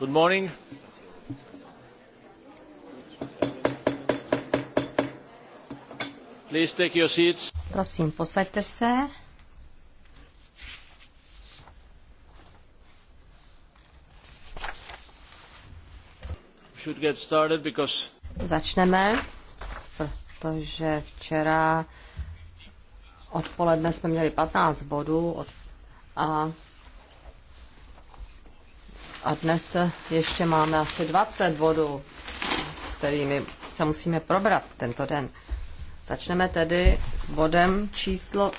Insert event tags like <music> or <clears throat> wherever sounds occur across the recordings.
Good morning. Please take your seats. Prosím, posaďte se. Should get started because... Začneme, protože včera odpoledne jsme měli 15 bodů a a dnes ještě máme asi 20 bodů, kterými se musíme probrat tento den. Začneme tedy s bodem číslo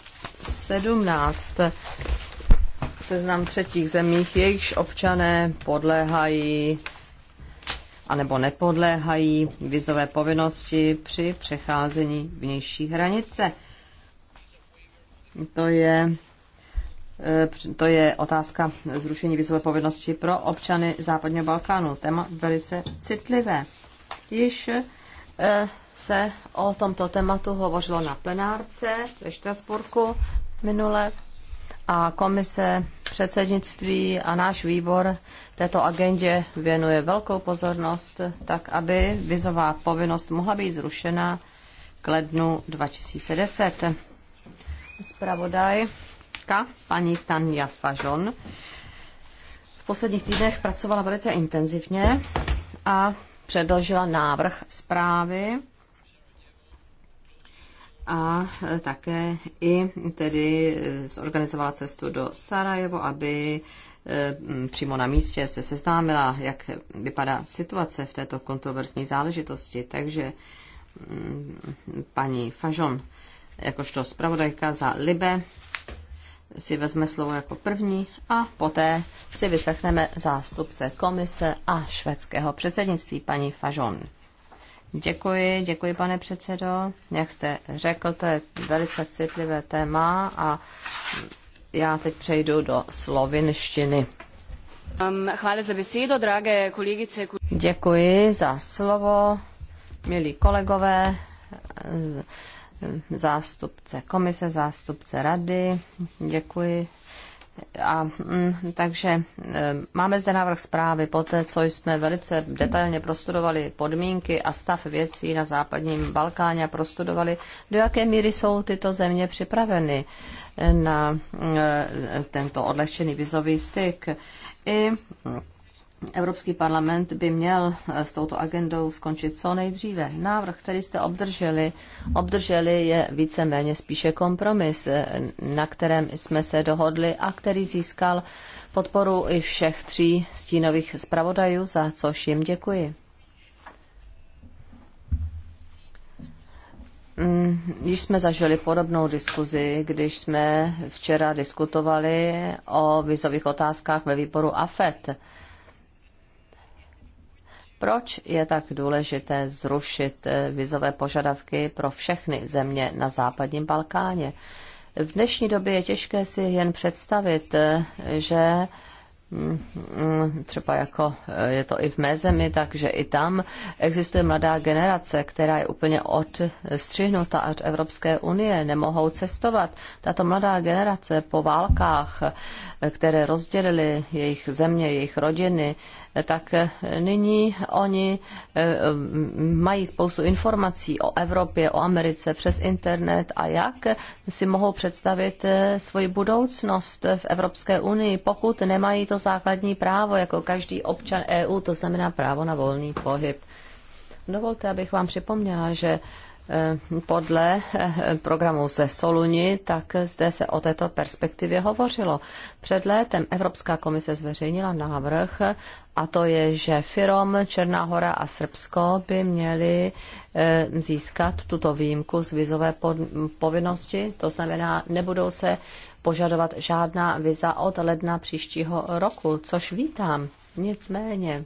17. Seznam třetích zemích, jejichž občané podléhají anebo nepodléhají vizové povinnosti při přecházení vnější hranice. To je Eh, to je otázka zrušení vizové povinnosti pro občany Západního Balkánu. Téma velice citlivé. Již eh, se o tomto tématu hovořilo na plenárce ve Štrasburku minule a komise předsednictví a náš výbor této agendě věnuje velkou pozornost, tak aby vizová povinnost mohla být zrušena k lednu 2010. Spravodaj komisařka paní Tanja Fajon v posledních týdnech pracovala velice intenzivně a předložila návrh zprávy a také i tedy zorganizovala cestu do Sarajevo, aby eh, přímo na místě se seznámila, jak vypadá situace v této kontroverzní záležitosti. Takže mm, paní Fažon, jakožto zpravodajka za Libe, si vezme slovo jako první a poté si vyslechneme zástupce komise a švédského předsednictví paní Fajon. Děkuji, děkuji pane předsedo. Jak jste řekl, to je velice citlivé téma a já teď přejdu do slovinštiny. Um, chvále za besedo, drahé kolegice. Děkuji za slovo, milí kolegové zástupce komise, zástupce rady. Děkuji. A, mm, takže e, máme zde návrh zprávy po té, co jsme velice detailně prostudovali podmínky a stav věcí na západním Balkáně a prostudovali, do jaké míry jsou tyto země připraveny na e, tento odlehčený vizový styk. I Evropský parlament by měl eh, s touto agendou skončit co nejdříve. Návrh, který jste obdrželi, obdrželi je víceméně spíše kompromis, eh, na kterém jsme se dohodli a který získal podporu i všech tří stínových zpravodajů, za což jim děkuji. Mm, již jsme zažili podobnou diskuzi, když jsme včera diskutovali o vizových otázkách ve výboru AFET. Proč je tak důležité zrušit eh, vizové požadavky pro všechny země na západním Balkáně? V dnešní době je těžké si jen představit, eh, že mm, mm, třeba jako eh, je to i v mé zemi, takže i tam existuje mladá generace, která je úplně odstřihnuta od Evropské unie, nemohou cestovat. Tato mladá generace po válkách, které rozdělily jejich země, jejich rodiny, tak eh, nyní oni eh, mají spoustu informací o Evropě, o Americe přes internet a jak si mohou představit eh, svoji budoucnost v Evropské unii, pokud nemají to základní právo, jako každý občan EU, to znamená právo na volný pohyb. Dovolte, abych vám připomněla, že Eh, podle eh, programu ze Soluni, tak zde se o této perspektivě hovořilo. Před létem Evropská komise zveřejnila návrh, a to je, že Firom, Černá hora a Srbsko by měli eh, získat tuto výjimku z vizové povinnosti, to znamená, nebudou se požadovat žádná viza od ledna příštího roku, což vítám. Nicméně,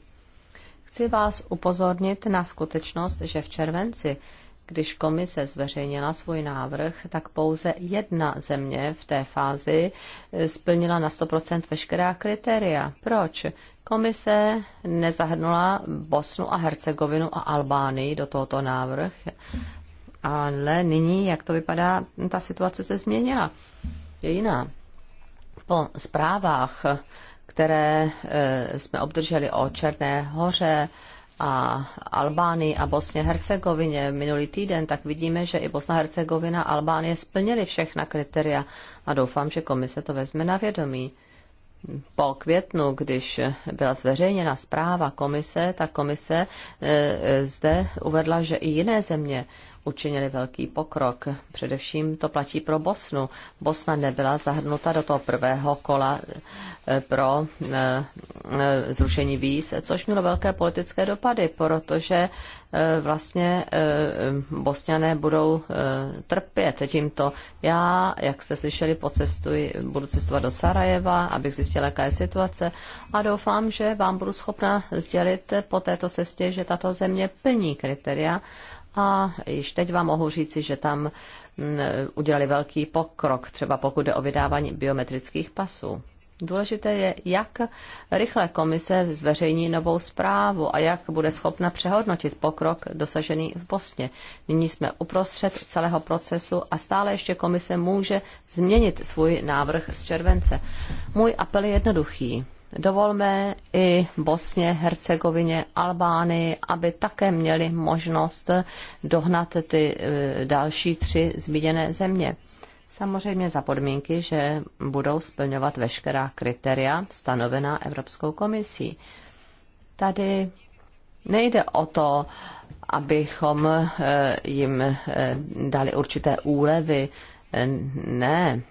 chci vás upozornit na skutečnost, že v červenci když komise zveřejnila svůj návrh, tak pouze jedna země v té fázi splnila na 100% veškerá kritéria. Proč? Komise nezahrnula Bosnu a Hercegovinu a Albánii do tohoto návrh, ale nyní, jak to vypadá, ta situace se změnila. Je jiná. Po zprávách, které eh, jsme obdrželi o Černé hoře, a Albánii a Bosně Hercegovině minulý týden, tak vidíme, že i Bosna Hercegovina a Albánie splnili všechna kritéria a doufám, že komise to vezme na vědomí. Po květnu, když byla zveřejněna zpráva komise, tak komise eh, eh, zde uvedla, že i jiné země učinili velký pokrok. Především to platí pro Bosnu. Bosna nebyla zahrnuta do toho prvého kola eh, pro eh, eh, zrušení víz, což mělo velké politické dopady, protože vlastně bosňané budou trpět tímto. Já, jak jste slyšeli, pocestuji, budu cestovat do Sarajeva, abych zjistila, jaká je situace a doufám, že vám budu schopna sdělit po této cestě, že tato země plní kritéria a již teď vám mohu říci, že tam mm, udělali velký pokrok, třeba pokud jde o vydávání biometrických pasů. Důležité je, jak rychle komise zveřejní novou zprávu a jak bude schopna přehodnotit pokrok dosažený v Bosně. Nyní jsme uprostřed celého procesu a stále ještě komise může změnit svůj návrh z července. Můj apel je jednoduchý dovolme i Bosně, Hercegovině, Albánii, aby také měli možnost dohnat ty e, další tři zmíněné země. Samozřejmě za podmínky, že budou splňovat veškerá kritéria stanovená Evropskou komisí. Tady nejde o to, abychom e, jim e, dali určité úlevy. Ne,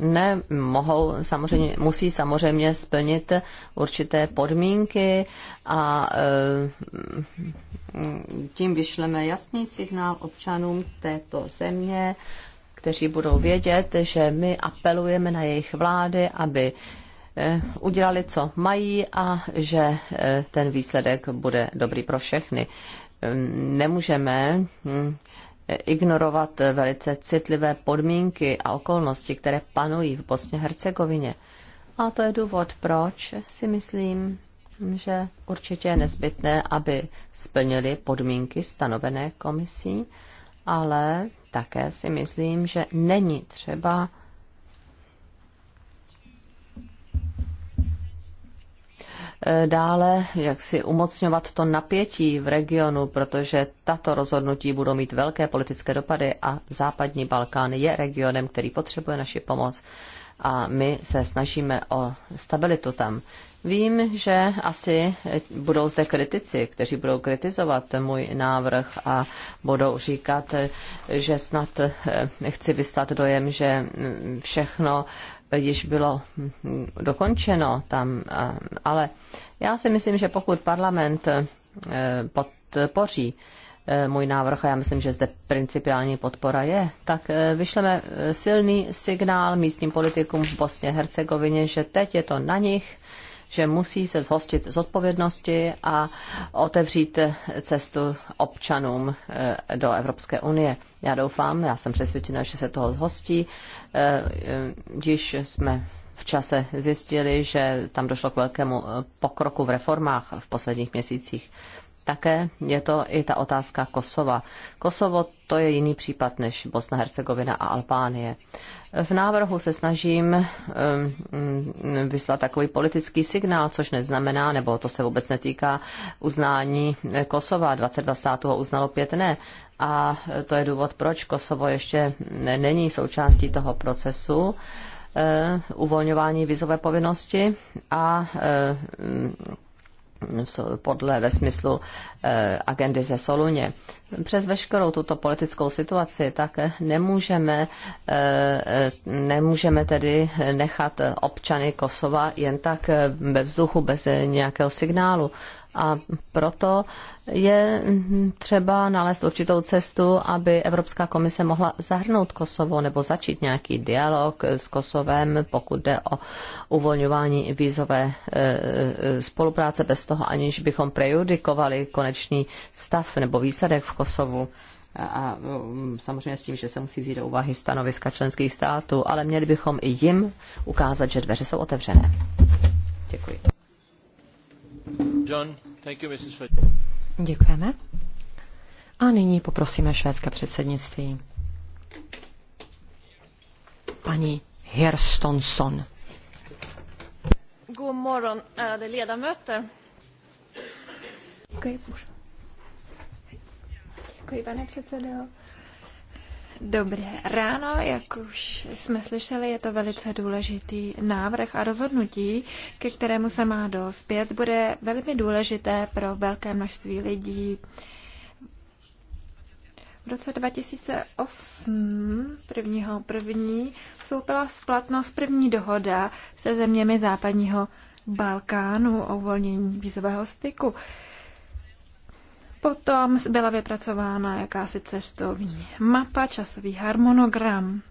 ne, mohou samozřejmě, musí samozřejmě splnit určité podmínky a eh, tím vyšleme jasný signál občanům této země, kteří budou vědět, že my apelujeme na jejich vlády, aby eh, udělali, co mají a že eh, ten výsledek bude dobrý pro všechny. Nemůžeme hm, ignorovat velice citlivé podmínky a okolnosti, které panují v Bosně a Hercegovině. A to je důvod, proč si myslím, že určitě je nezbytné, aby splnili podmínky stanovené komisí, ale také si myslím, že není třeba Eh, dále jak si umocňovat to napětí v regionu, protože tato rozhodnutí budou mít velké politické dopady a západní Balkán je regionem, který potřebuje naši pomoc a my se snažíme o stabilitu tam. Vím, že asi eh, budou zde kritici, kteří budou kritizovat můj návrh a budou říkat, eh, že snad nechci vystat dojem, že mm, všechno již bylo hm, hm, dokončeno tam, ale já si myslím, že pokud parlament eh, podpoří eh, můj návrh, a já myslím, že zde principiální podpora je, tak eh, vyšleme silný signál místním politikům v Bosně Hercegovině, že teď je to na nich, že musí se zhostit z odpovědnosti a otevřít cestu občanům eh, do Evropské unie. Já doufám, já jsem přesvědčena, že se toho zhostí. Když eh, eh, jsme v čase zjistili, že tam došlo k velkému pokroku v reformách v posledních měsících. Také je to i ta otázka Kosova. Kosovo to je jiný případ než Bosna, Hercegovina a Albánie. V návrhu se snažím ehm, vyslat takový politický signál, což neznamená, nebo to se vůbec netýká uznání Kosova. 22 států ho uznalo, pět ne. A to je důvod, proč Kosovo ještě není součástí toho procesu eh, uvolňování vizové povinnosti a ehm, podle ve smyslu eh, agendy ze Soluně. Přes veškerou tuto politickou situaci tak nemůžeme, eh, nemůžeme tedy nechat občany Kosova jen tak eh, ve vzduchu bez nějakého signálu. A proto je třeba nalézt určitou cestu, aby Evropská komise mohla zahrnout Kosovo nebo začít nějaký dialog s Kosovem, pokud jde o uvolňování vízové e, e, spolupráce bez toho, aniž bychom prejudikovali konečný stav nebo výsledek v Kosovu a mm, samozřejmě s tím, že se musí vzít do úvahy stanoviska členských států, ale měli bychom i jim ukázat, že dveře jsou otevřené. Děkuji. John, Děkujeme. A nyní poprosíme švédské předsednictví. Paní Hirstonson. God morgon, ärade ledamöter. Děkuji. Děkuji, pane předsedo. Dobré ráno, jak už jsme slyšeli, je to velice důležitý návrh a rozhodnutí, ke kterému se má dospět, bude velmi důležité pro velké množství lidí. V roce 2008 prvního první vstoupila v platnost první dohoda se zeměmi západního Balkánu o uvolnění vízového styku. Potom byla vypracována jakási cestovní mapa, časový harmonogram.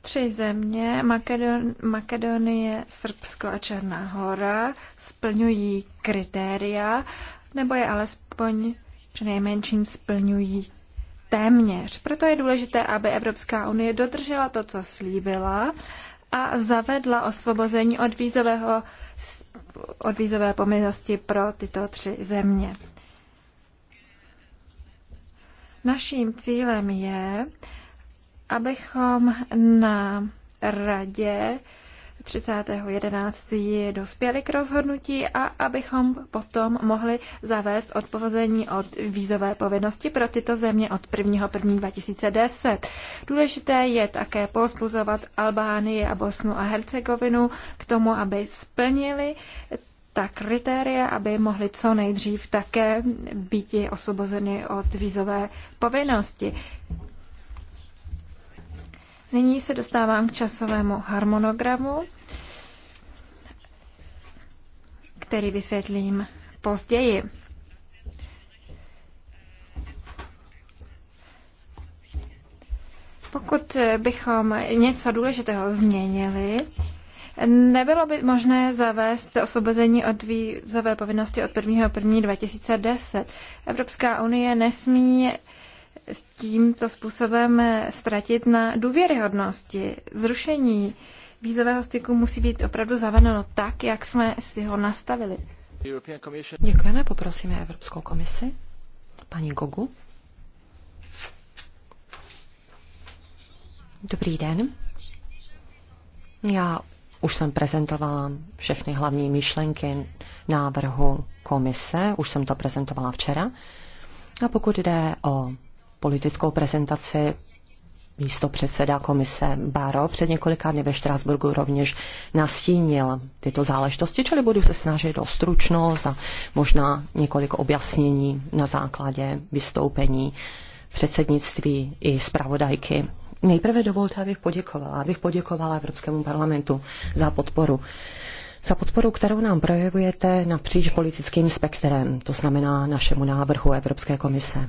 Tři země, Makedon, Makedonie, Srbsko a Černá hora, splňují kritéria, nebo je alespoň při nejmenším splňují téměř. Proto je důležité, aby Evropská unie dodržela to, co slíbila a zavedla osvobození od vízového od vízové povinnosti pro tyto tři země. Naším cílem je, abychom na radě 30.11. dospěli k rozhodnutí a abychom potom mohli zavést odpovození od vízové povinnosti pro tyto země od 1.1.2010. Důležité je také pozbuzovat Albánii a Bosnu a Hercegovinu k tomu, aby splnili ta kritéria, aby mohli co nejdřív také být osvobozeny od vízové povinnosti. Nyní se dostávám k časovému harmonogramu, který vysvětlím později. Pokud bychom něco důležitého změnili, Nebylo by možné zavést osvobození od vízové povinnosti od 1. 1. 2010. Evropská unie nesmí s tímto způsobem ztratit na důvěryhodnosti. Zrušení vízového styku musí být opravdu zavedeno tak, jak jsme si ho nastavili. Děkujeme, poprosíme Evropskou komisi. Paní Gogu. Dobrý den. Já už jsem prezentovala všechny hlavní myšlenky návrhu komise, už jsem to prezentovala včera. A pokud jde o politickou prezentaci místo předseda komise Baro před několika dny ve Štrásburgu rovněž nastínil tyto záležitosti, čili budu se snažit o stručnost a možná několik objasnění na základě vystoupení předsednictví i zpravodajky. Nejprve dovolte, abych poděkovala, abych poděkovala Evropskému parlamentu za podporu za podporu, kterou nám projevujete napříč politickým spektrem, to znamená našemu návrhu Evropské komise.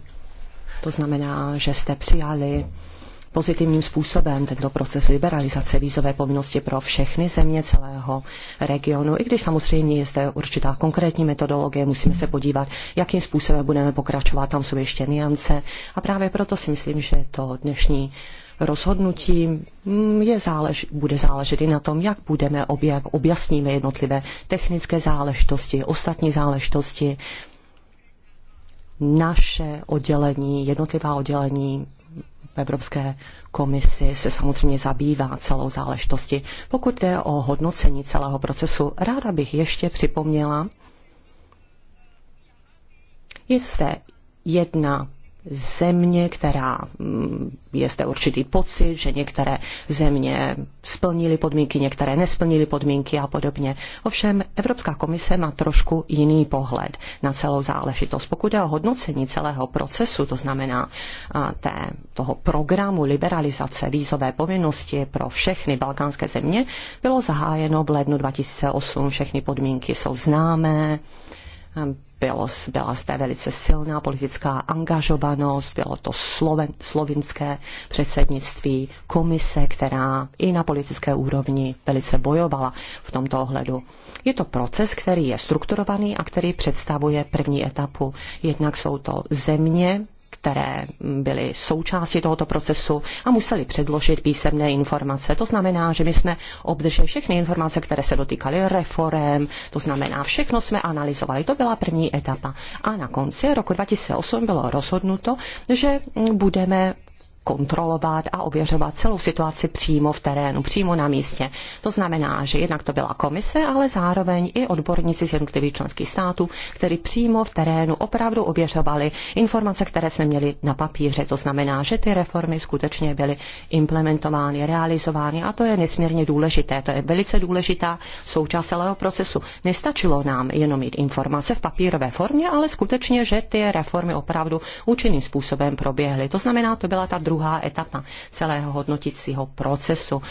To znamená, že jste přijali pozitivním způsobem tento proces liberalizace vízové povinnosti pro všechny země celého regionu, i když samozřejmě je zde určitá konkrétní metodologie, musíme se podívat, jakým způsobem budeme pokračovat, tam jsou ještě niance a právě proto si myslím, že to dnešní rozhodnutí mm, je zálež, bude záležet i na tom, jak budeme, obě, jak objasníme jednotlivé technické záležitosti, ostatní záležitosti, naše oddělení, jednotlivá oddělení v Evropské komisi se samozřejmě zabývá celou záležitosti. Pokud jde o hodnocení celého procesu, ráda bych ještě připomněla, je zde jedna země, která mm, je zde určitý pocit, že některé země splnily podmínky, některé nesplnily podmínky a podobně. Ovšem Evropská komise má trošku jiný pohled na celou záležitost. Pokud je o hodnocení celého procesu, to znamená té, toho programu liberalizace vízové povinnosti pro všechny balkánské země, bylo zahájeno v lednu 2008. Všechny podmínky jsou známé bylo, byla zde velice silná politická angažovanost, bylo to sloven, slovinské předsednictví, komise, která i na politické úrovni velice bojovala v tomto ohledu. Je to proces, který je strukturovaný a který představuje první etapu. Jednak jsou to země, které byly součástí tohoto procesu a museli předložit písemné informace. To znamená, že my jsme obdrželi všechny informace, které se dotýkaly reform, to znamená, všechno jsme analyzovali. To byla první etapa. A na konci roku 2008 bylo rozhodnuto, že budeme kontrolovat a ověřovat celou situaci přímo v terénu, přímo na místě. To znamená, že jednak to byla komise, ale zároveň i odborníci z jednotlivých členských států, kteří přímo v terénu opravdu ověřovali informace, které jsme měli na papíře. To znamená, že ty reformy skutečně byly implementovány, realizovány a to je nesmírně důležité. To je velice důležitá součást celého procesu. Nestačilo nám jenom mít informace v papírové formě, ale skutečně, že ty reformy opravdu účinným způsobem proběhly. To znamená, to byla ta druhá druhá etapa celého hodnotícího procesu.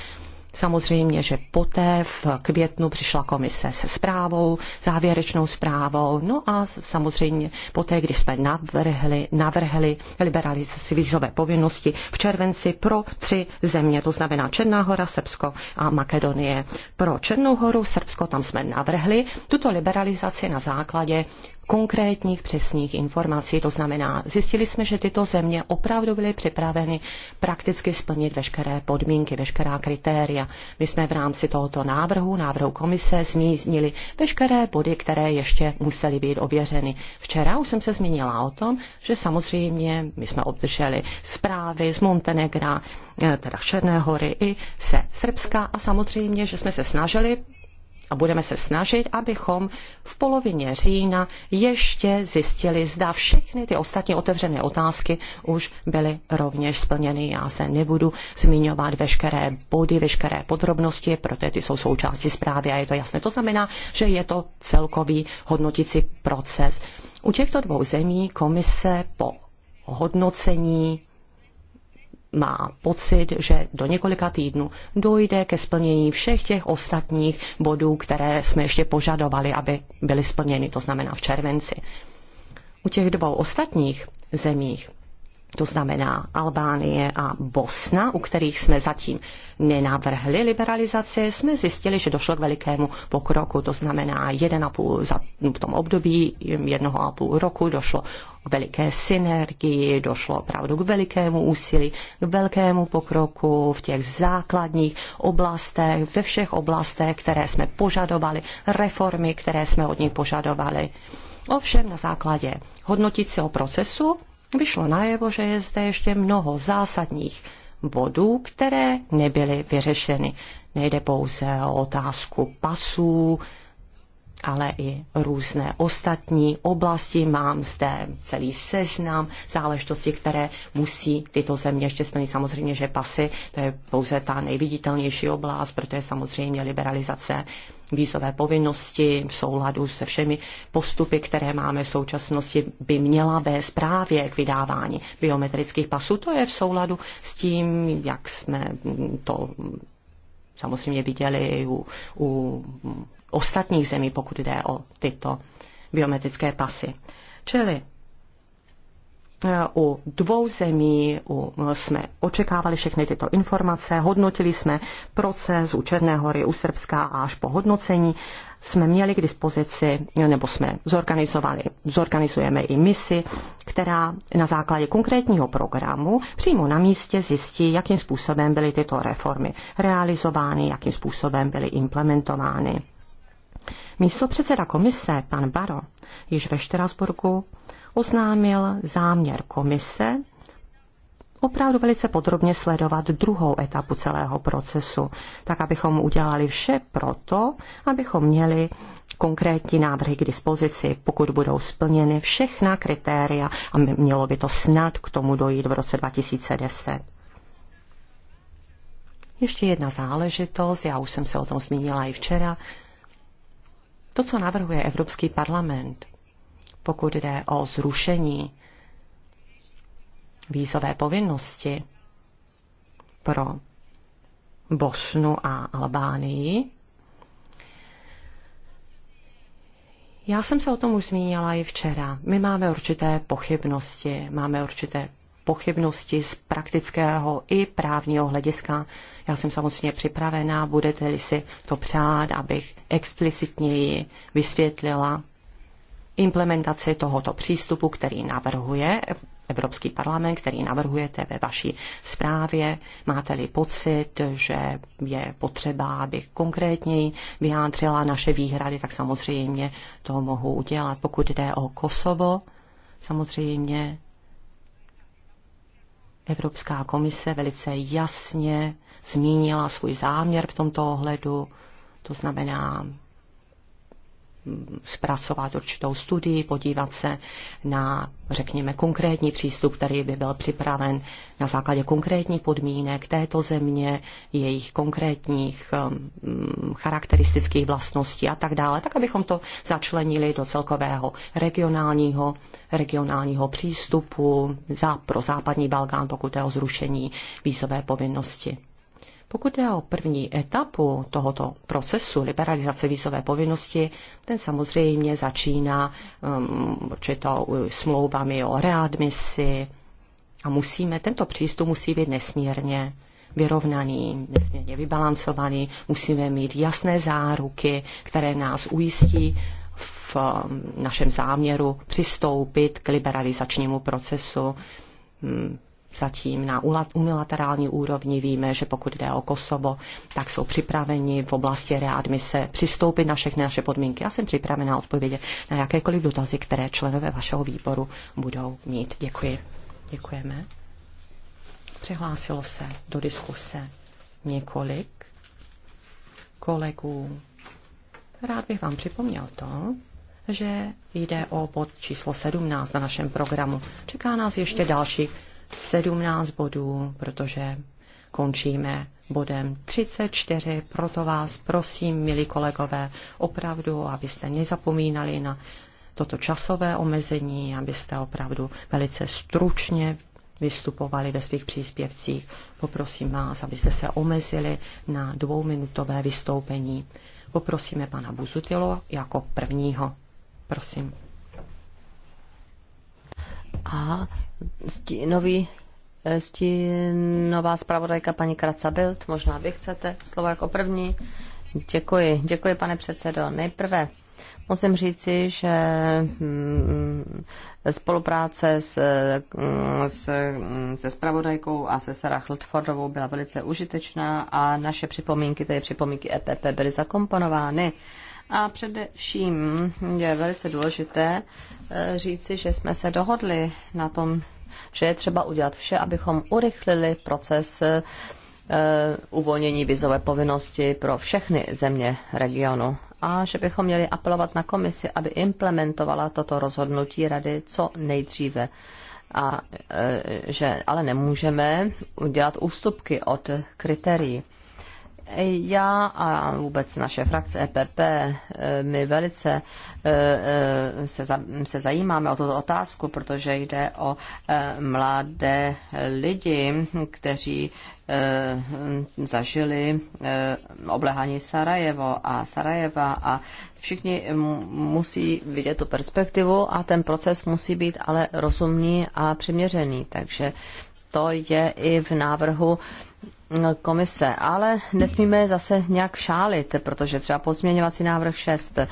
Samozřejmě, že poté v květnu přišla komise se zprávou, závěrečnou zprávou, no a samozřejmě poté, když jsme navrhli, navrhli liberalizaci vízové povinnosti v červenci pro tři země, to znamená Černá hora, Srbsko a Makedonie. Pro Černou horu, Srbsko, tam jsme navrhli tuto liberalizaci na základě konkrétních přesných informací. To znamená, zjistili jsme, že tyto země opravdu byly připraveny prakticky splnit veškeré podmínky, veškerá kritéria. My jsme v rámci tohoto návrhu, návrhu komise, zmínili veškeré body, které ještě musely být ověřeny. Včera už jsem se zmínila o tom, že samozřejmě my jsme obdrželi zprávy z Montenegra, eh, teda Černé hory i se Srbska a samozřejmě, že jsme se snažili a budeme se snažit, abychom v polovině října ještě zjistili, zda všechny ty ostatní otevřené otázky už byly rovněž splněny. Já se nebudu zmiňovat veškeré body, veškeré podrobnosti, protože ty jsou součástí zprávy a je to jasné. To znamená, že je to celkový hodnotící proces. U těchto dvou zemí komise po hodnocení má pocit, že do několika týdnů dojde ke splnění všech těch ostatních bodů, které jsme ještě požadovali, aby byly splněny, to znamená v červenci. U těch dvou ostatních zemích to znamená Albánie a Bosna, u kterých jsme zatím nenavrhli liberalizaci, jsme zjistili, že došlo k velikému pokroku, to znamená 1,5 za, v tom období 1,5 roku došlo k veliké synergii, došlo opravdu k velikému úsilí, k velkému pokroku v těch základních oblastech, ve všech oblastech, které jsme požadovali, reformy, které jsme od nich požadovali. Ovšem na základě hodnotícího procesu vyšlo najevo, že je zde ještě mnoho zásadních bodů, které nebyly vyřešeny. Nejde pouze o otázku pasů, ale i různé ostatní oblasti. Mám zde celý seznam záležitosti, které musí tyto země ještě splnit. Samozřejmě, že pasy, to je pouze ta nejviditelnější oblast, protože samozřejmě liberalizace vízové povinnosti v souladu se všemi postupy, které máme v současnosti, by měla vést právě k vydávání biometrických pasů. To je v souladu s tím, jak jsme to samozřejmě viděli u, u ostatních zemí, pokud jde o tyto biometrické pasy. Čili Eh, u dvou zemí u, jsme očekávali všechny tyto informace, hodnotili jsme proces u Černé hory, u Srbska a až po hodnocení jsme měli k dispozici, nebo jsme zorganizovali, zorganizujeme i misi, která na základě konkrétního programu přímo na místě zjistí, jakým způsobem byly tyto reformy realizovány, jakým způsobem byly implementovány. Místo předseda komise, pan Baro, již ve Štrasburku oznámil záměr komise opravdu velice podrobně sledovat druhou etapu celého procesu, tak abychom udělali vše proto, abychom měli konkrétní návrhy k dispozici, pokud budou splněny všechna kritéria a mělo by to snad k tomu dojít v roce 2010. Ještě jedna záležitost, já už jsem se o tom zmínila i včera. To, co navrhuje Evropský parlament, pokud jde o zrušení vízové povinnosti pro Bosnu a Albánii. Já jsem se o tom už zmínila i včera. My máme určité pochybnosti, máme určité pochybnosti z praktického i právního hlediska. Já jsem samozřejmě připravená, budete-li si to přát, abych explicitněji vysvětlila implementaci tohoto přístupu, který navrhuje Evropský parlament, který navrhujete ve vaší zprávě. Máte-li pocit, že je potřeba, abych konkrétněji vyjádřila naše výhrady, tak samozřejmě to mohu udělat. Pokud jde o Kosovo, samozřejmě Evropská komise velice jasně zmínila svůj záměr v tomto ohledu, to znamená zpracovat určitou studii, podívat se na, řekněme, konkrétní přístup, který by byl připraven na základě konkrétních podmínek této země, jejich konkrétních um, charakteristických vlastností a tak dále, tak abychom to začlenili do celkového regionálního, regionálního přístupu za, pro západní Balkán, pokud je o zrušení vízové povinnosti. Pokud jde o první etapu tohoto procesu liberalizace vízové povinnosti, ten samozřejmě začíná um, určitou smlouvami o readmisi a musíme, tento přístup musí být nesmírně vyrovnaný, nesmírně vybalancovaný, musíme mít jasné záruky, které nás ujistí v um, našem záměru přistoupit k liberalizačnímu procesu hmm zatím na unilaterální úrovni. Víme, že pokud jde o Kosovo, tak jsou připraveni v oblasti readmise přistoupit na všechny naše podmínky. Já jsem připravena odpovědět na jakékoliv dotazy, které členové vašeho výboru budou mít. Děkuji. Děkujeme. Přihlásilo se do diskuse několik kolegů. Rád bych vám připomněl to, že jde o bod číslo 17 na našem programu. Čeká nás ještě další 17 bodů, protože končíme bodem 34. Proto vás prosím, milí kolegové, opravdu, abyste nezapomínali na toto časové omezení, abyste opravdu velice stručně vystupovali ve svých příspěvcích. Poprosím vás, abyste se omezili na dvouminutové vystoupení. Poprosíme pana Buzutilo jako prvního. Prosím. A stínový, eh, stínová zpravodajka paní Kraca Bild, možná vy chcete slovo jako první. Děkuji, děkuji pane předsedo. Nejprve Musím říci, že mm, spolupráce s, mm, s, mm, se spravodajkou a se Sarah Ludfordovou byla velice užitečná a naše připomínky, tedy připomínky EPP, byly zakomponovány a především je velice důležité eh, říci, že jsme se dohodli na tom, že je třeba udělat vše, abychom urychlili proces eh, uvolnění vizové povinnosti pro všechny země regionu a že bychom měli apelovat na komisi, aby implementovala toto rozhodnutí rady co nejdříve. A eh, že ale nemůžeme udělat ústupky od kritérií. Já a vůbec naše frakce EPP, eh, my velice eh, eh, se, zajímáme o tuto otázku, protože jde o mladé lidi, kteří zažili oblehání Sarajevo a Sarajeva a všichni musí vidět tu perspektivu a ten proces musí být ale rozumný a přiměřený. Takže to je i v návrhu komise, ale nesmíme zase nějak šálit, protože třeba pozměňovací návrh 6, eh,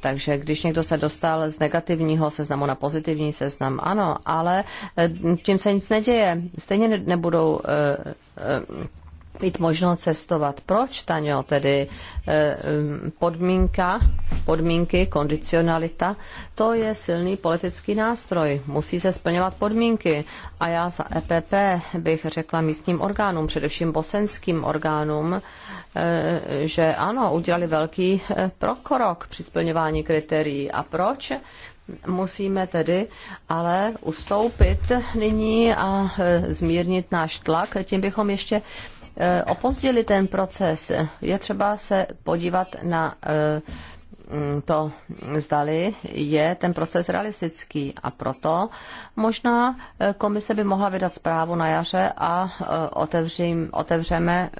takže když někdo se dostal z negativního seznamu na pozitivní seznam, ano, ale eh, tím se nic neděje. Stejně nebudou eh, mít možnost cestovat. Proč, Taňo, tedy eh, mm, podmínka, podmínky, kondicionalita, to je silný politický nástroj. Musí se splňovat podmínky. A já za EPP bych řekla místním orgánům, především bosenským orgánům, eh, že ano, udělali velký eh, prokrok při splňování kritérií. A proč? Musíme tedy ale ustoupit nyní a zmírnit náš tlak. Tím bychom ještě Eh, opozdili ten proces. Je třeba se podívat na eh, mm, to zdali je ten proces realistický a proto možná eh, komise by mohla vydat zprávu na jaře a otevřím, otevřeme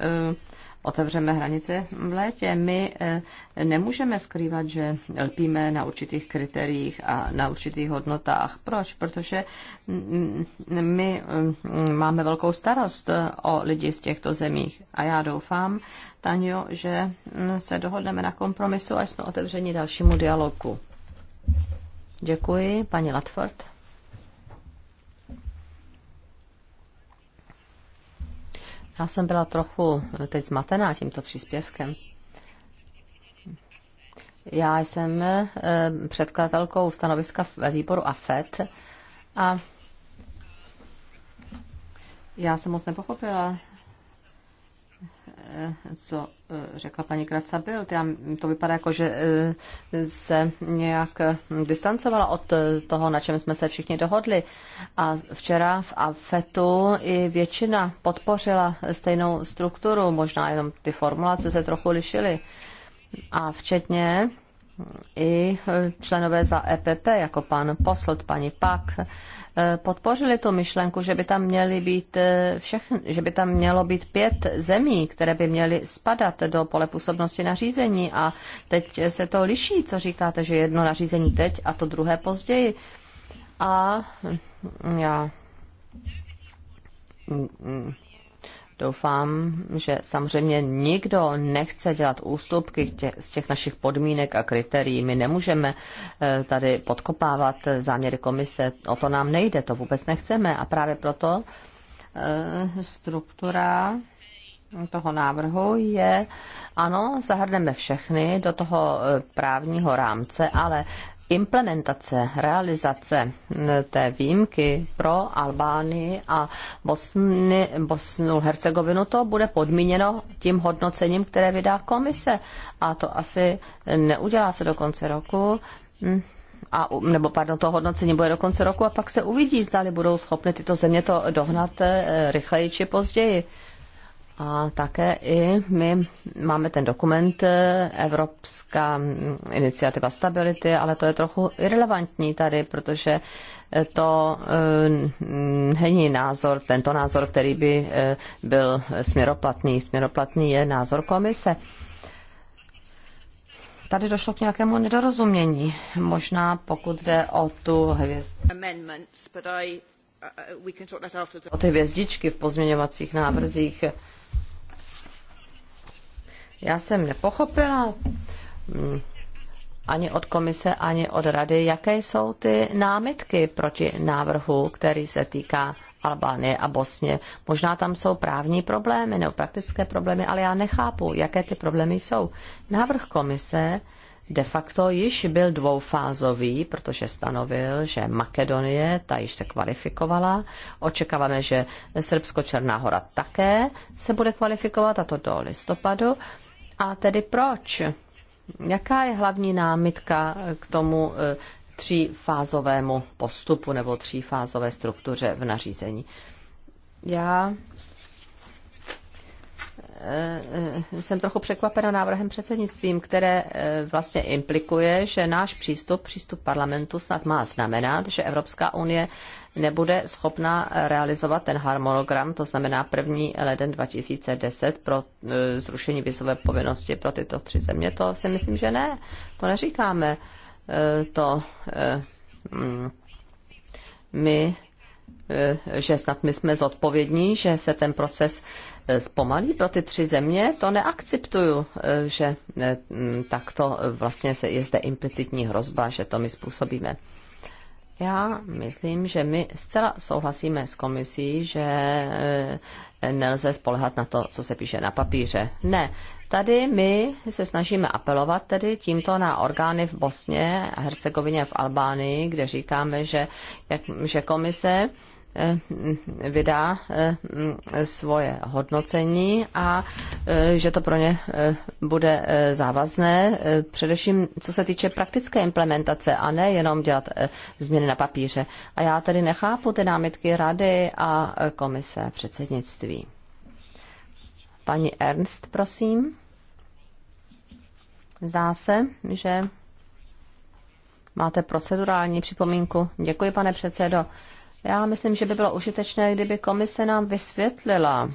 otevřeme hranice v létě. My eh, nemůžeme skrývat, že lpíme na určitých kritériích a na určitých hodnotách. Proč? Protože mm, mm, my mm, máme velkou starost eh, o lidi z těchto zemích a já doufám, Taňo, že se dohodneme na kompromisu a jsme otevřeni dalšímu dialogu. Děkuji, paní Latford. Já jsem byla trochu eh, teď zmatená tímto příspěvkem. Já jsem eh, předkladatelkou stanoviska ve výboru AFET a já jsem moc nepochopila co eh, řekla paní Kraca byl. Já, to vypadá jako, že eh, se nějak hm, distancovala od eh, toho, na čem jsme se všichni dohodli. A včera v AFETu i většina podpořila stejnou strukturu, možná jenom ty formulace se trochu lišily. A včetně i členové za EPP, jako pan Poslt, paní Pak, eh, podpořili tu myšlenku, že by tam měly být eh, všechny, že by tam mělo být pět zemí, které by měly spadat do pole působnosti nařízení a teď se to liší, co říkáte, že jedno nařízení teď a to druhé později. A já Doufám, že samozřejmě nikdo nechce dělat ústupky z těch našich podmínek a kritérií. My nemůžeme eh, tady podkopávat záměry komise, o to nám nejde, to vůbec nechceme. A právě proto eh, struktura toho návrhu je, ano, zahrneme všechny do toho eh, právního rámce, ale implementace, realizace té výjimky pro Albánii a Bosny, Bosnu Hercegovinu, to bude podmíněno tím hodnocením, které vydá komise. A to asi neudělá se do konce roku. Mm. A, nebo pardon, to hodnocení bude do konce roku a pak se uvidí, zdali budou schopny tyto země to dohnat eh, rychleji či později. A také i my máme ten dokument eh, Evropská mm, iniciativa stability, ale to je trochu irrelevantní tady, protože eh, to eh, není názor, tento názor, který by byl směroplatný. Směroplatný je názor komise. Tady došlo k nějakému nedorozumění. Možná pokud jde o tu hvězdu. Uh, o ty hvězdičky v pozměňovacích návrzích. Hmm já jsem nepochopila mm, ani od komise, ani od rady, jaké jsou ty námitky proti návrhu, který se týká Albánie a Bosně. Možná tam jsou právní problémy nebo praktické problémy, ale já nechápu, jaké ty problémy jsou. Návrh komise de facto již byl dvoufázový, protože stanovil, že Makedonie, ta již se kvalifikovala. Očekáváme, že Srbsko-Černá hora také se bude kvalifikovat, a to do listopadu. A tedy proč? Jaká je hlavní námitka k tomu eh, třífázovému postupu nebo třífázové struktuře v nařízení? Já Eh, eh, jsem trochu překvapena návrhem předsednictvím, které eh, vlastně implikuje, že náš přístup, přístup parlamentu snad má znamenat, že Evropská unie nebude schopna realizovat ten harmonogram, to znamená první leden 2010 pro zrušení vizové povinnosti pro tyto tři země. To si myslím, že ne. To neříkáme. To mm, my, že snad my jsme zodpovědní, že se ten proces Eh, zpomalí pro ty tři země, to neakceptuju, eh, že eh, takto vlastně se je zde implicitní hrozba, že to my způsobíme. Já myslím, že my zcela souhlasíme s komisí, že nelze spolehat na to, co se píše na papíře. Ne, Tady my se snažíme apelovat tedy tímto na orgány v Bosně, Hercegovině v Albánii, kde říkáme, že, jak, že komise Eh, vydá eh, svoje hodnocení a eh, že to pro ně bude závazné, především co se týče praktické implementace a ne jenom dělat změny na papíře. A já tedy nechápu ty námitky rady a komise předsednictví. Paní Ernst, prosím. Zdá se, že máte procedurální připomínku. Děkuji, pane předsedo. Já myslím, že by bylo užitečné, kdyby komise nám vysvětlila,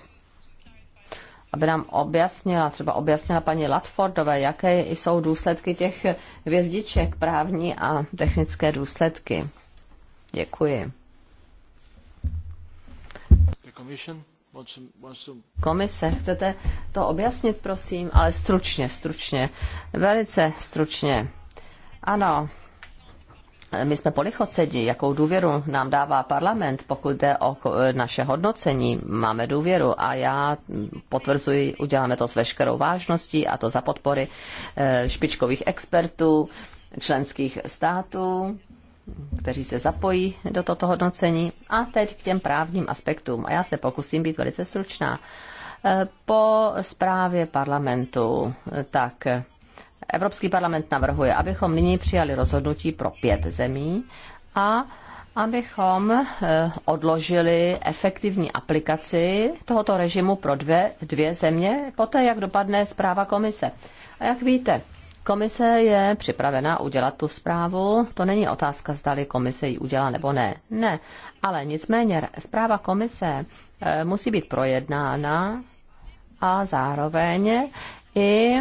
aby nám objasnila, třeba objasnila paní Latfordové, jaké jsou důsledky těch hvězdiček, právní a technické důsledky. Děkuji. Komise, chcete to objasnit, prosím, ale stručně, stručně, velice stručně. Ano, my jsme polichocedi, jakou důvěru nám dává parlament, pokud jde o naše hodnocení, máme důvěru a já potvrzuji, uděláme to s veškerou vážností a to za podpory eh, špičkových expertů členských států, kteří se zapojí do toto hodnocení. A teď k těm právním aspektům. A já se pokusím být velice stručná. Eh, po zprávě parlamentu, tak Evropský parlament navrhuje, abychom nyní přijali rozhodnutí pro pět zemí a abychom eh, odložili efektivní aplikaci tohoto režimu pro dvě, dvě země, poté jak dopadne zpráva komise. A jak víte, komise je připravena udělat tu zprávu. To není otázka, zdali komise ji udělá nebo ne. Ne, ale nicméně zpráva komise eh, musí být projednána a zároveň i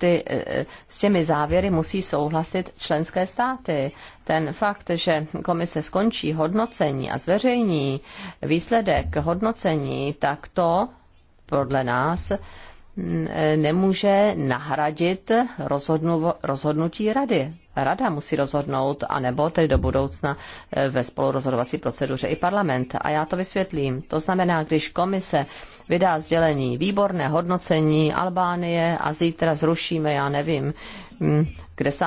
ty, s těmi závěry musí souhlasit členské státy. Ten fakt, že komise skončí hodnocení a zveřejní výsledek hodnocení, tak to podle nás nemůže nahradit rozhodnu, rozhodnutí rady. Rada musí rozhodnout, anebo tedy do budoucna e, ve spolurozhodovací proceduře i parlament. A já to vysvětlím. To znamená, když komise vydá sdělení výborné hodnocení Albánie a zítra zrušíme, já nevím, k 10.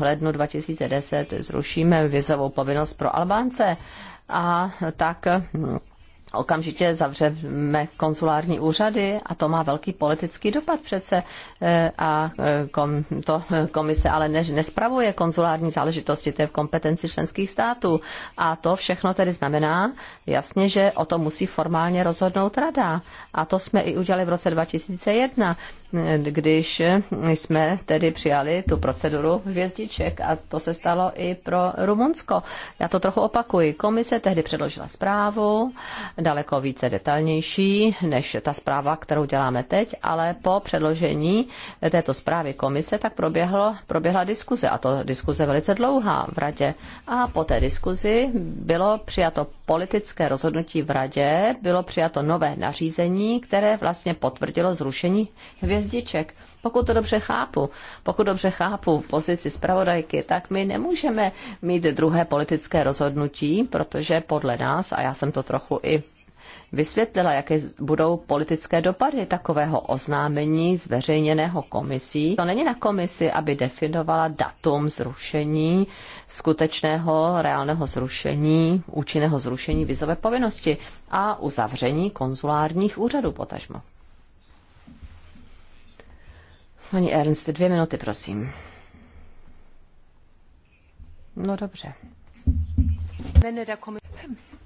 lednu 2010 zrušíme vizovou povinnost pro Albánce a tak okamžitě zavřeme konzulární úřady a to má velký politický dopad přece eh, a eh, kom, to eh, komise ale ne, nespravuje konzulární záležitosti, to je v kompetenci členských států a to všechno tedy znamená jasně, že o to musí formálně rozhodnout rada a to jsme i udělali v roce 2001, když jsme tedy přijali tu proceduru hvězdiček a to se stalo i pro Rumunsko. Já to trochu opakuji. Komise tehdy předložila zprávu daleko více detailnější než ta zpráva, kterou děláme teď, ale po předložení této zprávy komise tak proběhlo, proběhla diskuze, a to diskuze velice dlouhá v radě. A po té diskuzi bylo přijato politické rozhodnutí v radě, bylo přijato nové nařízení, které vlastně potvrdilo zrušení hvězdiček. Pokud to dobře chápu, pokud dobře chápu pozici zpravodajky, tak my nemůžeme mít druhé politické rozhodnutí, protože podle nás, a já jsem to trochu i vysvětlila, jaké budou politické dopady takového oznámení zveřejněného komisí. To není na komisi, aby definovala datum zrušení, skutečného, reálného zrušení, účinného zrušení vizové povinnosti a uzavření konzulárních úřadů potažmo. Pani Ernst, dvě minuty, prosím. No dobře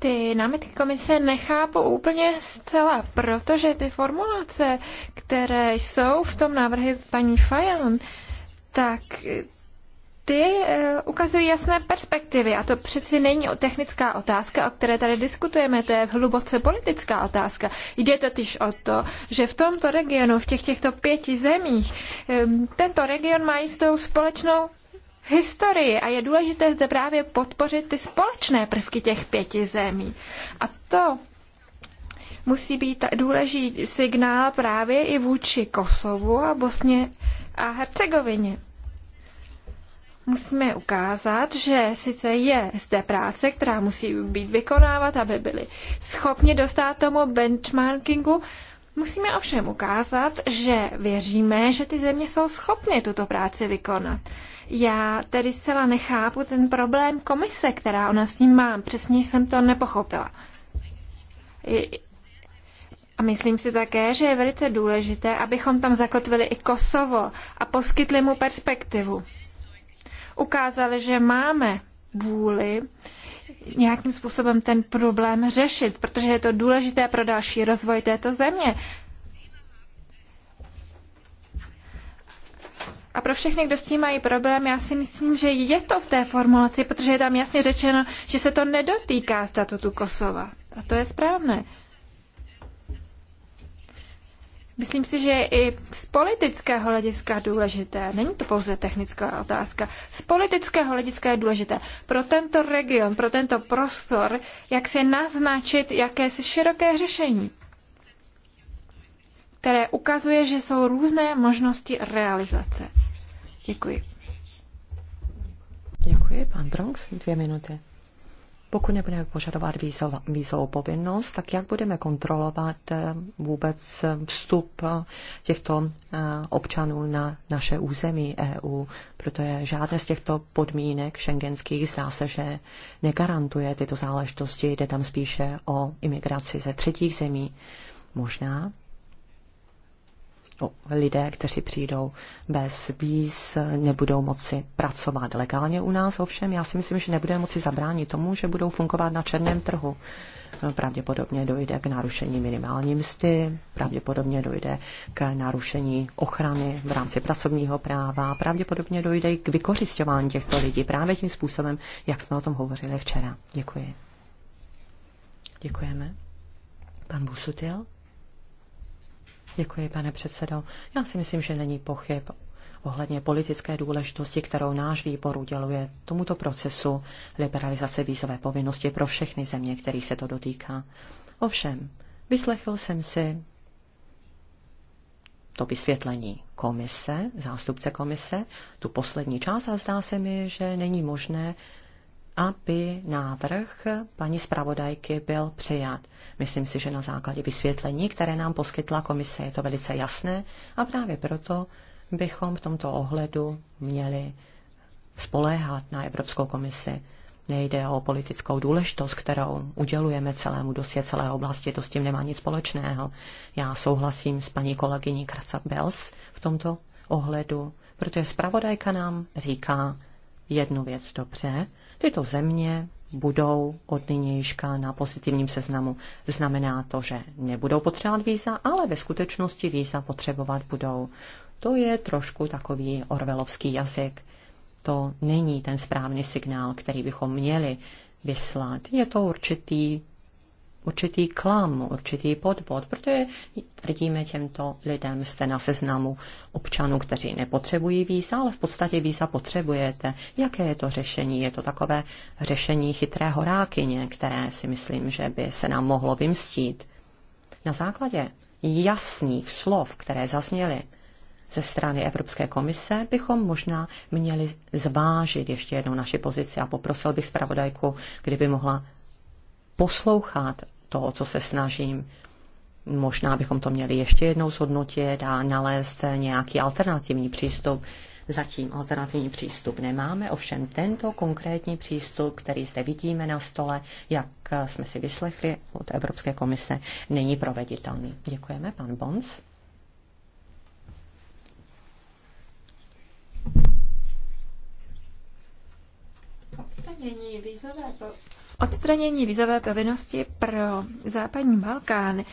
ty námitky komise nechápu úplně zcela, protože ty formulace, které jsou v tom návrhu paní Fajon, tak ty eh, ukazují jasné perspektivy a to přeci není o technická otázka, o které tady diskutujeme, to je hluboce politická otázka. Jde totiž o to, že v tomto regionu, v těch těchto pěti zemích, eh, tento region má jistou společnou v historii a je důležité zde právě podpořit ty společné prvky těch pěti zemí. A to musí být důležitý signál právě i vůči Kosovu a Bosně a Hercegovině. Musíme ukázat, že sice je zde práce, která musí být vykonávat, aby byli schopni dostat tomu benchmarkingu, Musíme ovšem ukázat, že věříme, že ty země jsou schopny tuto práci vykonat. Já tedy zcela nechápu ten problém komise, která ona s ním má. Přesně jsem to nepochopila. A myslím si také, že je velice důležité, abychom tam zakotvili i Kosovo a poskytli mu perspektivu. Ukázali, že máme vůli nějakým způsobem ten problém řešit, protože je to důležité pro další rozvoj této země. A pro všechny, kdo s tím mají problém, já si myslím, že je to v té formulaci, protože je tam jasně řečeno, že se to nedotýká statutu Kosova. A to je správné. Myslím si, že je i z politického hlediska důležité, není to pouze technická otázka, z politického hlediska je důležité pro tento region, pro tento prostor, jak se naznačit jakési široké řešení, které ukazuje, že jsou různé možnosti realizace. Děkuji. Děkuji, pan Bronx, dvě minuty. Pokud nebudeme požadovat vízovou povinnost, tak jak budeme kontrolovat eh, vůbec eh, vstup eh, těchto občanů na naše území EU? Protože žádné z těchto podmínek šengenských zdá se, že negarantuje tyto záležitosti, jde tam spíše o imigraci ze třetích zemí. Možná lidé, kteří přijdou bez víz, nebudou moci pracovat legálně u nás. Ovšem, já si myslím, že nebudeme moci zabránit tomu, že budou fungovat na černém trhu. Pravděpodobně dojde k narušení minimální mzdy, pravděpodobně dojde k narušení ochrany v rámci pracovního práva, pravděpodobně dojde i k vykořišťování těchto lidí právě tím způsobem, jak jsme o tom hovořili včera. Děkuji. Děkujeme. Pan Busutil. Děkuji, pane předsedo. Já si myslím, že není pochyb ohledně politické důležitosti, kterou náš výbor uděluje tomuto procesu liberalizace vízové povinnosti pro všechny země, který se to dotýká. Ovšem, vyslechl jsem si to vysvětlení komise, zástupce komise, tu poslední část a zdá se mi, že není možné, aby návrh paní zpravodajky byl přijat. Myslím si, že na základě vysvětlení, které nám poskytla komise, je to velice jasné a právě proto bychom v tomto ohledu měli spoléhat na Evropskou komisi. Nejde o politickou důležitost, kterou udělujeme celému dosě celé oblasti, to s tím nemá nic společného. Já souhlasím s paní kolegyní Krasa Bels v tomto ohledu, protože zpravodajka nám říká jednu věc dobře. Tyto země budou od nynějška na pozitivním seznamu. Znamená to, že nebudou potřebovat víza, ale ve skutečnosti víza potřebovat budou. To je trošku takový orvelovský jazyk. To není ten správný signál, který bychom měli vyslat. Je to určitý určitý klam, určitý podvod, protože tvrdíme těmto lidem, jste na seznamu občanů, kteří nepotřebují víza, ale v podstatě víza potřebujete. Jaké je to řešení? Je to takové řešení chytré horákyně, které si myslím, že by se nám mohlo vymstít. Na základě jasných slov, které zazněly ze strany Evropské komise, bychom možná měli zvážit ještě jednou naši pozici a poprosil bych zpravodajku, kdyby mohla poslouchat toho, co se snažím. Možná bychom to měli ještě jednou zhodnotit a nalézt nějaký alternativní přístup. Zatím alternativní přístup nemáme, ovšem tento konkrétní přístup, který zde vidíme na stole, jak jsme si vyslechli od Evropské komise, není proveditelný. Děkujeme, pan Bons. Odstranění vízového Odstranění vízové povinnosti pro západní Balkán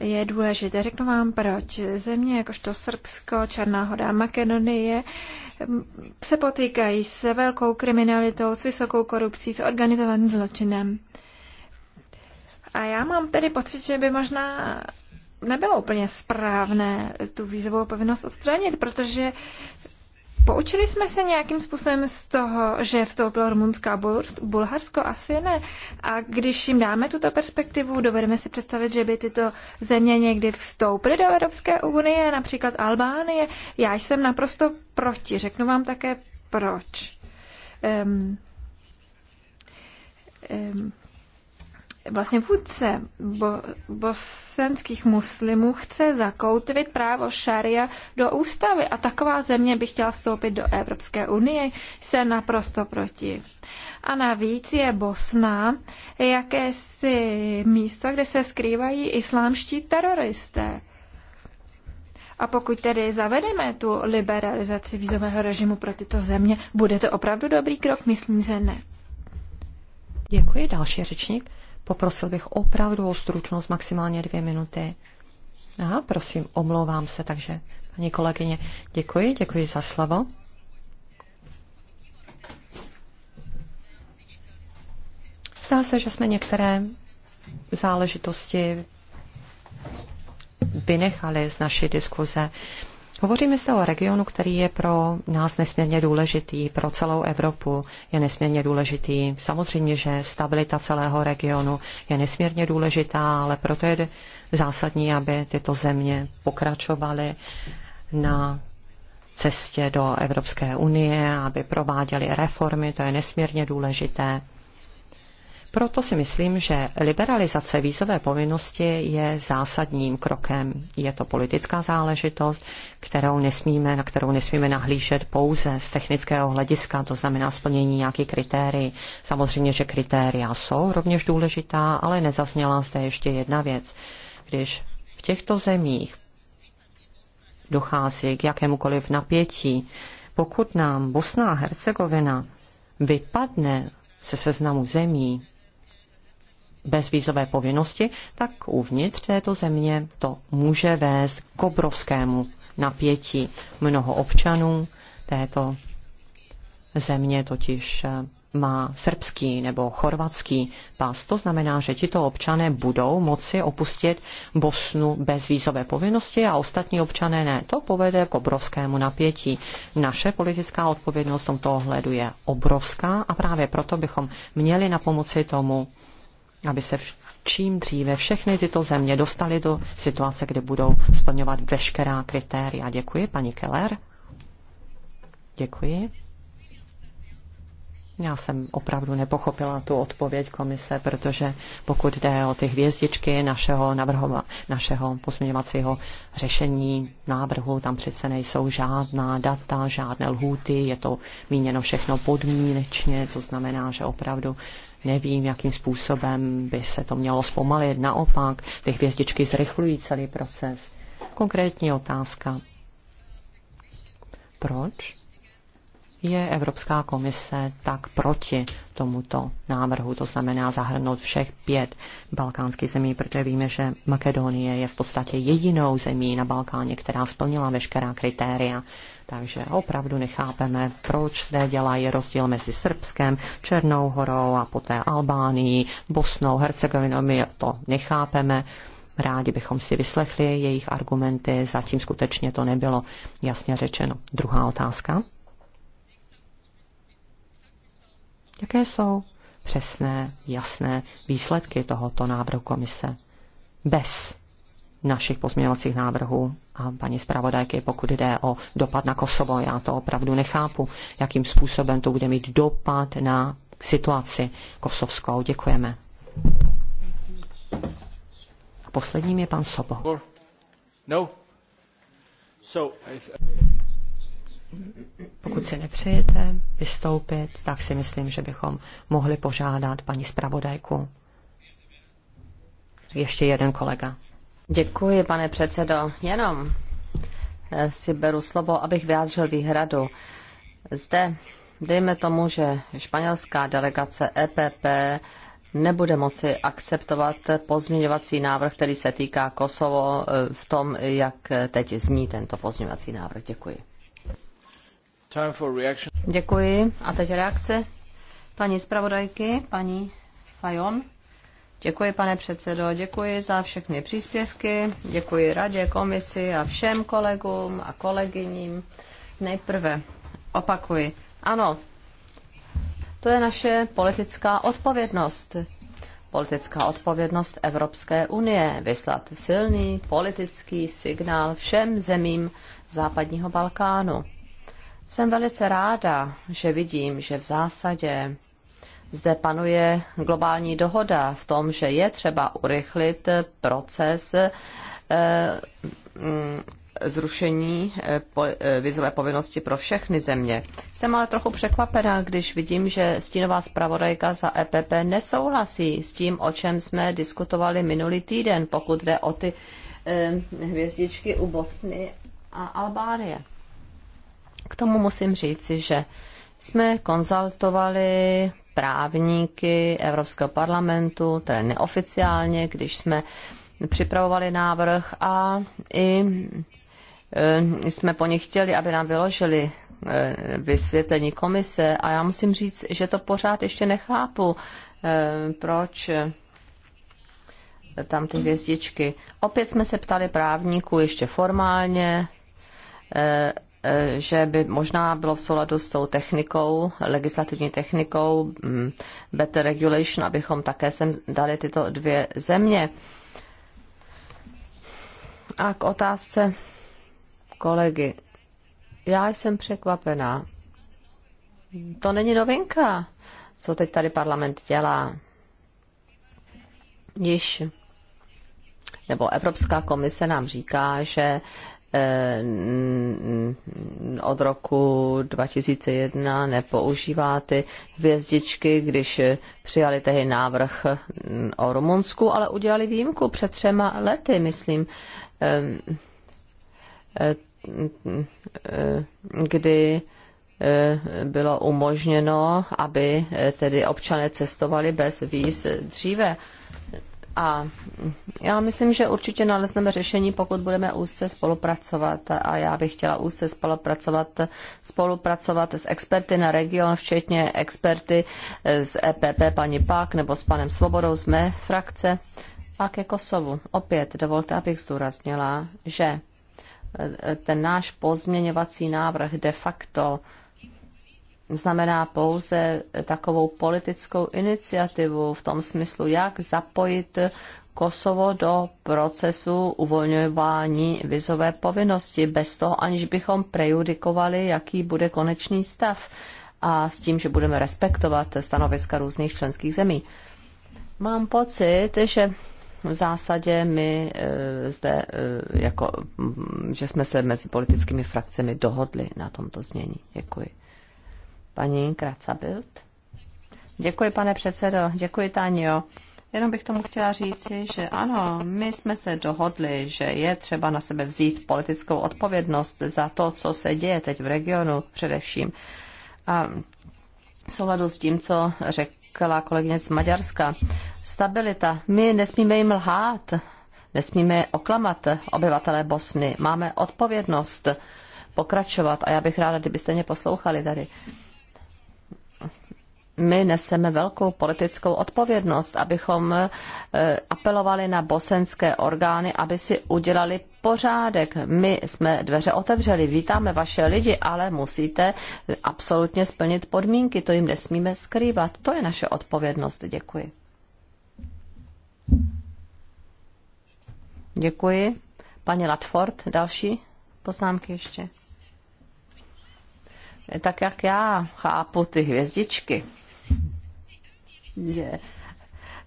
je důležité. Řeknu vám proč. Země jakožto Srbsko, Černá hora, Makedonie se potýkají s velkou kriminalitou, s vysokou korupcí, s organizovaným zločinem. A já mám tedy pocit, že by možná nebylo úplně správné tu vízovou povinnost odstranit, protože Poučili jsme se nějakým způsobem z toho, že vstoupilo Rumunsko a Bulharsko? Asi ne. A když jim dáme tuto perspektivu, dovedeme si představit, že by tyto země někdy vstoupily do Evropské unie, například Albánie. Já jsem naprosto proti. Řeknu vám také proč. Um, um, vlastně vůdce bo, bosenských muslimů chce zakoutvit právo šaria do ústavy a taková země by chtěla vstoupit do Evropské unie, se naprosto proti. A navíc je Bosna jakési místo, kde se skrývají islámští teroristé. A pokud tedy zavedeme tu liberalizaci vízového režimu pro tyto země, bude to opravdu dobrý krok? Myslím, že ne. Děkuji. Další řečník. Poprosil bych opravdu o stručnost maximálně dvě minuty. Aha, prosím, omlouvám se, takže paní kolegyně, děkuji, děkuji za slovo. Zdá se, že jsme některé záležitosti vynechali z naší diskuze. Hovoříme se o regionu, který je pro nás nesmírně důležitý, pro celou Evropu je nesmírně důležitý. Samozřejmě, že stabilita celého regionu je nesmírně důležitá, ale proto je zásadní, aby tyto země pokračovaly na cestě do Evropské unie, aby prováděly reformy, to je nesmírně důležité. Proto si myslím, že liberalizace vízové povinnosti je zásadním krokem. Je to politická záležitost, kterou nesmíme, na kterou nesmíme nahlížet pouze z technického hlediska, to znamená splnění nějakých kritérií. Samozřejmě, že kritéria jsou rovněž důležitá, ale nezazněla zde ještě jedna věc. Když v těchto zemích dochází k jakémukoliv napětí, pokud nám Bosna a Hercegovina vypadne se seznamu zemí, bezvízové povinnosti, tak uvnitř této země to může vést k obrovskému napětí. Mnoho občanů této země totiž eh, má srbský nebo chorvatský pas. To znamená, že tito občané budou moci opustit Bosnu bez vízové povinnosti a ostatní občané ne. To povede k obrovskému napětí. Naše politická odpovědnost v tomto ohledu je obrovská a právě proto bychom měli na pomoci tomu, aby se čím dříve všechny tyto země dostaly do situace, kde budou splňovat veškerá kritéria. Děkuji, paní Keller. Děkuji. Já jsem opravdu nepochopila tu odpověď komise, protože pokud jde o ty hvězdičky našeho, navrhova, našeho posměňovacího řešení návrhu, tam přece nejsou žádná data, žádné lhůty, je to míněno všechno podmínečně, to znamená, že opravdu nevím, jakým způsobem by se to mělo zpomalit. Naopak, ty hvězdičky zrychlují celý proces. Konkrétní otázka. Proč je Evropská komise tak proti tomuto návrhu, to znamená zahrnout všech pět balkánských zemí, protože víme, že Makedonie je v podstatě jedinou zemí na Balkáně, která splnila veškerá kritéria. Takže opravdu nechápeme, proč zde dělají rozdíl mezi Srbskem, Černou horou a poté Albánií, Bosnou, Hercegovinou. My to nechápeme. Rádi bychom si vyslechli jejich argumenty, zatím skutečně to nebylo jasně řečeno. Druhá otázka. Jaké jsou přesné, jasné výsledky tohoto návrhu komise? Bez našich pozměňovacích návrhů a paní zpravodajky, pokud jde o dopad na Kosovo. Já to opravdu nechápu, jakým způsobem to bude mít dopad na situaci kosovskou. Děkujeme. A posledním je pan Sobo. No. So, I... Pokud si nepřejete vystoupit, tak si myslím, že bychom mohli požádat paní zpravodajku. Ještě jeden kolega. Děkuji, pane předsedo. Jenom eh, si beru slovo, abych vyjádřil výhradu. Zde, dejme tomu, že španělská delegace EPP nebude moci akceptovat pozměňovací návrh, který se týká Kosovo eh, v tom, jak eh, teď zní tento pozměňovací návrh. Děkuji. Děkuji. A teď reakce paní zpravodajky, paní Fajon. Děkuji, pane předsedo, děkuji za všechny příspěvky, děkuji radě, komisi a všem kolegům a kolegyním. Nejprve opakuji. Ano, to je naše politická odpovědnost. Politická odpovědnost Evropské unie vyslat silný politický signál všem zemím západního Balkánu jsem velice ráda, že vidím, že v zásadě zde panuje globální dohoda v tom, že je třeba urychlit proces eh, mm, zrušení eh, eh, vizové povinnosti pro všechny země. Jsem ale trochu překvapená, když vidím, že stínová zpravodajka za EPP nesouhlasí s tím, o čem jsme diskutovali minulý týden, pokud jde o ty hvězdičky u Bosny a Albánie. K tomu musím říci, že jsme konzultovali právníky Evropského parlamentu, tedy neoficiálně, když jsme připravovali návrh a i e, jsme po nich chtěli, aby nám vyložili e, vysvětlení komise a já musím říct, že to pořád ještě nechápu, e, proč tam ty hvězdičky. Opět jsme se ptali právníků ještě formálně, že by možná bylo v souladu s tou technikou, legislativní technikou mm, Better Regulation, abychom také sem dali tyto dvě země. A k otázce kolegy. Já jsem překvapená. To není novinka, co teď tady parlament dělá. Již nebo Evropská komise nám říká, že Eh, od roku 2001 nepoužívá ty hvězdičky, když přijali tehdy návrh mm, o Rumunsku, ale udělali výjimku před třema lety, myslím, eh, eh, kdy bylo umožněno, aby tedy občané cestovali bez víz dříve a já myslím, že určitě nalezneme řešení, pokud budeme úzce spolupracovat. A já bych chtěla úzce spolupracovat, spolupracovat s experty na region, včetně experty z EPP paní Pak nebo s panem Svobodou z mé frakce. A ke Kosovu. Opět dovolte, abych zdůraznila, že ten náš pozměňovací návrh de facto znamená pouze takovou politickou iniciativu v tom smyslu, jak zapojit Kosovo do procesu uvolňování vizové povinnosti, bez toho, aniž bychom prejudikovali, jaký bude konečný stav a s tím, že budeme respektovat stanoviska různých členských zemí. Mám pocit, že v zásadě my eh, zde, eh, jako, mm, že jsme se mezi politickými frakcemi dohodli na tomto znění. Děkuji. Paní Kracabilt. Děkuji, pane předsedo. Děkuji, Tanio. Jenom bych tomu chtěla říci, že ano, my jsme se dohodli, že je třeba na sebe vzít politickou odpovědnost za to, co se děje teď v regionu především. A v souladu s tím, co řekla kolegyně z Maďarska, stabilita. My nesmíme jim lhát, nesmíme oklamat obyvatele Bosny. Máme odpovědnost pokračovat a já bych ráda, kdybyste mě poslouchali tady my neseme velkou politickou odpovědnost, abychom eh, apelovali na bosenské orgány, aby si udělali pořádek. My jsme dveře otevřeli, vítáme vaše lidi, ale musíte absolutně splnit podmínky, to jim nesmíme skrývat. To je naše odpovědnost. Děkuji. Děkuji. Paní Latford, další poznámky ještě? Tak jak já chápu ty hvězdičky, že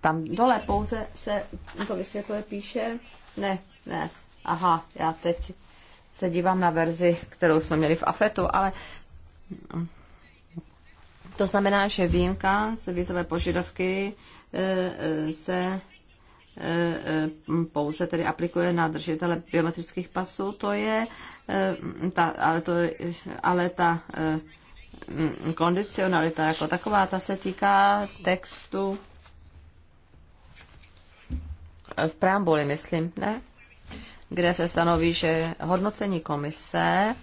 tam dole pouze se to vysvětluje, píše, ne, ne, aha, já teď se dívám na verzi, kterou jsme měli v AFETu, ale to znamená, že výjimka z vízové požadavky e, e, se e, pouze tedy aplikuje na držitele biometrických pasů, to je ta, ale, to, ale ta kondicionalita jako taková, ta se týká textu v preambuli, myslím, ne? Kde se stanoví, že hodnocení komise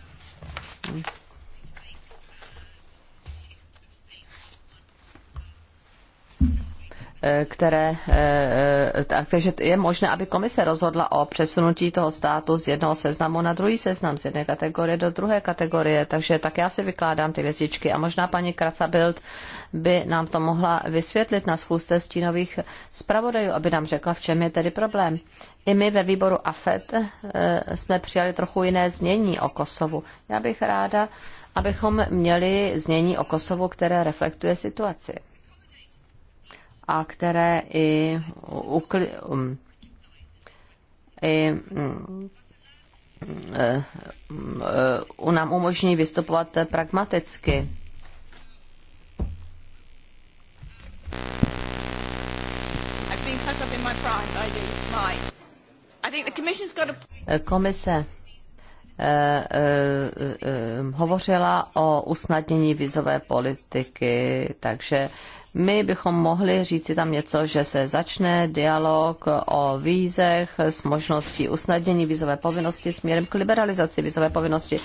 Eh, které, eh, eh, takže je možné, aby komise rozhodla o přesunutí toho státu z jednoho seznamu na druhý seznam, z jedné kategorie do druhé kategorie, takže tak já si vykládám ty vězdičky a možná paní Kracabild by nám to mohla vysvětlit na schůzce stínových zpravodajů, aby nám řekla, v čem je tedy problém. I my ve výboru AFET jsme přijali trochu jiné znění o Kosovu. Já bych ráda, abychom měli znění o Kosovu, které reflektuje situaci a které i, ukli, um, i um, e, nám umožní vystupovat pragmaticky. Komise e, e, hovořila o usnadnění vizové politiky, takže my bychom mohli říci tam něco, že se začne dialog o vízech s možností usnadnění vízové povinnosti směrem k liberalizaci vízové povinnosti.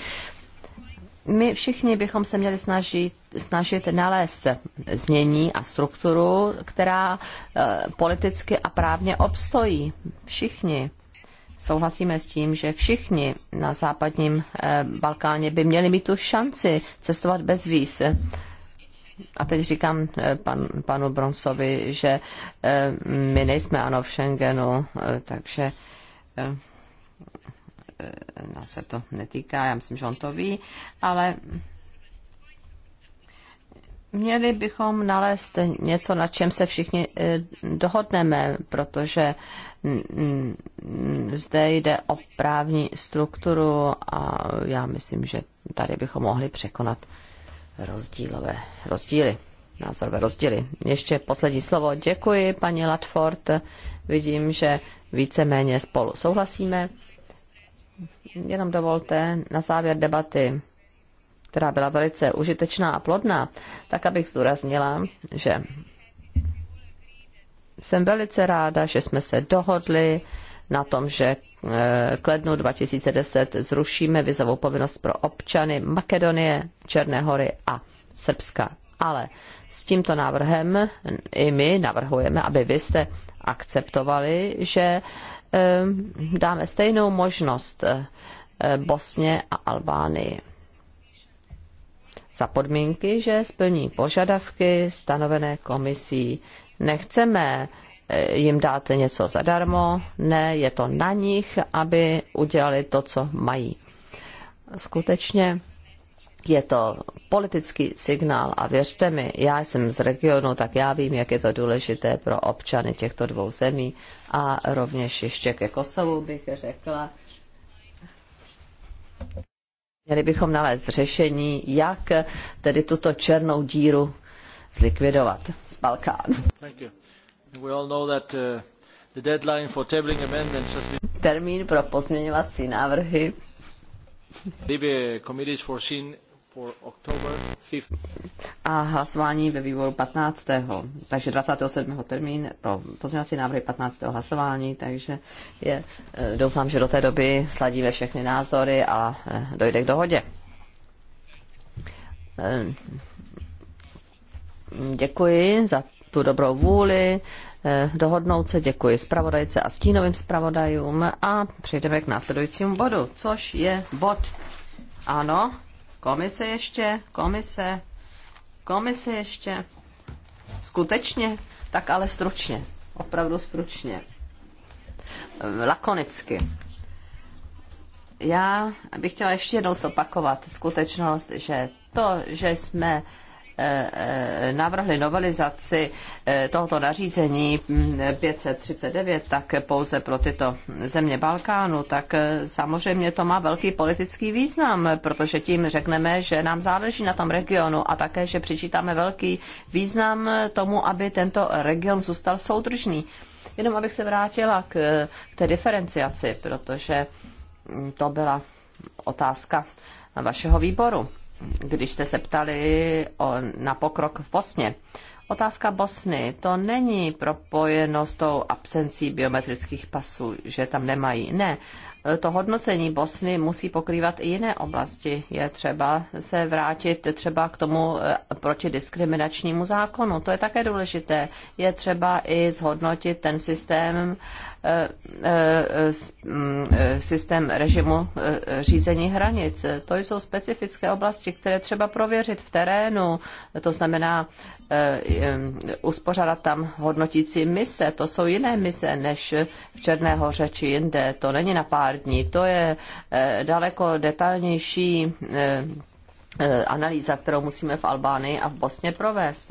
My všichni bychom se měli snažit, snažit nalézt znění a strukturu, která e, politicky a právně obstojí. Všichni souhlasíme s tím, že všichni na západním eh, Balkáně by měli mít tu šanci cestovat bez víz a teď říkám eh, pan, panu Bronsovi, že eh, my nejsme ano v Schengenu, eh, takže nás se to netýká, já myslím, že on to ví, ale měli bychom nalézt něco, na čem se všichni dohodneme, protože mm, mm, zde jde o právní strukturu a já myslím, že tady bychom mohli překonat rozdílové rozdíly, názorové rozdíly. Ještě poslední slovo. Děkuji, paní Latford. Vidím, že víceméně spolu souhlasíme. Jenom dovolte na závěr debaty, která byla velice užitečná a plodná, tak abych zdůraznila, že jsem velice ráda, že jsme se dohodli na tom, že k lednu 2010 zrušíme vizovou povinnost pro občany Makedonie, Černé hory a Srbska. Ale s tímto návrhem i my navrhujeme, aby vy jste akceptovali, že eh, dáme stejnou možnost eh, Bosně a Albánii. Za podmínky, že splní požadavky stanovené komisí. Nechceme jim dáte něco zadarmo, ne, je to na nich, aby udělali to, co mají. Skutečně je to politický signál a věřte mi, já jsem z regionu, tak já vím, jak je to důležité pro občany těchto dvou zemí a rovněž ještě ke Kosovu bych řekla, měli bychom nalézt řešení, jak tedy tuto černou díru zlikvidovat z Balkánu. Termín pro pozměňovací návrhy a hlasování ve výboru 15. Takže 27. termín pro pozměňovací návrhy 15. hlasování, takže je, eh, doufám, že do té doby sladíme všechny názory a eh, dojde k dohodě. Eh, děkuji za tu dobrou vůli, eh, dohodnout se. Děkuji zpravodajce a stínovým zpravodajům a přejdeme k následujícímu bodu, což je bod. Ano, komise ještě, komise, komise ještě. Skutečně, tak ale stručně, opravdu stručně, eh, lakonicky. Já bych chtěla ještě jednou zopakovat skutečnost, že to, že jsme Eh, eh, navrhli novelizaci eh, tohoto nařízení 539, mm, tak pouze pro tyto země Balkánu, tak samozřejmě to má velký politický význam, protože tím řekneme, že nám záleží na tom regionu a také, že přičítáme velký význam tomu, aby tento region zůstal soudržný. Jenom abych se vrátila k, k té diferenciaci, protože mm, to byla otázka vašeho výboru když jste se ptali o, na pokrok v Bosně. Otázka Bosny, to není propojeno s tou absencí biometrických pasů, že tam nemají. Ne, to hodnocení Bosny musí pokrývat i jiné oblasti. Je třeba se vrátit třeba k tomu eh, protidiskriminačnímu zákonu. To je také důležité. Je třeba i zhodnotit ten systém systém režimu eh, řízení hranic. To jsou specifické oblasti, které třeba prověřit v terénu, to znamená eh, eh, uspořádat tam hodnotící mise. To jsou jiné mise než v Černé hoře či jinde. To není na pár dní, to je daleko detailnější Eh, analýza, kterou musíme v Albánii a v Bosně provést.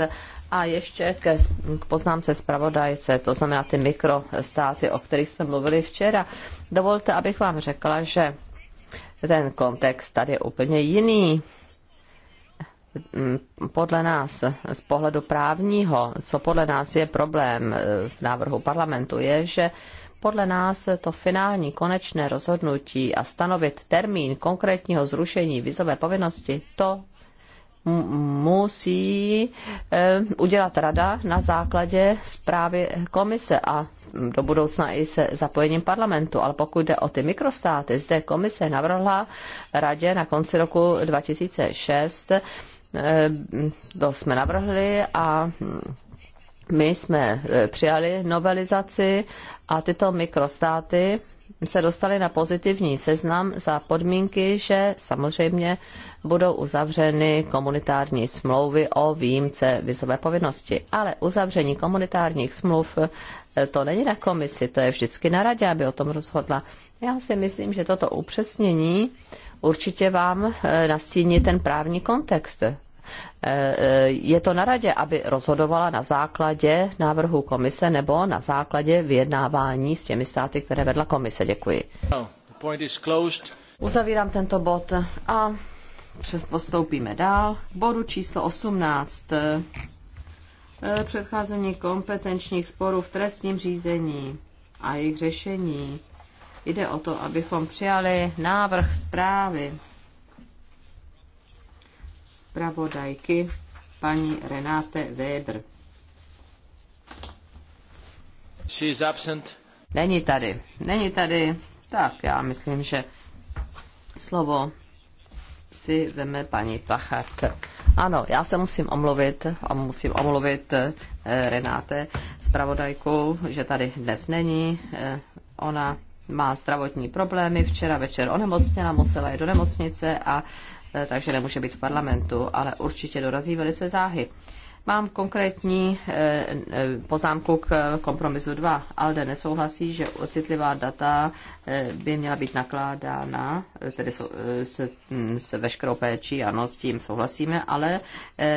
A ještě ke, k poznámce zpravodajce, to znamená ty mikrostáty, o kterých jsme mluvili včera. Dovolte, abych vám řekla, že ten kontext tady je úplně jiný. Mm, podle nás, z pohledu právního, co podle nás je problém eh, v návrhu parlamentu, je, že podle nás to finální konečné rozhodnutí a stanovit termín konkrétního zrušení vizové povinnosti, to musí eh, udělat rada na základě zprávy komise a do budoucna i se zapojením parlamentu. Ale pokud jde o ty mikrostáty, zde komise navrhla radě na konci roku 2006, eh, to jsme navrhli a my jsme e, přijali novelizaci a tyto mikrostáty se dostaly na pozitivní seznam za podmínky, že samozřejmě budou uzavřeny komunitární smlouvy o výjimce vizové povinnosti. Ale uzavření komunitárních smluv e, to není na komisi, to je vždycky na radě, aby o tom rozhodla. Já si myslím, že toto upřesnění určitě vám e, nastíní ten právní kontext je to na radě, aby rozhodovala na základě návrhu komise nebo na základě vyjednávání s těmi státy, které vedla komise. Děkuji. Uzavírám tento bod a postoupíme dál. K bodu číslo 18. Eh, předcházení kompetenčních sporů v trestním řízení a jejich řešení. Jde o to, abychom přijali návrh zprávy zpravodajky paní Renáte Weber. She is absent. Není tady. Není tady. Tak já myslím, že slovo si veme paní Pachat. Ano, já se musím omluvit a musím omluvit eh, Renáte, zpravodajku, že tady dnes není. Eh, ona má zdravotní problémy, včera večer onemocněla, musela jít do nemocnice a Eh, takže nemůže být v parlamentu, ale určitě dorazí velice záhy. Mám konkrétní eh, eh, poznámku k kompromisu 2. ALDE nesouhlasí, že ocitlivá data Eh, by měla být nakládána, eh, tedy se, eh, mm, se veškerou péčí, ano, s tím souhlasíme, ale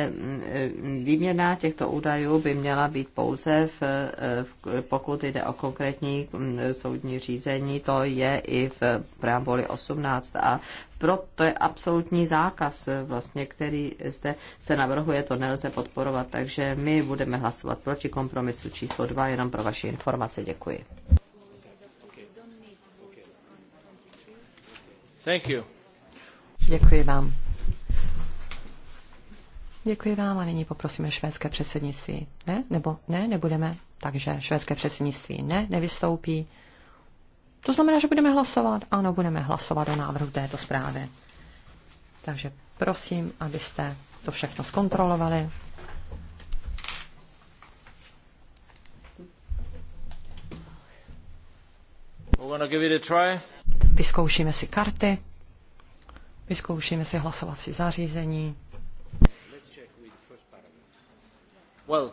mm, výměna těchto údajů by měla být pouze, v, pokud jde o konkrétní mm, soudní řízení, to je i v preamboli 18 a proto je absolutní zákaz, vlastně, který zde se navrhuje, to nelze podporovat, takže my budeme hlasovat proti kompromisu číslo 2, jenom pro vaši informace. Děkuji. Děkuji vám. Děkuji vám a nyní poprosíme švédské předsednictví. Ne? Nebo ne? Nebudeme? Takže švédské předsednictví ne, nevystoupí. To znamená, že budeme hlasovat? Ano, budeme hlasovat o návrhu této zprávy. Takže prosím, abyste to všechno zkontrolovali. We're give it a try. Vyzkoušíme si karty, vyzkoušíme si hlasovací zařízení. Well,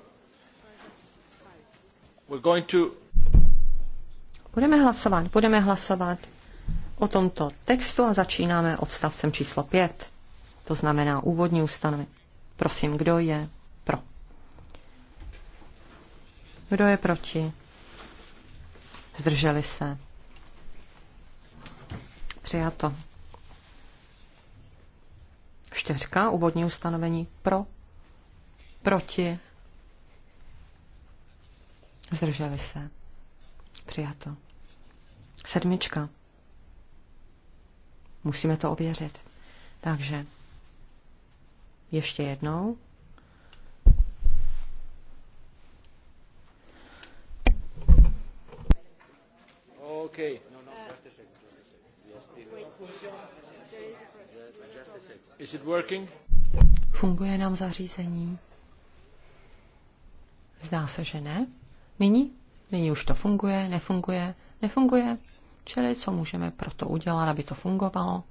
we're going to... Budeme hlasovat, budeme hlasovat o tomto textu a začínáme odstavcem číslo 5. To znamená úvodní ustanovení. Prosím, kdo je pro? Kdo je proti? Zdrželi se? Přijato. Čtyřka, úvodní ustanovení pro, proti, zdrželi se. Přijato. Sedmička. Musíme to ověřit. Takže ještě jednou. Okay. Is it working? Funguje nám zařízení? Zdá se, že ne. Nyní? Nyní už to funguje, nefunguje, nefunguje. Čili co můžeme pro to udělat, aby to fungovalo?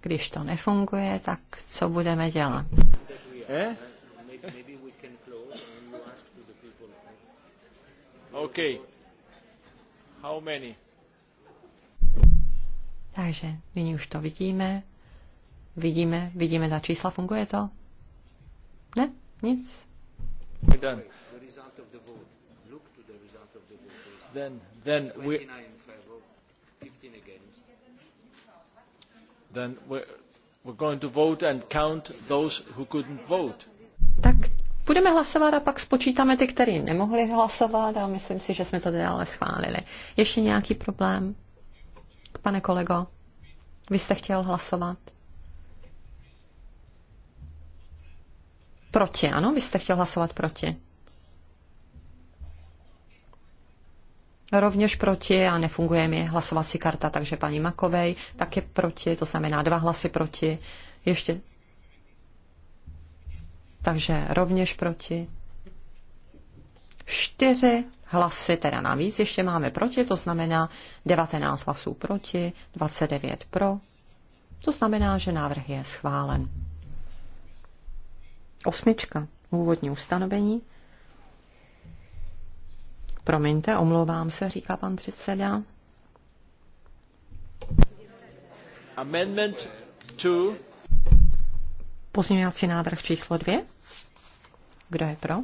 Když to nefunguje, tak co budeme dělat? Eh? Okay. How many? Takže nyní už to vidíme. Vidíme, vidíme ta čísla, funguje to? Ne, nic. Then, then we, then we're, we're going to vote and count those who couldn't vote. Tak budeme hlasovat a pak spočítáme ty, kteří nemohli hlasovat a myslím si, že jsme to dále schválili. Ještě nějaký problém? pane kolego. Vy jste chtěl hlasovat. Proti, ano, vy jste chtěl hlasovat proti. Rovněž proti a nefunguje mi hlasovací karta, takže paní Makovej také proti, to znamená dva hlasy proti. Ještě. Takže rovněž proti. Čtyři hlasy, teda navíc ještě máme proti, to znamená 19 hlasů proti, 29 pro. To znamená, že návrh je schválen. Osmička. Úvodní ustanovení. Promiňte, omlouvám se, říká pan předseda. Amendment two. Pozměňovací návrh číslo dvě. Kdo je pro?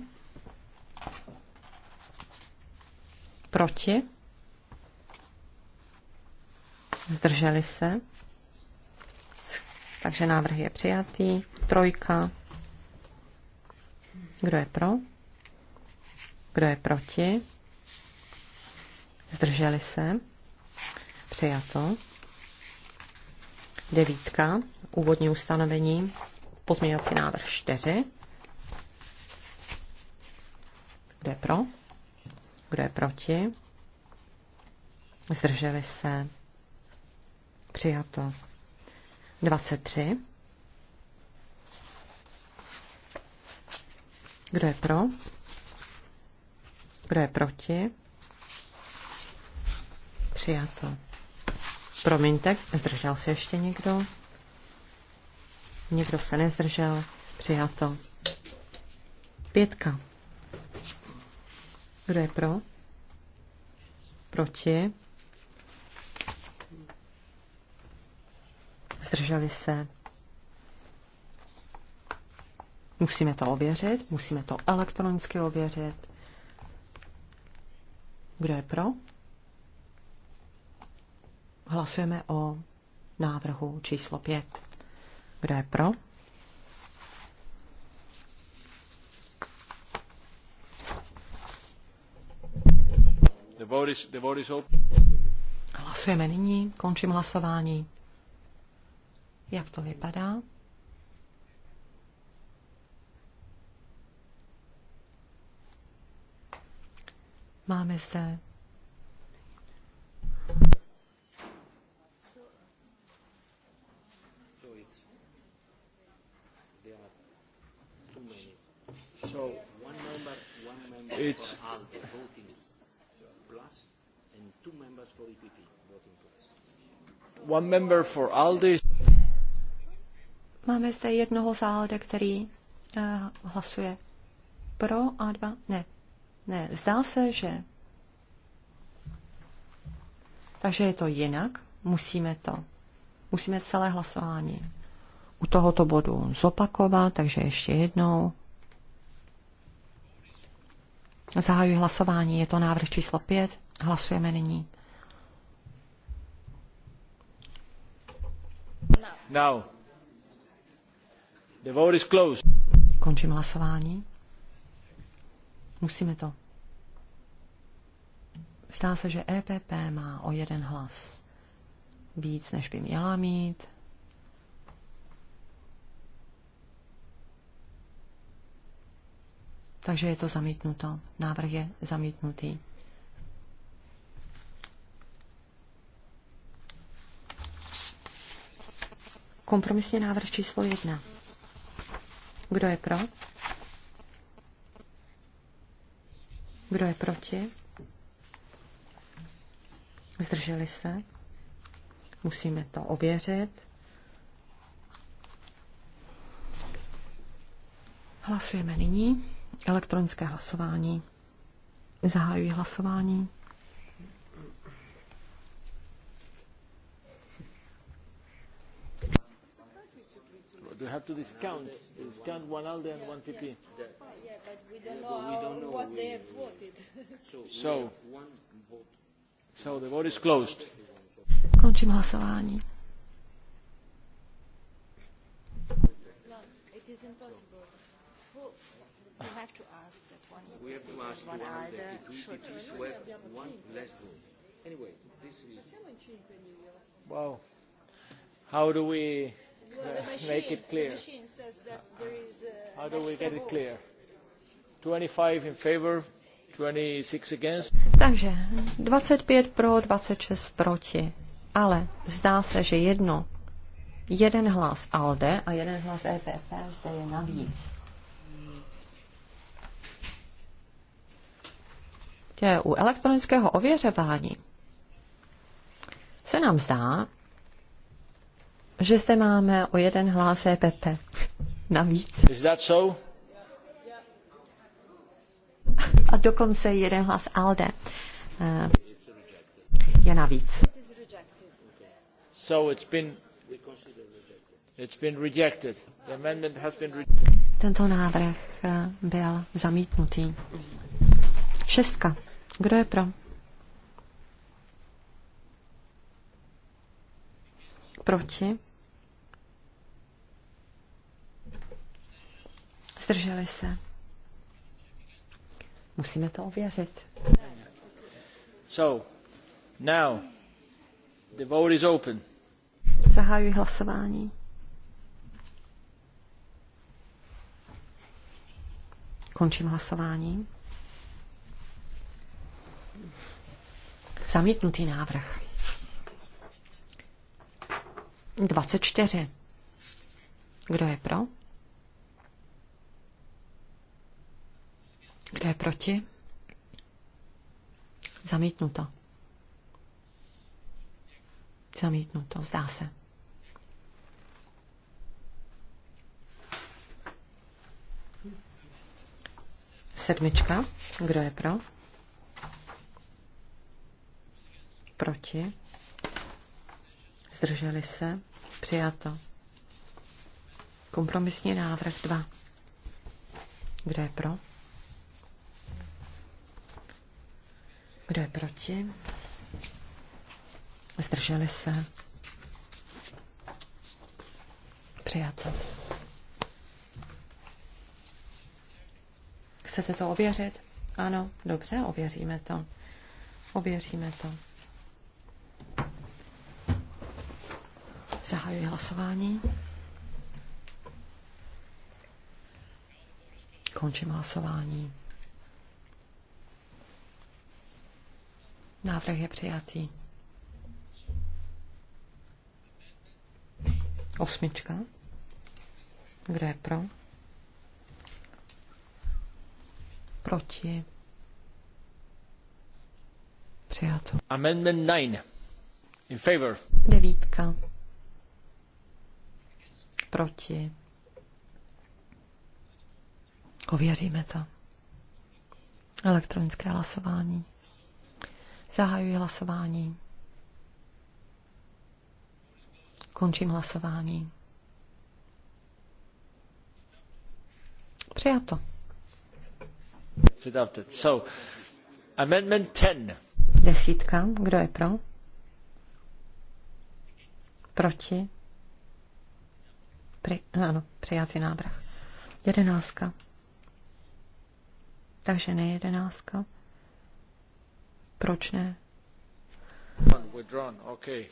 Proti? Zdrželi se? Takže návrh je přijatý. Trojka. Kdo je pro? Kdo je proti? Zdrželi se? Přijato. Devítka. Úvodní ustanovení. Pozměňovací návrh 4. Kdo je pro? Kdo je proti? Zdrželi se. Přijato. 23. Kdo je pro? Kdo je proti? Přijato. Promiňte, zdržel se ještě někdo? Někdo se nezdržel. Přijato. Pětka. Kdo je pro? Proti? Zdrželi se? Musíme to ověřit, musíme to elektronicky ověřit. Kdo je pro? Hlasujeme o návrhu číslo 5. Kdo je pro? vote is, the vote is open. Hlasujeme nyní, končím hlasování. Jak to vypadá? Máme zde it's, One member for ALDE. Máme zde jednoho zálde, který uh, hlasuje pro a dva ne. Ne, zdá se, že. Takže je to jinak, musíme to. Musíme celé hlasování u tohoto bodu zopakovat, takže ještě jednou. Zahajuji hlasování, je to návrh číslo 5, hlasujeme nyní. Končím hlasování. Musíme to. Zdá se, že EPP má o jeden hlas víc, než by měla mít. Takže je to zamítnuto. Návrh je zamítnutý. Kompromisně návrh číslo jedna. Kdo je pro? Kdo je proti? Zdrželi se? Musíme to ověřit. Hlasujeme nyní. Elektronické hlasování. Zahajuji hlasování. you have to discount, discount one ALDE and one PP. Yeah, but we don't know, we don't know what they have voted. So, so the vote is closed. Končím hlasování. No, have to ask that one. We have to ask one have one less vote. Anyway, this is... Wow. How do we the machine, make it clear. The machine says that there is a How do we get it clear? 25 in favor, 26 against. Takže 25 pro, 26 proti. Ale zdá se, že jedno, jeden hlas ALDE a jeden hlas EPP se je navíc. Je u elektronického ověřování se nám zdá, že se máme o jeden hlas EPP navíc. Is that so? A dokonce jeden hlas ALDE Uh, je navíc. So it's been, it's been rejected. The amendment has been rejected. Tento návrh eh, byl zamítnutý. Šestka. Kdo je pro? Proti? Zdrželi se. Musíme to ověřit. So, now, the vote is open. Zahajuji hlasování. Končím hlasování. Zamítnutý návrh. 24. Kdo je pro? Kdo je proti? Zamítnuto. Zamítnuto, zdá se. Sedmička. Kdo je pro? Proti? Zdrželi se? Přijato. Kompromisní návrh 2. Kdo je pro? Kdo je proti? Zdrželi se? Přijato. Chcete to ověřit? Ano, dobře, ověříme to. Ověříme to. Zahajuji hlasování. Končím hlasování. Návrh je přijatý. Osmička. Kdo je pro? Proti. Přijato. Amendment 9. In favor. Devítka. Proti. Ověříme to. Elektronické hlasování. Zahajuji hlasování. Končím hlasování. Přijato. So, amendment 10. Desítka. Kdo je pro? Proti? Pri, ano, přijatý návrh. Jedenáctka. Takže ne jedenáctka. Proč ne? Withdrawn. Okay.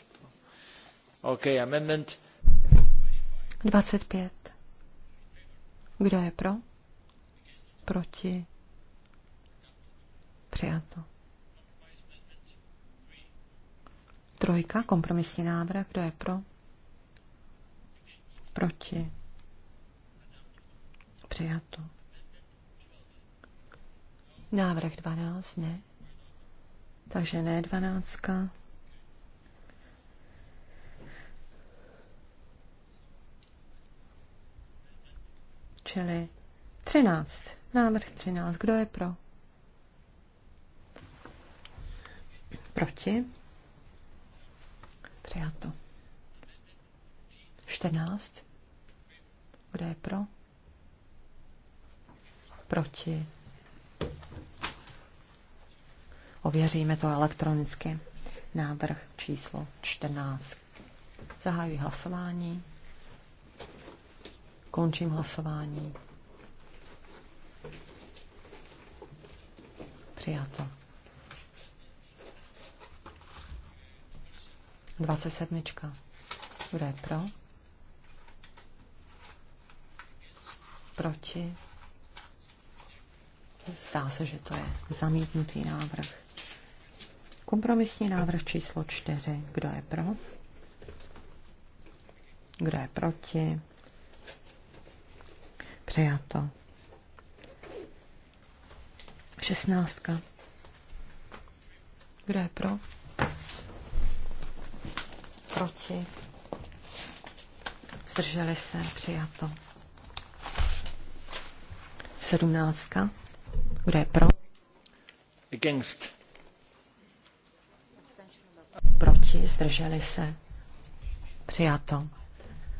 Okay, amendment. 25. Kdo je pro? Proti? Přijato. Trojka, kompromisní návrh. Kdo je pro? Proti? Přijato. Návrh 12, ne. Takže ne dvanáctka. Čili třináct. Návrh třináct. Kdo je pro? Proti? Přijato. Čtrnáct. Kdo je pro? Proti. Ověříme to elektronicky. Návrh číslo 14. Zahajuji hlasování. Končím hlasování. Přijato. 27. Kdo je pro? Proti? Zdá se, že to je zamítnutý návrh. Kompromisní návrh číslo 4. Kdo je pro? Kdo je proti? Přijato. Šestnáctka. Kdo je pro? Proti. Zdrželi se. Přijato. Sedmnáctka. Kdo je pro? Against. proti, zdrželi se. Přijato.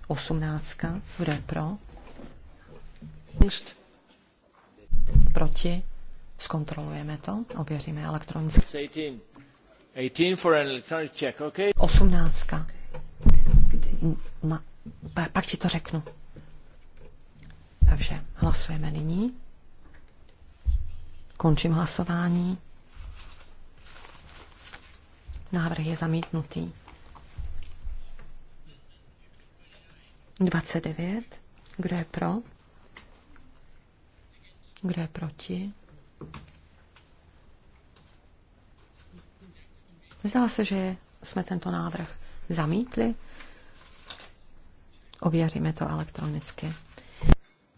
Osmnáctka, kdo je pro? Proti. Zkontrolujeme to, ověříme elektronicky. 18 Osmnáctka. pa, pak ti to řeknu. Takže hlasujeme nyní. Končím hlasování. Návrh je zamítnutý. 29. Kdo je pro? Kdo je proti? Zdá se, že jsme tento návrh zamítli. Ověříme to elektronicky.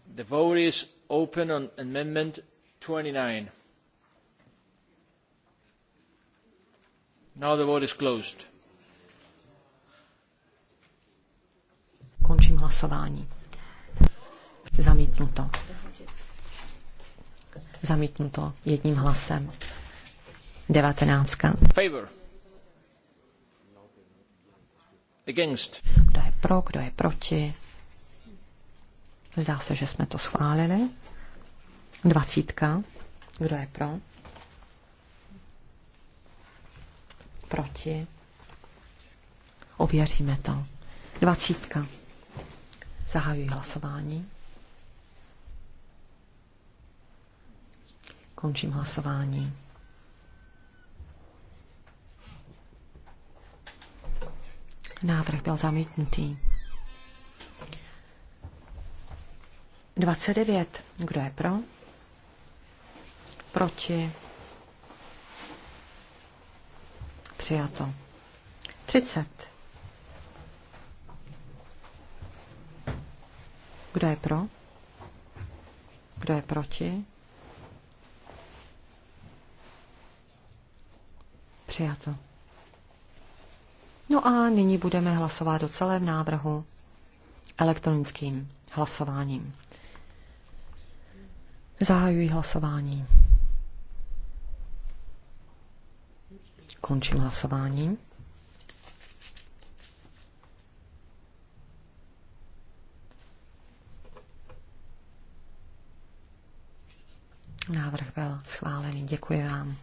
The vote is open on amendment 29. Končím hlasování. Zamítnuto. Zamítnuto jedním hlasem. Devatenáctka. Favor. Against. Kdo je pro, kdo je proti? Zdá se, že jsme to schválili. Dvacítka. Kdo je pro? proti. Ověříme to. Dvacítka. Zahajuji hlasování. Končím hlasování. Návrh byl zamítnutý. 29. Kdo je pro? Proti? Přijato. 30. Kdo je pro? Kdo je proti? Přijato. No a nyní budeme hlasovat o celém návrhu elektronickým hlasováním. Zahajuji hlasování. Končím hlasování. Návrh byl schválený. Děkuji vám.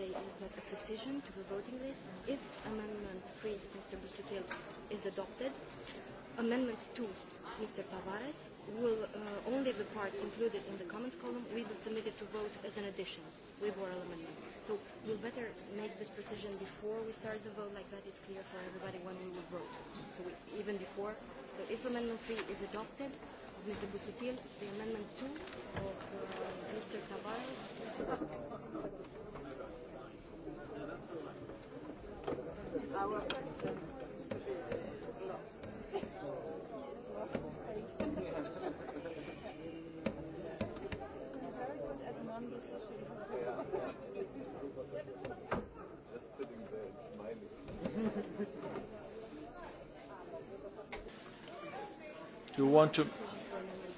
say is not a precision to the voting list. If Amendment 3, Mr. Busutil, is adopted, Amendment 2, Mr. Tavares, will uh, only the part included in the comments column will be submitted to vote as an addition with oral amendment. So we'll better make this precision before we start the vote, like that it's clear for everybody when we will vote. So we, even before, so if Amendment 3 is adopted, Mr. Busutil, the Amendment 2 of uh, Mr. Tavares. you want to...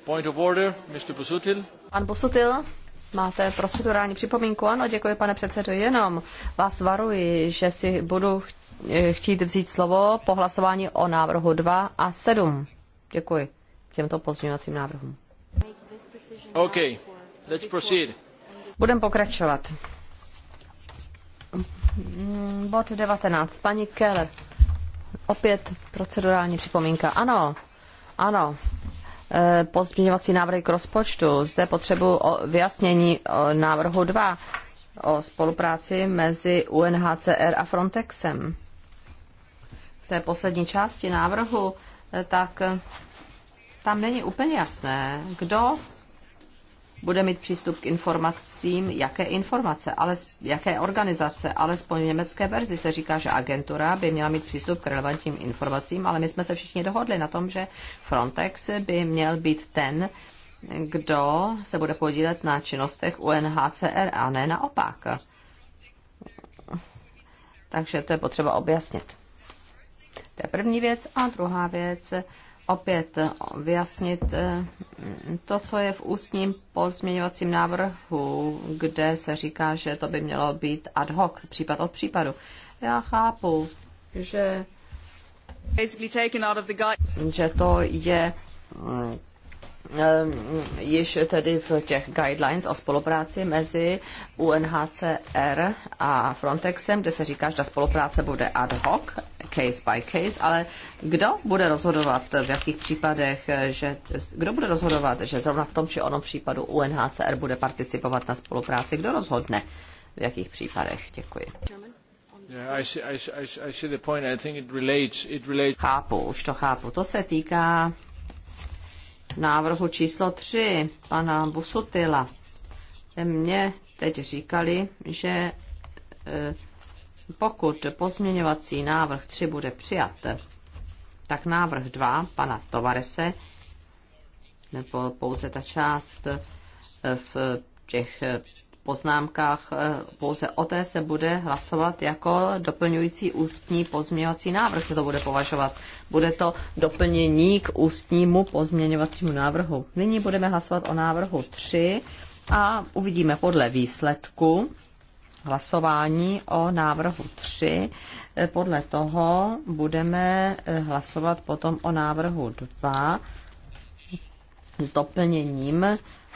Point of order, Mr. Busutil? Pan Busutil, máte procedurální připomínku? Ano, děkuji, pane předsedo. Jenom vás varuji, že si budu chtít eh, vzít slovo po hlasování o návrhu 2 a 7. Děkuji těmto pozměňovacím návrhům. OK, let's proceed. Budeme pokračovat. Bod 19. Paní Keller. Opět procedurální připomínka. Ano, ano, e, pozměňovací návrhy k rozpočtu. Zde potřebuji vyjasnění e, návrhu 2 o spolupráci mezi UNHCR a Frontexem. V té poslední části návrhu, e, tak tam není úplně jasné, kdo bude mít přístup k informacím, jaké informace, ale jaké organizace, alespoň v německé verzi se říká, že agentura by měla mít přístup k relevantním informacím, ale my jsme se všichni dohodli na tom, že Frontex by měl být ten, kdo se bude podílet na činnostech UNHCR a ne naopak. Takže to je potřeba objasnit. To je první věc. A druhá věc, opět vyjasnit eh, to, co je v ústním pozměňovacím návrhu, kde se říká, že to by mělo být ad hoc, případ od případu. Já chápu, že, že to je mm, Ehm, již tedy v těch guidelines o spolupráci mezi UNHCR a Frontexem, kde se říká, že ta spolupráce bude ad hoc, case by case, ale kdo bude rozhodovat, v jakých případech, že, kdo bude rozhodovat, že zrovna v tom či onom případu UNHCR bude participovat na spolupráci, kdo rozhodne, v jakých případech. Děkuji. Chápu, už to chápu. To se týká návrhu číslo 3 pana Busutila. Mně teď říkali, že eh, pokud pozměňovací návrh 3 bude přijat, tak návrh 2 pana Tovarese, nebo pouze ta část eh, v těch eh, poznámkách, eh, pouze o té se bude hlasovat jako doplňující ústní pozměňovací návrh, se to bude považovat. Bude to doplnění k ústnímu pozměňovacímu návrhu. Nyní budeme hlasovat o návrhu 3 a uvidíme podle výsledku hlasování o návrhu 3. Eh, podle toho budeme eh, hlasovat potom o návrhu 2 s doplněním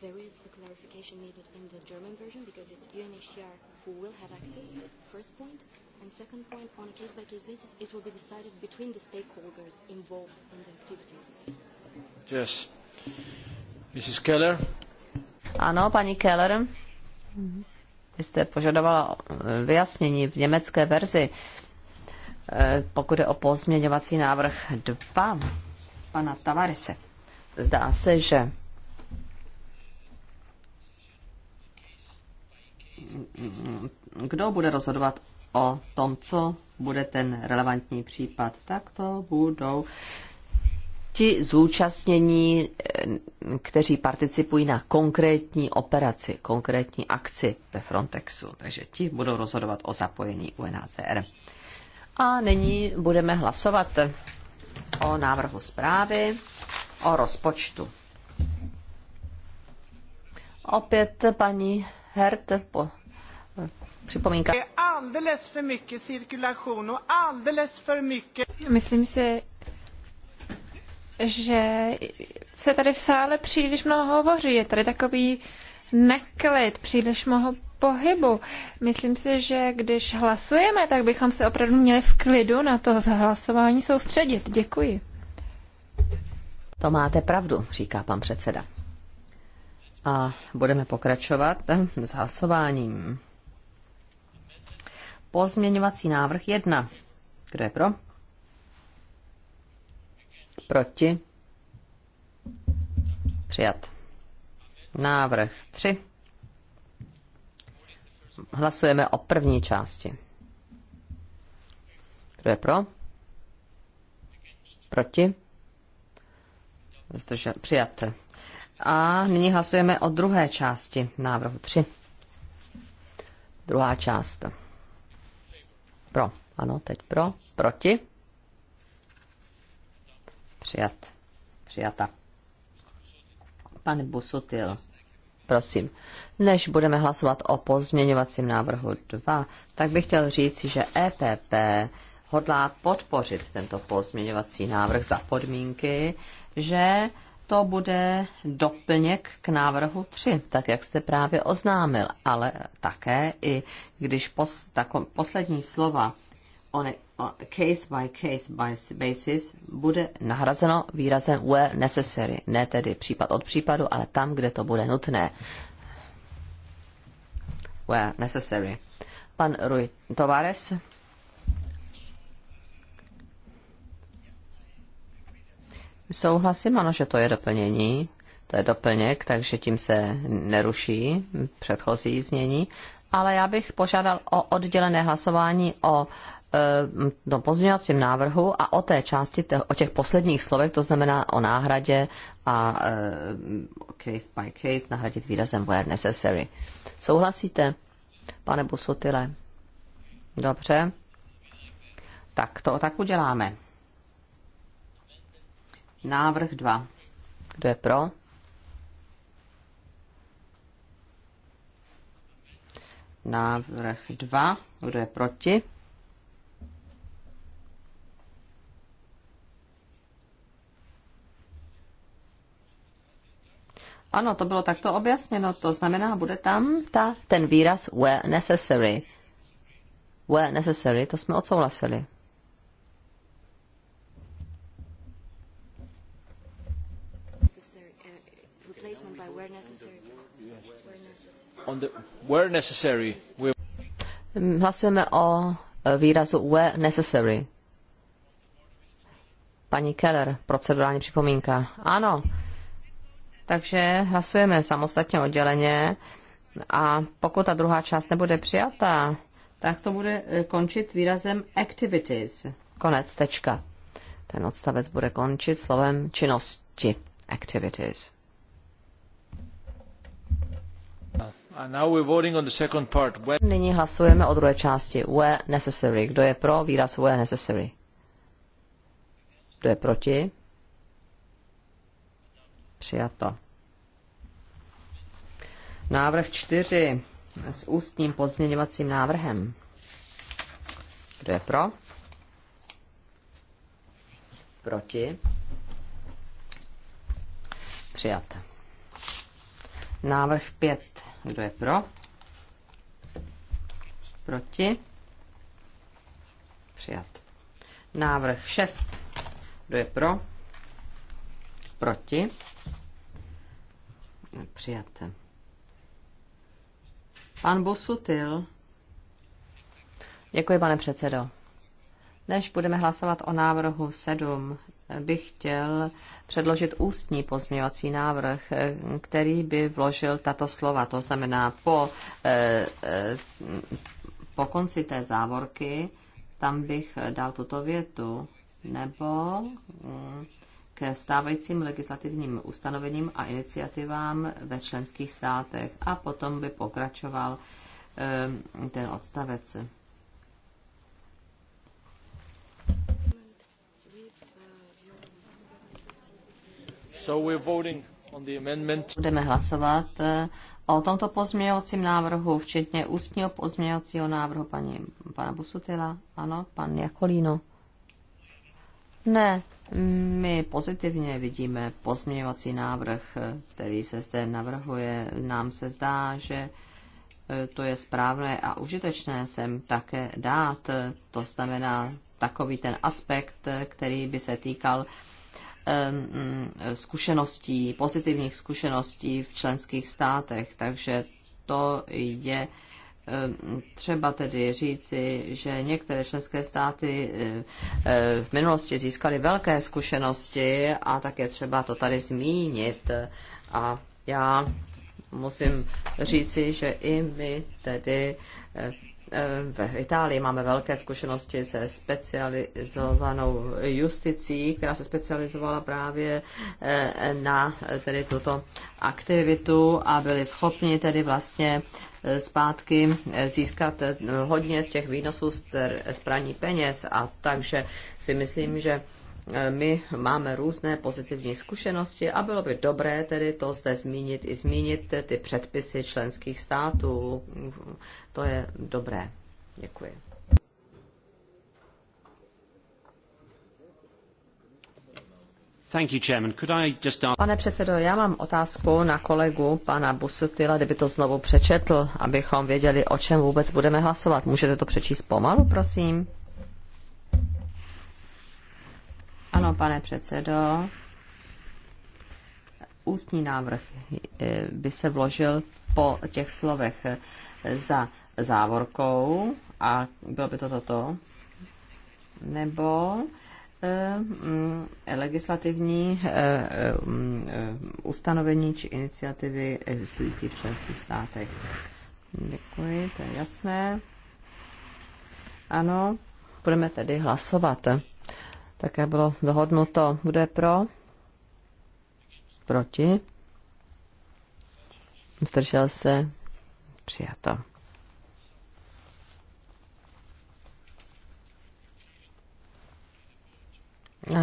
there is a clarification needed in the German version because it's UNHCR who will have access, first point. And second point, on a case-by-case -case basis, it will be decided between the stakeholders involved in the activities. Yes. Mrs. Keller. Ano, paní Keller. Vy jste požadovala eh, vyjasnění v německé verzi, eh, pokud je o pozměňovací návrh 2 pana Tavarise. Zdá se, že kdo bude rozhodovat o tom, co bude ten relevantní případ, tak to budou ti zúčastnění, eh, kteří participují na konkrétní operaci, konkrétní akci ve Frontexu. Takže ti budou rozhodovat o zapojení UNHCR. A nyní budeme hlasovat o návrhu zprávy, o rozpočtu. Opět paní Hert po, připomínka. Myslím si, že se tady v sále příliš mnoho hovoří. Je tady takový neklid, příliš mnoho pohybu. Myslím si, že když hlasujeme, tak bychom se opravdu měli v klidu na to hlasování soustředit. Děkuji. To máte pravdu, říká pan předseda. A budeme pokračovat s hlasováním. Pozměňovací návrh 1. Kdo je pro? Proti? Přijat. Návrh 3. Hlasujeme o první části. Kdo je pro? Proti? Zdržel, přijat. A nyní hlasujeme o druhé části návrhu 3. Druhá část. Pro. Ano, teď pro. Proti. Přijat. Přijata. Pan Busutil. Prosím, než budeme hlasovat o pozměňovacím návrhu 2, tak bych chtěl říct, že EPP hodlá podpořit tento pozměňovací návrh za podmínky, že to bude doplněk k návrhu 3, tak jak jste právě oznámil, ale také i když pos, tako, poslední slova on a, a case by case basis bude nahrazeno výrazem where necessary, ne tedy případ od případu, ale tam, kde to bude nutné. Where necessary. Pan Rui Tovares. Souhlasím, ano, že to je doplnění, to je doplněk, takže tím se neruší předchozí znění, ale já bych požádal o oddělené hlasování o eh, tom pozměňovacím návrhu a o té části, o těch posledních slovech, to znamená o náhradě a eh, case by case nahradit výrazem where necessary. Souhlasíte, pane Busutile? Dobře. Tak to tak uděláme. Návrh 2. Kdo je pro? Návrh 2. Kdo je proti? Ano, to bylo takto objasněno. To znamená, bude tam ta, ten výraz where necessary. Where necessary, to jsme odsouhlasili. Hlasujeme o e, výrazu where necessary. Paní Keller, procedurální připomínka. Ano. Takže hlasujeme samostatně odděleně a pokud ta druhá část nebude přijatá, tak to bude e, končit výrazem activities. Konec, tečka. Ten odstavec bude končit slovem činnosti. Activities. Uh, Nyní hlasujeme o druhé části. Where necessary. Kdo je pro výraz where necessary? Kdo je proti? Přijato. Návrh čtyři s ústním pozměňovacím návrhem. Kdo je pro? Proti? Přijat. Návrh pět kdo je pro? Proti? Přijat. Návrh 6. Kdo je pro? Proti? Přijat. Pan Bosutil. Děkuji, pane předsedo. Než budeme hlasovat o návrhu 7, bych chtěl předložit ústní pozměňovací návrh, eh, který by vložil tato slova. To znamená, po, eh, eh, po konci té závorky tam bych dal tuto větu nebo mm, ke stávajícím legislativním ustanovením a iniciativám ve členských státech. A potom by pokračoval ten odstavec. Budeme hlasovat eh, o tomto pozměňovacím návrhu, včetně ústního pozměňovacího návrhu paní, pana Busutila. Ano, pan Jakolíno. Ne, my pozitivně vidíme pozměňovací návrh, eh, který se zde navrhuje. Nám se zdá, že eh, to je správné a užitečné sem také dát. To znamená takový ten aspekt, který by se týkal zkušeností, pozitivních zkušeností v členských státech. Takže to je třeba tedy říci, že některé členské státy v minulosti získaly velké zkušenosti a tak je třeba to tady zmínit. A já musím říci, že i my tedy Eh, v Itálii máme velké zkušenosti se specializovanou justicí, která se specializovala právě eh, na eh, tedy tuto aktivitu a byli schopni tedy vlastně zpátky získat hodně z těch výnosů z praní peněz a takže si myslím, že E, my máme různé pozitivní zkušenosti a bylo by dobré tedy to zde zmínit i zmínit ty předpisy členských států. To je dobré. Děkuji. Pane předsedo, já mám otázku na kolegu pana Busutila, kdyby to znovu přečetl, abychom věděli, o čem vůbec budeme hlasovat. Můžete to přečíst pomalu, prosím? Ano, pane předsedo. Ústní návrh eh, by se vložil po těch slovech eh, za závorkou a bylo by to toto. Nebo eh, mm, legislativní ustanovení či iniciativy existující v členských státech. Děkuji, to je jasné. Ano, budeme tedy hlasovat. Také bylo dohodnuto, kdo je pro, proti, zdržel se, přijato. A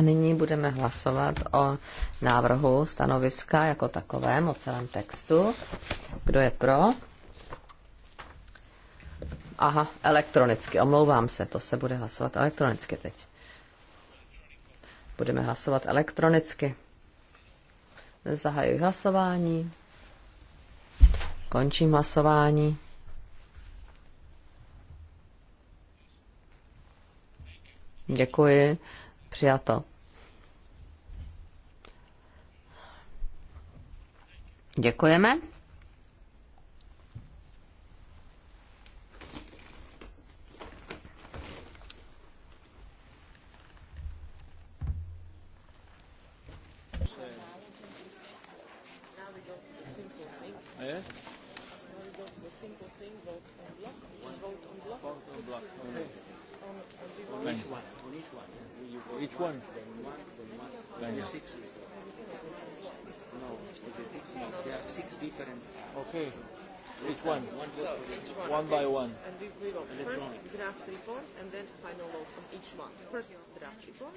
nyní budeme hlasovat o návrhu stanoviska jako takovém, o celém textu. Kdo je pro? Aha, elektronicky, omlouvám se, to se bude hlasovat elektronicky teď. Budeme hlasovat elektronicky. Zahajuji hlasování. Končím hlasování. Děkuji. Přijato. Děkujeme. Which one? Twenty-six. No, six No, there are six different. Okay. Which one? One, so one, one by one. And we, we will first draft report and then final vote on each one. First draft report,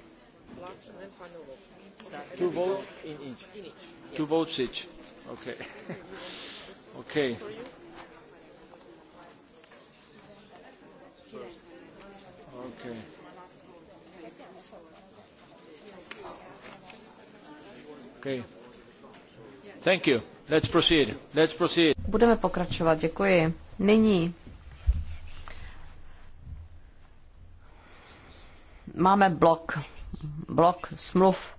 last and then final vote. Okay. Two votes in each. In each. Yes. Two votes each. Okay. <laughs> okay. Okay. Budeme pokračovat, děkuji. Nyní máme blok, blok smluv,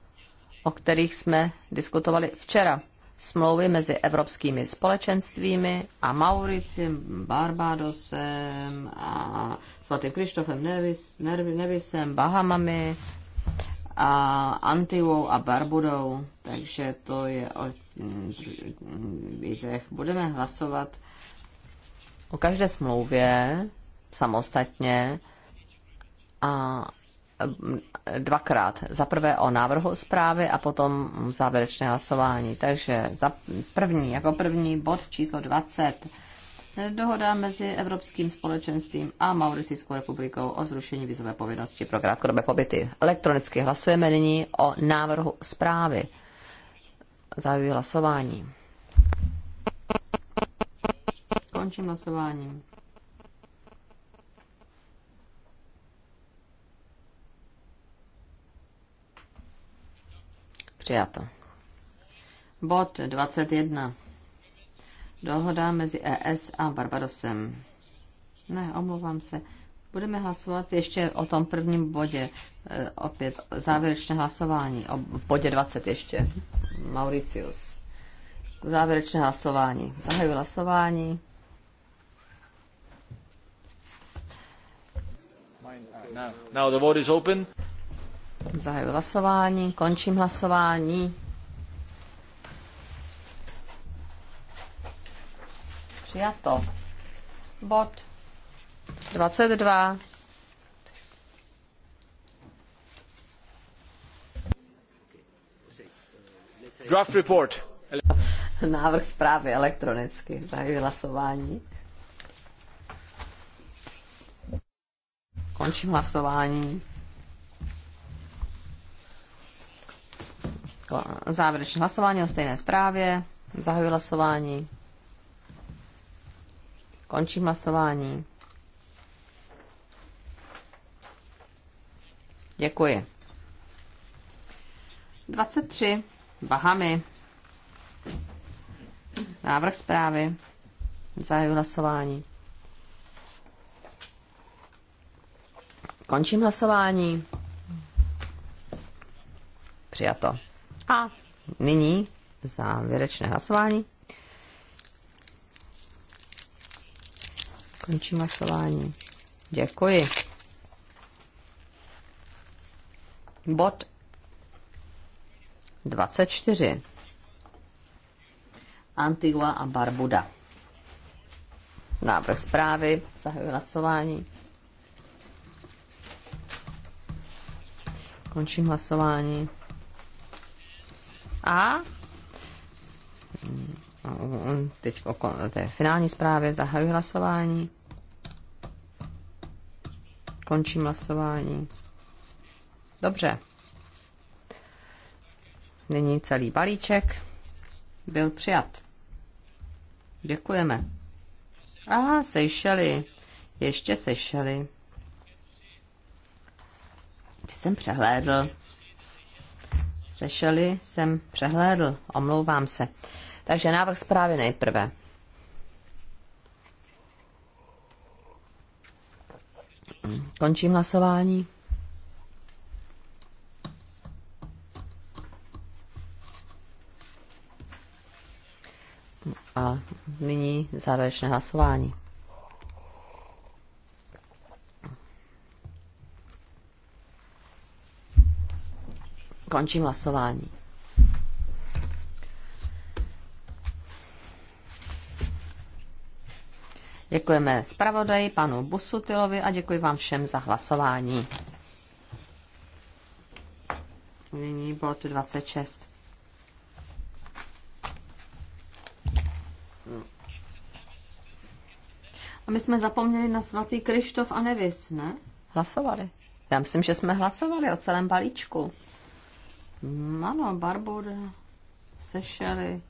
o kterých jsme diskutovali včera. Smlouvy mezi evropskými společenstvími a Mauriciem, Barbadosem a svatým Krištofem Nevis, Nevisem, Bahamami a Antivou a Barbudou, takže to je o vízech. Budeme hlasovat o každé smlouvě samostatně a dvakrát. Za prvé o návrhu zprávy a potom závěrečné hlasování. Takže za první, jako první bod číslo 20 dohoda mezi Evropským společenstvím a Mauricijskou republikou o zrušení vizové povinnosti pro krátkodobé pobyty. Elektronicky hlasujeme nyní o návrhu zprávy. Zahajuji hlasování. Končím hlasování. Přijato. Bod 21 dohoda mezi ES a Barbadosem. Ne, omlouvám se. Budeme hlasovat ještě o tom prvním bodě. E, opět závěrečné hlasování. V bodě 20 ještě. Mauricius. Závěrečné hlasování. Zahajuji hlasování. Now the vote is open. Zahajuji hlasování, končím hlasování. Přijato. Bod 22. Draft report. Návrh zprávy elektronicky. Zahajuji hlasování. Končím hlasování. Závěrečné hlasování o stejné zprávě. Zahajuji hlasování. Končím hlasování. Děkuji. 23. Bahamy. Návrh zprávy. Zahajuji hlasování. Končím hlasování. Přijato. A nyní závěrečné hlasování. Končím hlasování. Děkuji. Bod 24. Antigua a Barbuda. Návrh zprávy, zahajuji hlasování. Končím hlasování. A teď o té finální zprávě zahajuji hlasování. Končím hlasování. Dobře. Nyní celý balíček byl přijat. Děkujeme. A sešeli. Ještě sešeli. Ty jsem přehlédl. Sešeli jsem přehlédl. Omlouvám se. Takže návrh zprávy nejprve. Končím hlasování. A nyní závěrečné hlasování. Končím hlasování. Děkujeme zpravodaji panu Busutilovi a děkuji vám všem za hlasování. Nyní bod 26. A my jsme zapomněli na svatý Krištof a Nevis, ne? Hlasovali. Já myslím, že jsme hlasovali o celém balíčku. Hmm, ano, Barbuda, Sešely.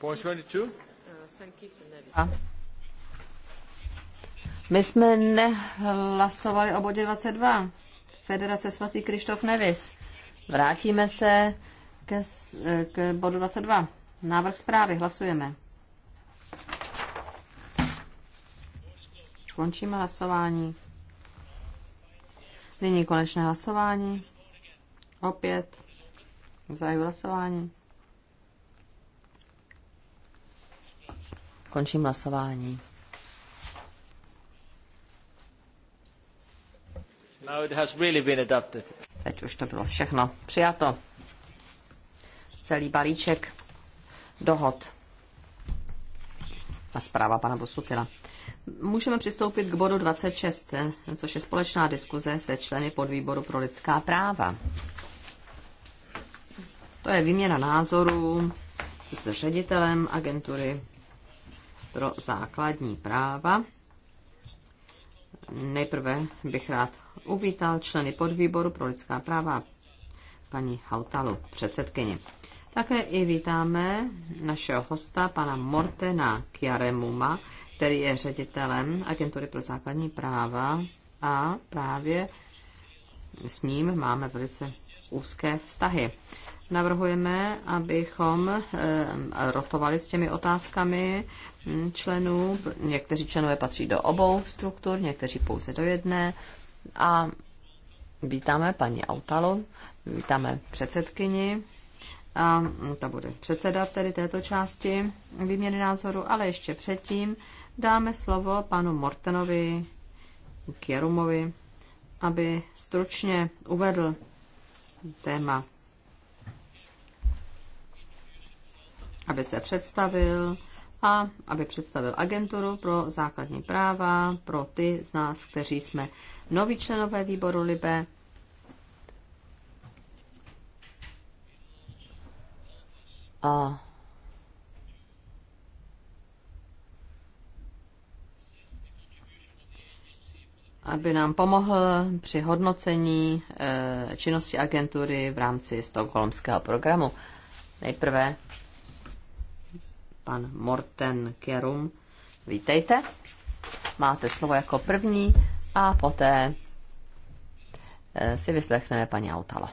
Point 22? A my jsme nehlasovali o bodě 22. Federace svatý Krištof Nevis. Vrátíme se ke, k bodu 22. Návrh zprávy. Hlasujeme. Končíme hlasování. Nyní konečné hlasování. Opět. Zajím hlasování. Končím hlasování. Now Teď už to bylo všechno přijato. Celý balíček dohod. A zpráva pana Bosutila. Můžeme přistoupit k bodu 26, což je společná diskuze se členy podvýboru pro lidská práva. To je výměna názorů s ředitelem agentury pro základní práva. Nejprve bych rád uvítal členy podvýboru pro lidská práva paní Hautalu, předsedkyně. Také i vítáme našeho hosta, pana Mortena Kiaremuma, který je ředitelem Agentury pro základní práva a právě s ním máme velice úzké vztahy. Navrhujeme, abychom eh, rotovali s těmi otázkami mm, členů. Někteří členové patří do obou struktur, někteří pouze do jedné. A vítáme paní Autalo, vítáme předsedkyni. A ta bude předsedat tedy této části výměny názoru, ale ještě předtím dáme slovo panu Mortenovi Kierumovi, aby stručně uvedl téma, aby se představil a aby představil agenturu pro základní práva pro ty z nás, kteří jsme noví členové výboru LIBE. A aby nám pomohl při hodnocení eh, činnosti agentury v rámci Stockholmského programu. Nejprve pan Morten Kerum. Vítejte, máte slovo jako první a poté eh, si vyslechneme paní Autala.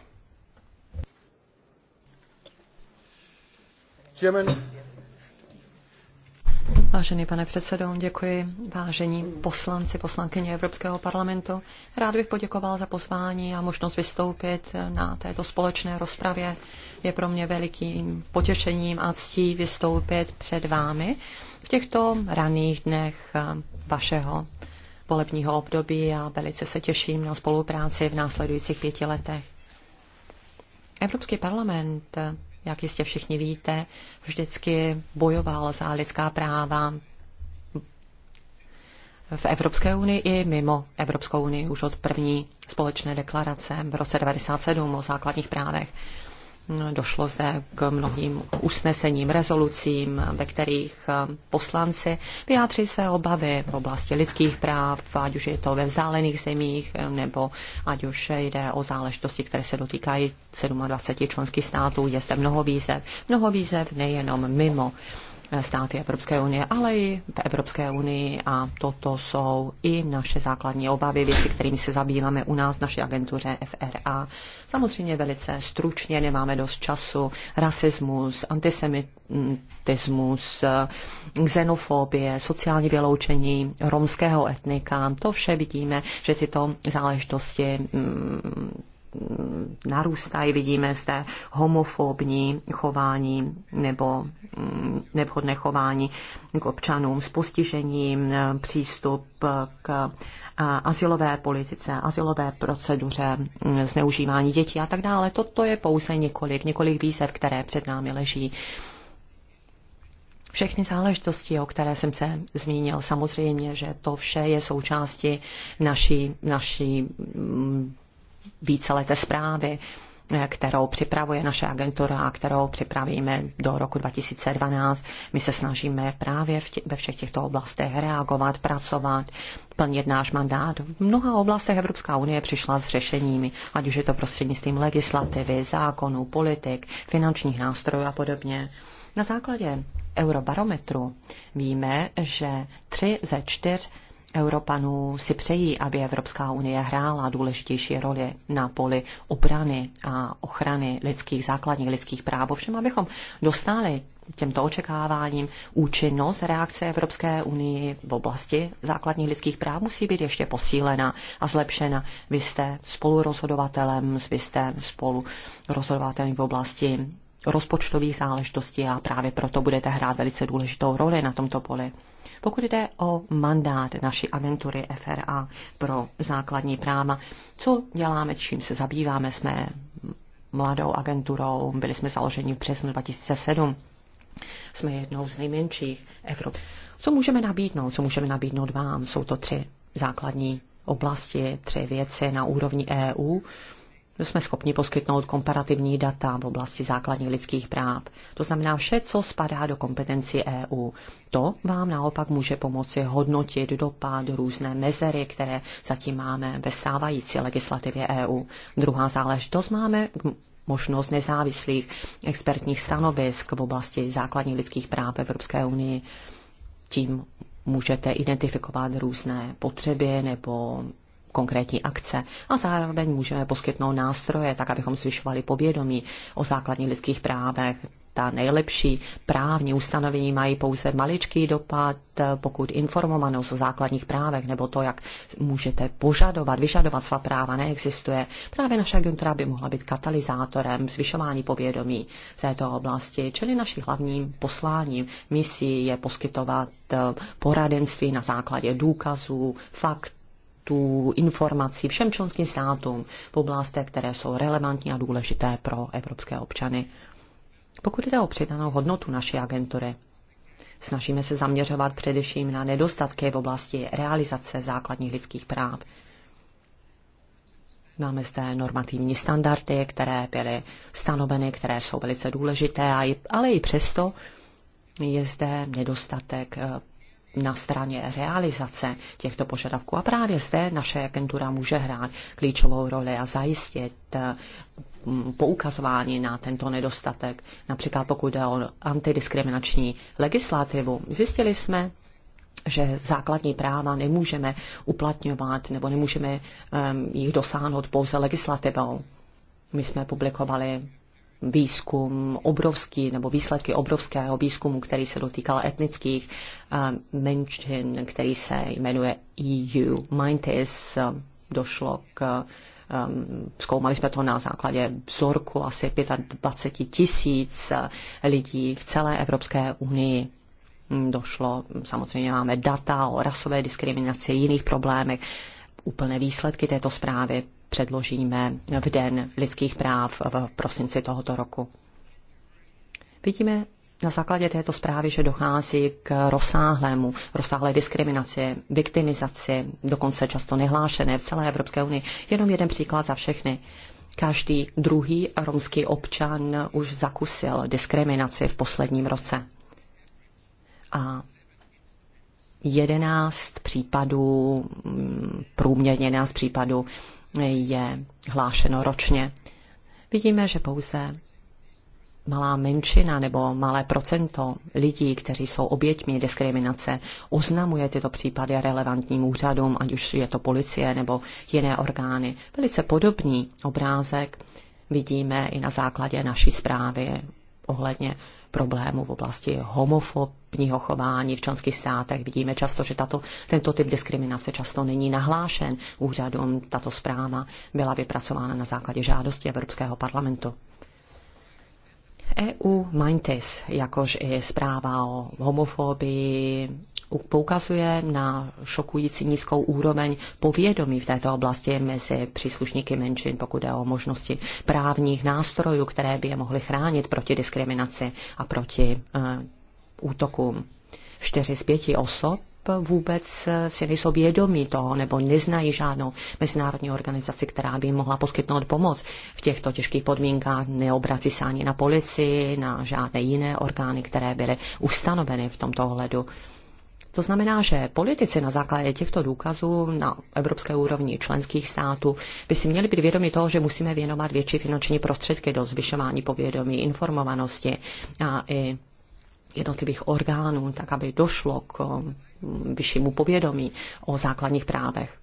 Chairman, Vážený pane předsedo, děkuji. Vážení poslanci, poslankyně Evropského parlamentu, rád bych poděkoval za pozvání a možnost vystoupit na této společné rozpravě. Je pro mě velikým potěšením a ctí vystoupit před vámi v těchto raných dnech vašeho volebního období a velice se těším na spolupráci v následujících pěti letech. Evropský parlament jak jistě všichni víte, vždycky bojoval za lidská práva v Evropské unii i mimo Evropskou unii už od první společné deklarace v roce 1997 o základních právech. Došlo zde k mnohým usnesením, rezolucím, ve kterých eh, poslanci vyjádří své obavy v oblasti lidských práv, ať už je to ve vzdálených zemích, eh, nebo ať už jde o záležitosti, které se dotýkají 27 členských států. Je zde mnoho výzev, mnoho výzev nejenom mimo Eh, státy Evropské unie, ale i v Evropské unii a toto jsou i naše základní obavy, věci, kterými se zabýváme u nás v naší agentuře FRA. Samozřejmě velice stručně, nemáme dost času. Rasismus, antisemitismus, eh, xenofobie, sociální vyloučení romského etnika, to vše vidíme, že tyto záležitosti mm, Mm, narůstají, vidíme zde homofobní chování nebo mm, nevhodné chování k občanům s postižením, mm, přístup k asilové politice, asilové proceduře, zneužívání dětí a tak dále. Toto je pouze několik, několik výzev, které před námi leží. Všechny záležitosti, o které jsem se zmínil, samozřejmě, že to vše je součástí naší, naší vícelete zprávy, eh, kterou připravuje naše agentura a kterou připravíme do roku 2012. My se snažíme právě v tě, ve všech těchto oblastech reagovat, pracovat, plnit náš mandát. V mnoha oblastech Evropská unie přišla s řešeními, ať už je to prostřednictvím legislativy, zákonů, politik, finančních nástrojů a podobně. Na základě eurobarometru víme, že tři ze čtyř Evropanů si přejí, aby Evropská unie hrála důležitější roli na poli obrany a ochrany lidských základních lidských práv. Ovšem, abychom dostali těmto očekáváním účinnost reakce Evropské unii v oblasti základních lidských práv musí být ještě posílena a zlepšena. Vy jste spolurozhodovatelem, vy jste spolurozhodovatelem v oblasti rozpočtových záležitostí a právě proto budete hrát velice důležitou roli na tomto poli. Pokud jde o mandát naší agentury FRA pro základní práva, co děláme, čím se zabýváme, jsme mladou agenturou, byli jsme založeni v březnu 2007. Jsme jednou z nejmenších Evrop. Co můžeme nabídnout? Co můžeme nabídnout vám? Jsou to tři základní oblasti, tři věci na úrovni EU, jsme schopni poskytnout komparativní data v oblasti základních lidských práv. To znamená vše, co spadá do kompetenci EU. To vám naopak může pomoci hodnotit dopad různé mezery, které zatím máme ve stávající legislativě EU. Druhá záležitost máme možnost nezávislých expertních stanovisk v oblasti základních lidských práv v Evropské unii. Tím můžete identifikovat různé potřeby nebo konkrétní akce a zároveň můžeme poskytnout nástroje, tak abychom zvyšovali povědomí o základních lidských právech. Ta nejlepší právní ustanovení mají pouze maličký dopad, pokud informovanost o základních právech nebo to, jak můžete požadovat, vyžadovat svá práva, neexistuje. Právě naše agentura by mohla být katalyzátorem zvyšování povědomí v této oblasti, čili naším hlavním posláním misí je poskytovat poradenství na základě důkazů, fakt, kontaktů, informací všem členským státům v oblastech, které jsou relevantní a důležité pro evropské občany. Pokud jde o přidanou hodnotu naší agentury, snažíme se zaměřovat především na nedostatky v oblasti realizace základních lidských práv. Máme zde normativní standardy, které byly stanoveny, které jsou velice důležité, ale i přesto je zde nedostatek eh, na straně realizace těchto požadavků. A právě zde naše agentura může hrát klíčovou roli a zajistit mm, poukazování na tento nedostatek. Například pokud jde o antidiskriminační legislativu, zjistili jsme, že základní práva nemůžeme uplatňovat nebo nemůžeme um, jich dosáhnout pouze legislativou. My jsme publikovali výzkum obrovský, nebo výsledky obrovského výzkumu, který se dotýkal etnických eh, menšin, který se jmenuje EU Mindis. Eh, došlo k Um, zkoumali jsme to na základě vzorku asi 25 tisíc lidí v celé Evropské unii hm, došlo. Samozřejmě máme data o rasové diskriminaci, jiných problémech. Úplné výsledky této zprávy předložíme v Den lidských práv v prosinci tohoto roku. Vidíme na základě této zprávy, že dochází k rozsáhlému, rozsáhlé diskriminaci, viktimizaci, dokonce často nehlášené v celé Evropské unii. Jenom jeden příklad za všechny. Každý druhý romský občan už zakusil diskriminaci v posledním roce. A jedenáct případů, mm, průměrně jedenáct případů je hlášeno ročně. Vidíme, že pouze malá menšina nebo malé procento lidí, kteří jsou oběťmi diskriminace, oznamuje tyto případy relevantním úřadům, ať už je to policie nebo jiné orgány. Velice podobný obrázek vidíme i na základě naší zprávy ohledně problémů v oblasti homofobního chování v členských státech. Vidíme často, že tato, tento typ diskriminace často není nahlášen úřadům. Tato zpráva byla vypracována na základě žádosti Evropského parlamentu. EU Mindtest, jakož i zpráva o homofobii, poukazuje na šokující nízkou úroveň povědomí v této oblasti mezi příslušníky menšin, pokud je o možnosti právních nástrojů, které by je mohly chránit proti diskriminaci a proti uh, útokům. Čtyři z pěti osob vůbec eh, si nejsou vědomí toho nebo neznají žádnou mezinárodní organizaci, která by mohla poskytnout pomoc v těchto těžkých podmínkách. neobrazí se ani na policii, na žádné jiné orgány, které byly ustanoveny v tomto ohledu. To znamená, že politici na základě těchto důkazů na evropské úrovni členských států by si měli být vědomi toho, že musíme věnovat větší finanční prostředky do zvyšování povědomí, informovanosti a i jednotlivých orgánů, tak aby došlo k vyššímu povědomí o základních právech.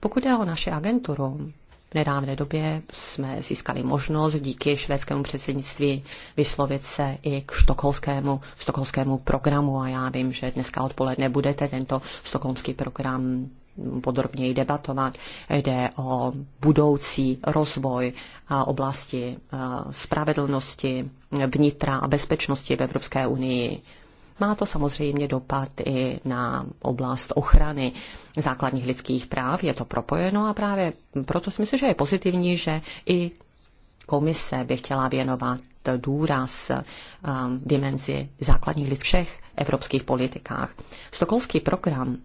Pokud jde o naše agenturu, v nedávné době jsme získali možnost díky švédskému předsednictví vyslovit se i k štokholskému, štokholskému programu a já vím, že dneska odpoledne budete tento štokholmský program podrobněji debatovat. Jde o budoucí rozvoj oblasti spravedlnosti, vnitra a bezpečnosti v Evropské unii. Má to samozřejmě dopad i na oblast ochrany základních lidských práv, je to propojeno a právě proto si myslím, že je pozitivní, že i komise by chtěla věnovat důraz um, dimenzi základních lidských všech evropských politikách. Stokholský program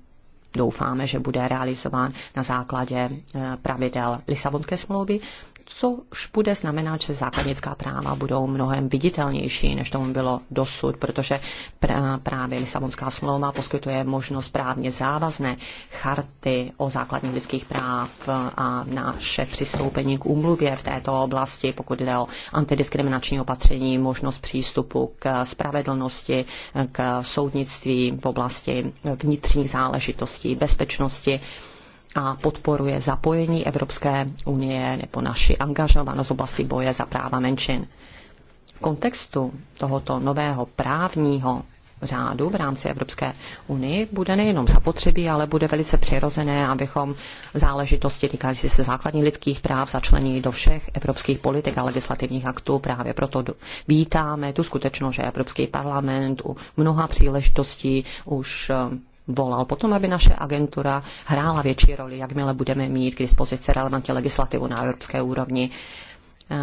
doufáme, že bude realizován na základě eh, pravidel Lisabonské smlouvy což bude znamenat, že základnická práva budou mnohem viditelnější, než tomu bylo dosud, protože právě Lisabonská smlouva poskytuje možnost právně závazné charty o základních lidských práv a naše přistoupení k úmluvě v této oblasti, pokud jde o antidiskriminační opatření, možnost přístupu k spravedlnosti, k soudnictví v oblasti vnitřních záležitostí, bezpečnosti, a podporuje zapojení Evropské unie nebo naši angažovanost v oblasti boje za práva menšin. V kontextu tohoto nového právního řádu v rámci Evropské unii bude nejenom zapotřebí, ale bude velice přirozené, abychom záležitosti týkající se základních lidských práv začlení do všech evropských politik a legislativních aktů. Právě proto vítáme tu skutečnost, že Evropský parlament u mnoha příležitostí už eh, volal potom, aby naše agentura hrála větší roli, jakmile budeme mít k dispozici relevantní legislativu na evropské úrovni. Eh,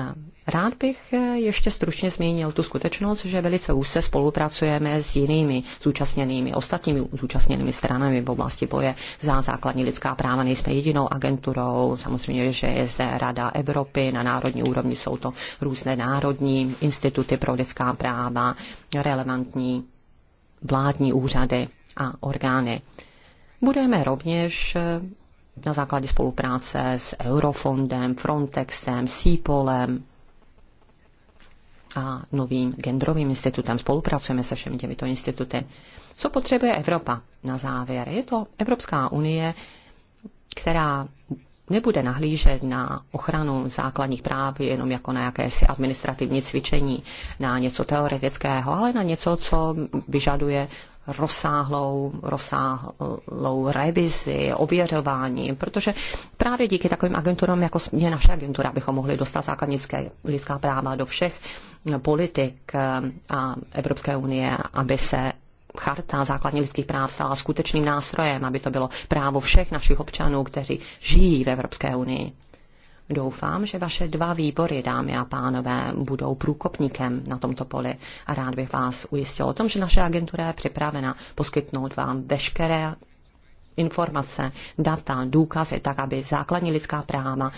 rád bych eh, ještě stručně zmínil tu skutečnost, že velice úzce spolupracujeme s jinými zúčastněnými, ostatními zúčastněnými stranami v oblasti boje za základní lidská práva. Nejsme jedinou agenturou, samozřejmě, že je zde Rada Evropy, na národní úrovni jsou to různé národní instituty pro lidská práva, relevantní vládní úřady a orgány. Budeme rovněž eh, na základě spolupráce s Eurofondem, Frontexem, SIPOLem a novým genderovým institutem. Spolupracujeme se všemi těmito instituty. Co potřebuje Evropa na závěr? Je to Evropská unie, která nebude nahlížet na ochranu základních práv jenom jako na jakési administrativní cvičení, na něco teoretického, ale na něco, co vyžaduje rozsáhlou, rozsáhlou revizi, ověřování, protože právě díky takovým agenturám, jako je naše agentura, bychom mohli dostat základnické lidská práva do všech politik eh, a Evropské unie, aby se charta základních lidských práv stala skutečným nástrojem, aby to bylo právo všech našich občanů, kteří žijí v Evropské unii. Doufám, že vaše dva výbory, dámy a pánové, budou průkopníkem na tomto poli a rád bych vás ujistil o tom, že naše agentura je připravena poskytnout vám veškeré informace, data, důkazy, tak aby základní lidská práva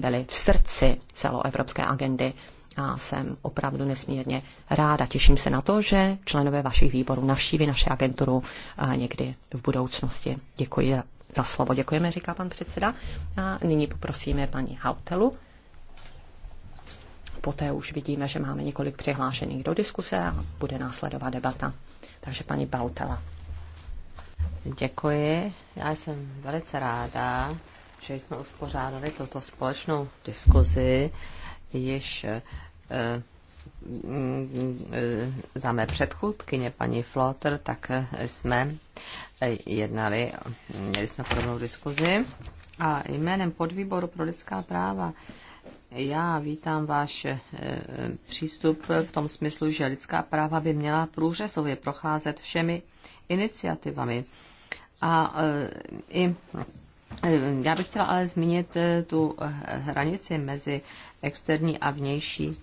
byly v srdci celoevropské agendy a jsem opravdu nesmírně ráda. Těším se na to, že členové vašich výborů navštíví naše agenturu eh, někdy v budoucnosti. Děkuji za slovo. Děkujeme, říká pan předseda. A nyní poprosíme paní Hautelu. Poté už vidíme, že máme několik přihlášených do diskuse a bude následovat debata. Takže paní Bautela. Děkuji. Já jsem velice ráda, že jsme uspořádali tuto společnou diskuzi, již eh, Eh, za mé předchůdkyně paní Flotter, tak eh, jsme eh, jednali, měli jsme podobnou diskuzi a jménem podvýboru pro lidská práva já vítám váš přístup v tom smyslu, že lidská práva by měla průřezově procházet všemi iniciativami. A i já bych chtěla ale zmínit tu hranici mezi externí a vnější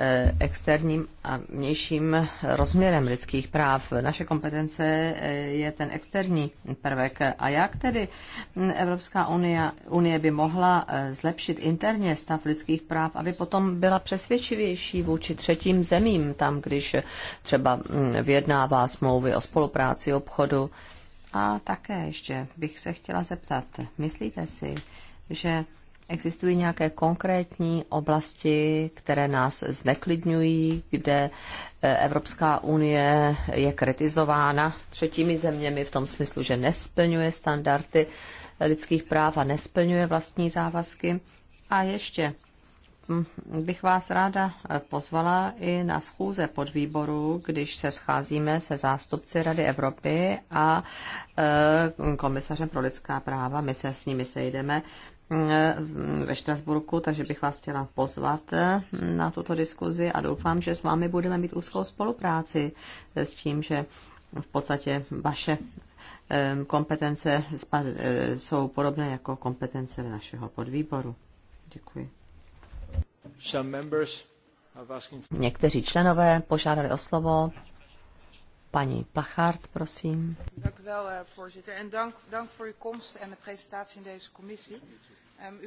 Eh, externím a vnějším rozměrem lidských práv. Naše kompetence eh, je ten externí prvek. A jak tedy mm, Evropská unie, unie by mohla eh, zlepšit interně stav lidských práv, aby potom byla přesvědčivější vůči třetím zemím, tam, když třeba mm, vyjednává smlouvy o spolupráci, obchodu? A také ještě bych se chtěla zeptat, myslíte si, že Existují nějaké konkrétní oblasti, které nás zneklidňují, kde eh, Evropská unie je kritizována třetími zeměmi v tom smyslu, že nesplňuje standardy lidských práv a nesplňuje vlastní závazky. A ještě hm, bych vás ráda eh, pozvala i na schůze podvýboru, když se scházíme se zástupci Rady Evropy a eh, komisařem pro lidská práva. My se s nimi sejdeme ve Štrasburku, takže bych vás chtěla pozvat na tuto diskuzi a doufám, že s vámi budeme mít úzkou spolupráci s tím, že v podstatě vaše kompetence e, jsou podobné jako kompetence našeho podvýboru. Děkuji. Někteří členové požádali o slovo. Paní Plachard, prosím. Děkuji u wel, eh, voorzitter. En dank, komst en de presentatie in Ehm,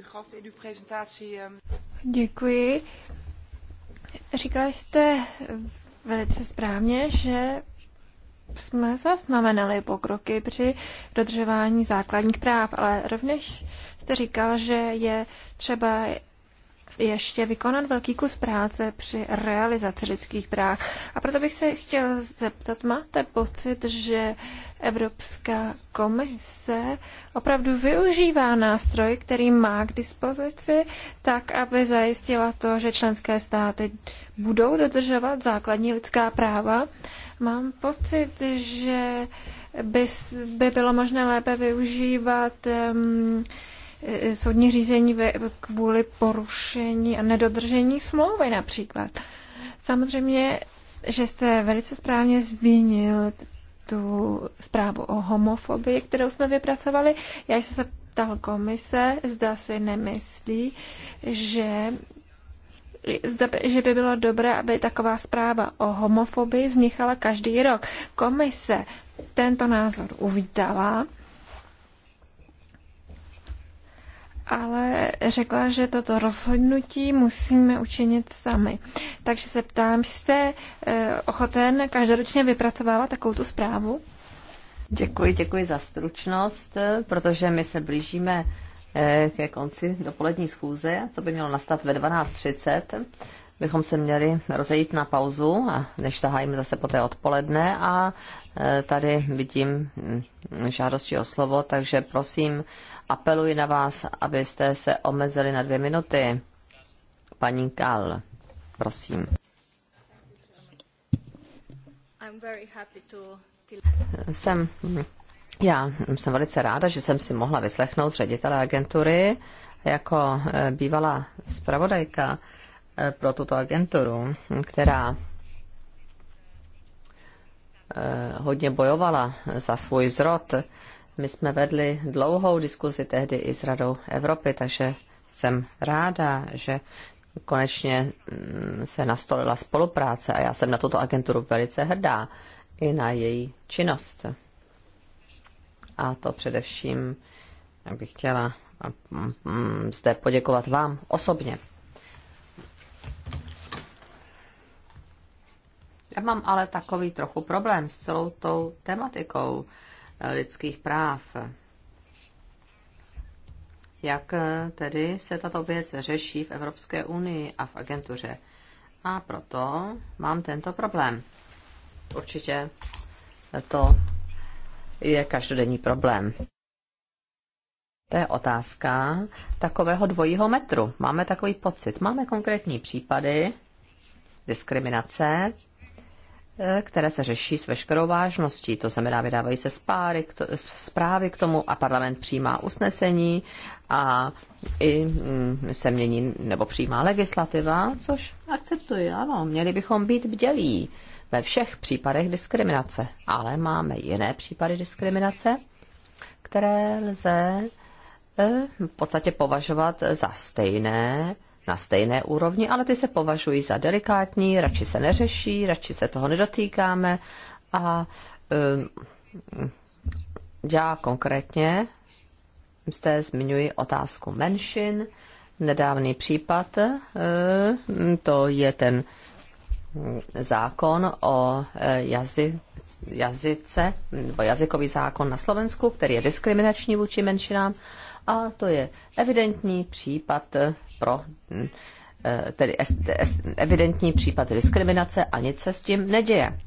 ehm, Děkuji. Říkala jste velice správně, že jsme zaznamenali pokroky při dodržování základních práv, ale rovněž jste říkal, že je třeba ještě vykonat velký kus práce při realizaci lidských práv. A proto bych se chtěl zeptat, máte pocit, že Evropská komise opravdu využívá nástroj, který má k dispozici, tak, aby zajistila to, že členské státy budou dodržovat základní lidská práva? Mám pocit, že by, by bylo možné lépe využívat um, Eh, soudní řízení kvůli porušení a nedodržení smlouvy například. Samozřejmě, že jste velice správně zmínil tu zprávu o homofobii, kterou jsme vypracovali. Já jsem se ptal komise, zda si nemyslí, že že by bylo dobré, aby taková zpráva o homofobii vznikala každý rok. Komise tento názor uvítala ale řekla, že toto rozhodnutí musíme učinit sami. Takže se ptám, jste eh, ochoten každoročně vypracovávat takovou tu zprávu? Děkuji, děkuji za stručnost, protože my se blížíme eh, ke konci dopolední schůze, to by mělo nastat ve bychom se měli rozejít na pauzu, a než zahájíme zase poté odpoledne. A e, tady vidím mm, žádosti o slovo, takže prosím, apeluji na vás, abyste se omezili na dvě minuty. Paní Kal, prosím. Jsem já jsem velice ráda, že jsem si mohla vyslechnout ředitele agentury jako e, bývalá zpravodajka pro tuto agenturu, která eh, hodně bojovala za svůj zrod. My jsme vedli dlouhou diskuzi tehdy i s Radou Evropy, takže jsem ráda, že konečně mm, se nastolila spolupráce a já jsem na tuto agenturu velice hrdá i na její činnost. A to především bych chtěla mm, mm, zde poděkovat vám osobně. Já mám ale takový trochu problém s celou tou tematikou eh, lidských práv. Jak eh, tedy se tato věc řeší v Evropské unii a v agentuře? A proto mám tento problém. Určitě to je každodenní problém. To je otázka takového dvojího metru. Máme takový pocit. Máme konkrétní případy diskriminace které se řeší s veškerou vážností. To znamená, vydávají se spáry, k to, zprávy k tomu a parlament přijímá usnesení a i mm, se mění nebo přijímá legislativa, což akceptuji, ano, měli bychom být bdělí ve všech případech diskriminace. Ale máme jiné případy diskriminace, které lze eh, v podstatě považovat za stejné, na stejné úrovni, ale ty se považují za delikátní, radši se neřeší, radši se toho nedotýkáme. A eh, já konkrétně zde zmiňuji otázku menšin. Nedávný případ, eh, to je ten zákon o eh, jazy jazyce, nebo jazykový zákon na Slovensku, který je diskriminační vůči menšinám. A to je evidentní případ pro hm, eh, tedy evidentní případ diskriminace a nic se s tím neděje.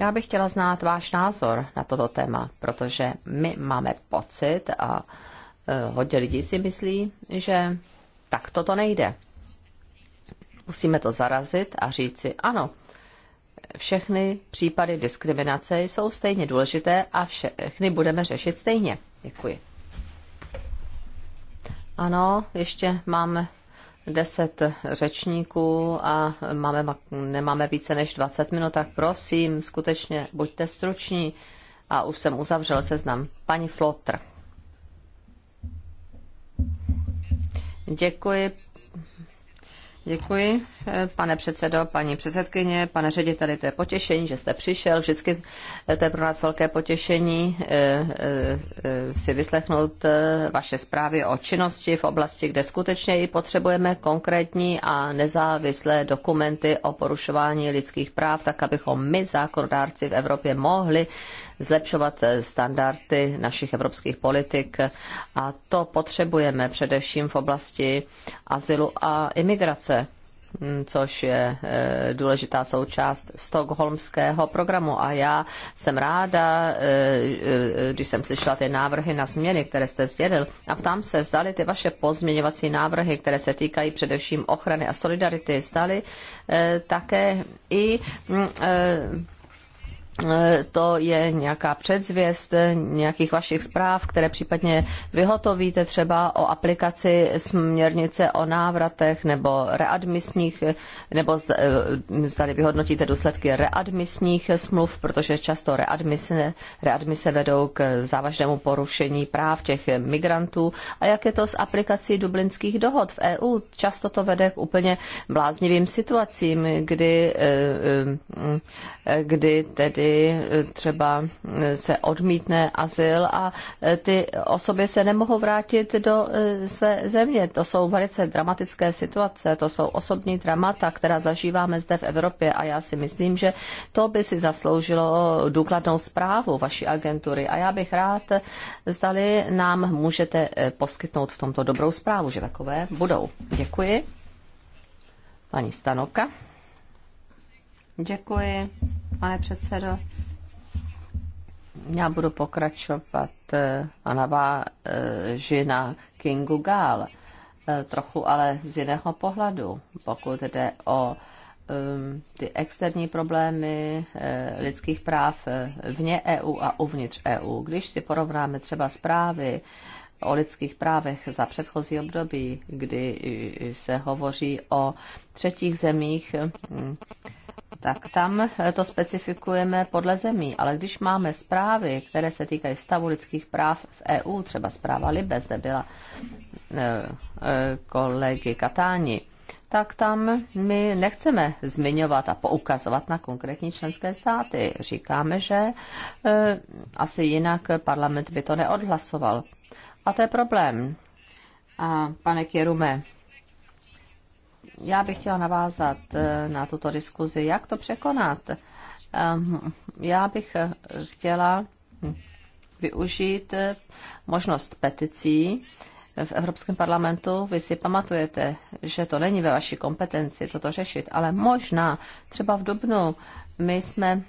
Já bych chtěla znát váš názor na toto téma, protože my máme pocit a eh, hodně lidí si myslí, že tak toto nejde. Musíme to zarazit a říci ano. Všechny případy diskriminace jsou stejně důležité a všechny budeme řešit stejně. Děkuji. Ano, ještě máme deset řečníků a máme, nemáme více než 20 minut, tak prosím, skutečně buďte struční. A už jsem uzavřel seznam. Paní Flotr. Děkuji, Děkuji, pane předsedo, paní předsedkyně, pane řediteli, to je potěšení, že jste přišel. Vždycky to je pro nás velké potěšení eh, eh, eh, si vyslechnout vaše zprávy o činnosti v oblasti, kde skutečně i potřebujeme konkrétní a nezávislé dokumenty o porušování lidských práv, tak abychom my, zákonodárci v Evropě, mohli zlepšovat eh, standardy našich evropských politik a to potřebujeme především v oblasti azylu a imigrace mm, což je eh, důležitá součást stokholmského programu. A já jsem ráda, eh, když jsem slyšela ty návrhy na změny, které jste sdělil, a ptám se, zdali ty vaše pozměňovací návrhy, které se týkají především ochrany a solidarity, zdali také i mm, to je nějaká předzvěst nějakých vašich zpráv, které případně vyhotovíte třeba o aplikaci směrnice o návratech nebo readmisních, nebo eh, zdali vyhodnotíte důsledky readmisních smluv, protože často readmise, readmise vedou k závažnému porušení práv těch migrantů. A jak je to s aplikací dublinských dohod v EU? Často to vede k úplně bláznivým situacím, kdy, eh, eh, kdy tedy Eh, třeba eh, se odmítne azyl a eh, ty osoby se nemohou vrátit do své země. To jsou velice dramatické situace, to jsou osobní dramata, která zažíváme zde v Evropě a já si myslím, že to by si zasloužilo důkladnou zprávu vaší agentury a já bych rád, zdali nám můžete poskytnout v tomto dobrou zprávu, že takové budou. Děkuji. Paní Stanovka. Děkuji pane předsedo. Já budu pokračovat eh, a eh, naváži Kingu Gál, eh, trochu ale z jiného pohledu, pokud jde o ehm, ty externí problémy lidských práv vně EU a uvnitř EU. Když si porovnáme třeba zprávy o lidských právech za předchozí období, kdy se hovoří o třetích zemích, hm, tak tam eh, to specifikujeme podle zemí. Ale když máme zprávy, které se týkají stavu lidských práv v EU, třeba zpráva Libe zde byla eh, eh, kolegy Katáni, tak tam my nechceme zmiňovat a poukazovat na konkrétní členské státy. Říkáme, že e, asi jinak parlament by to neodhlasoval. A to je problém. A pane Kierume, já bych chtěla navázat eh, na tuto diskuzi, jak to překonat. Ehm, já bych eh, chtěla využít eh, možnost peticí v Evropském parlamentu. Vy si pamatujete, že to není ve vaší kompetenci toto řešit, ale možná třeba v Dubnu my jsme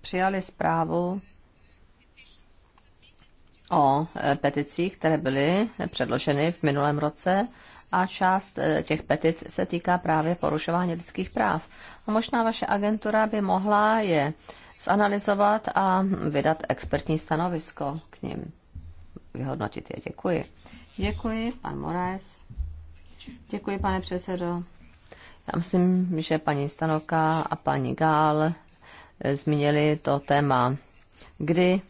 přijali zprávu o peticích, které byly předloženy v minulém roce a část eh, těch petic se týká právě porušování lidských práv. A možná vaše agentura by mohla je zanalizovat a vydat expertní stanovisko k ním. Vyhodnotit je. Děkuji. Děkuji, pan Moraes. Děkuji, pane předsedo. Já myslím, že paní Stanoka a paní Gál eh, zmínili to téma kdy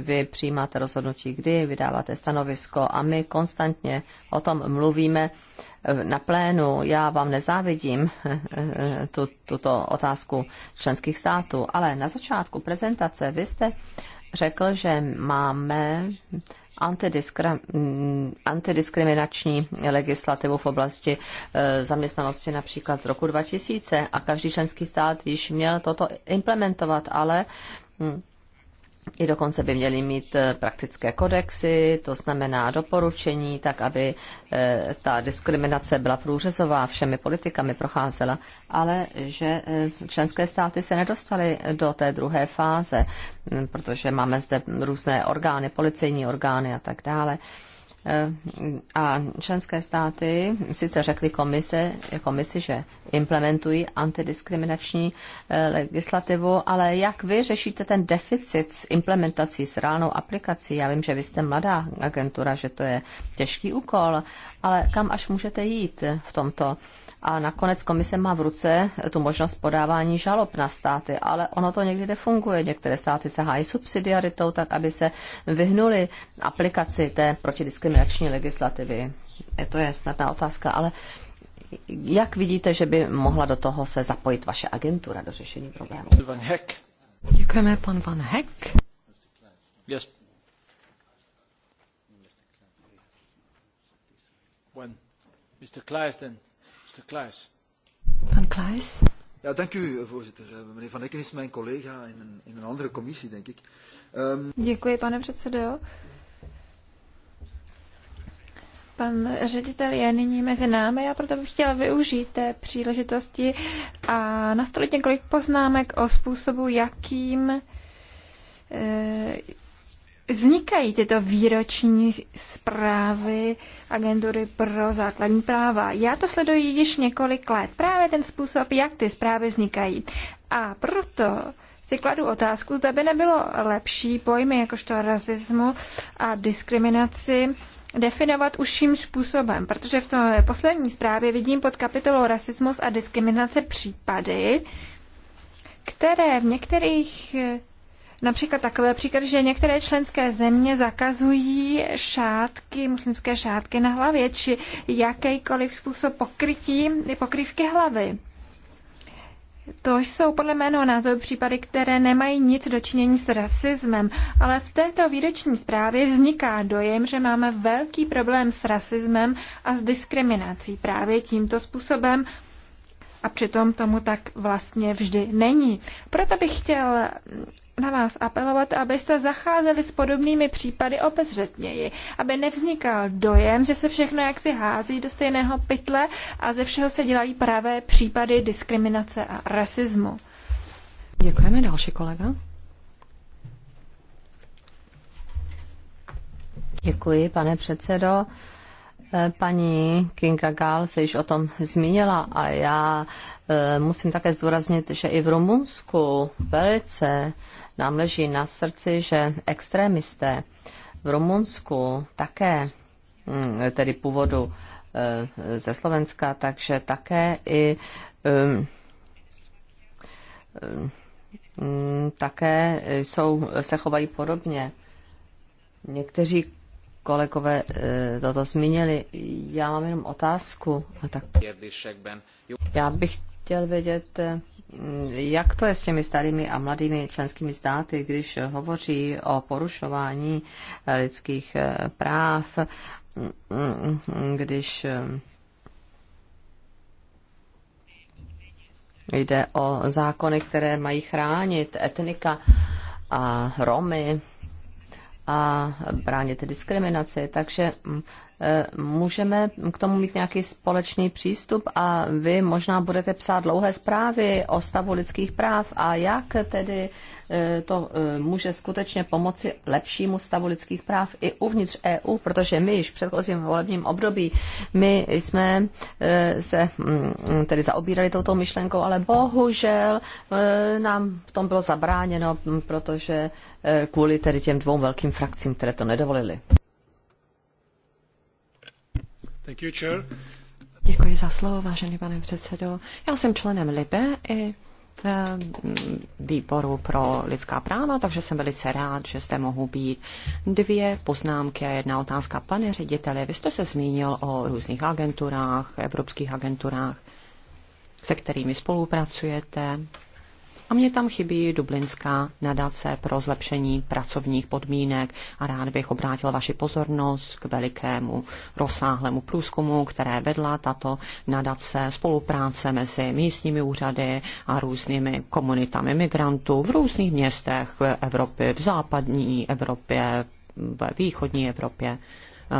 vy přijímáte rozhodnutí, kdy vydáváte stanovisko a my konstantně o tom mluvíme na plénu. Já vám nezávidím <laughs> tu, tuto otázku členských států, ale na začátku prezentace vy jste řekl, že máme antidiskriminační legislativu v oblasti eh, zaměstnanosti například z roku 2000 a každý členský stát již měl toto implementovat, ale hm, i dokonce by měli mít eh, praktické kodexy, to znamená doporučení, tak aby eh, ta diskriminace byla průřezová, všemi politikami procházela, ale že eh, členské státy se nedostaly do té druhé fáze, mm, protože máme zde různé orgány, policejní orgány a tak dále. Eh, a členské státy sice řekly komise, komisi, že implementují antidiskriminační eh, legislativu, ale jak vy řešíte ten deficit s implementací, s reálnou aplikací? Já vím, že vy jste mladá agentura, že to je těžký úkol, ale kam až můžete jít v tomto? a nakonec komise má v ruce tu možnost podávání žalob na státy, ale ono to někdy nefunguje. Některé státy se hájí subsidiaritou, tak aby se vyhnuli aplikaci té protidiskriminační legislativy. To je snadná otázka, ale jak vidíte, že by mohla do toho se zapojit vaše agentura do řešení problému? Van Heck. Děkujeme, pan Van Heck. Yes. When? Mr. Kleisten voorzitter. Eh, meneer Van Ecken is mijn collega in een, in een andere commissie, denk ik. Um... Děkuji, pane předsedo. Pan ředitel je nyní mezi námi, já proto bych chtěla využít té příležitosti a nastolit několik poznámek o způsobu, jakým eh, vznikají tyto výroční zprávy agentury pro základní práva. Já to sleduji již několik let, právě ten způsob, jak ty zprávy vznikají. A proto si kladu otázku, zda by nebylo lepší pojmy jakožto rasismu a diskriminaci definovat užším způsobem, protože v té poslední zprávě vidím pod kapitolou rasismus a diskriminace případy, které v některých například takové příklad, že některé členské země zakazují šátky, muslimské šátky na hlavě, či jakýkoliv způsob pokrytí, pokrývky hlavy. To jsou podle mého názoru případy, které nemají nic dočinění s rasismem, ale v této výroční zprávě vzniká dojem, že máme velký problém s rasismem a s diskriminací právě tímto způsobem, a přitom tomu tak vlastně vždy není. Proto bych chtěl na vás apelovat, abyste zacházeli s podobnými případy obezřetněji, aby nevznikal dojem, že se všechno jaksi hází do stejného pytle a ze všeho se dělají právě případy diskriminace a rasismu. Děkujeme, další kolega. Děkuji, pane předsedo. Paní Kinga Gál se již o tom zmínila a já e, musím také zdůraznit, že i v Rumunsku velice nám leží na srdci, že extrémisté v Rumunsku také, mm, tedy původu e, ze Slovenska, takže také i mm, mm, také jsou, se chovají podobně. Někteří kolegové eh, toto zmínili. Já mám jenom otázku. Tak já bych chtěl vědět, eh, jak to je s těmi starými a mladými členskými státy, když hovoří o porušování eh, lidských práv, když jde o zákony, které mají chránit etnika a Romy a bránit diskriminaci. Takže mm, můžeme k tomu mít nějaký společný přístup a vy možná budete psát dlouhé zprávy o stavu lidských práv a jak tedy eh, to eh, může skutečně pomoci lepšímu stavu lidských práv i uvnitř EU, protože my již v předchozím volebním období, my jsme eh, se mm, tedy zaobírali touto myšlenkou, ale bohužel nám v tom bylo zabráněno, protože kvůli tedy těm dvou velkým frakcím, které to nedovolili. Děkuji za slovo, vážený pane předsedo. Já jsem členem LIBE i eh, výboru pro lidská práva, takže jsem velice rád, že zde mohou být dvě poznámky a jedna otázka. Pane řediteli, vy jste se zmínil o různých agenturách, evropských agenturách, se kterými spolupracujete, a mě tam chybí Dublinská nadace pro zlepšení pracovních podmínek a rád bych obrátil vaši pozornost k velikému rozsáhlému průzkumu, které vedla tato nadace spolupráce mezi místními úřady a různými komunitami migrantů v různých městech Evropy, v západní Evropě, v východní Evropě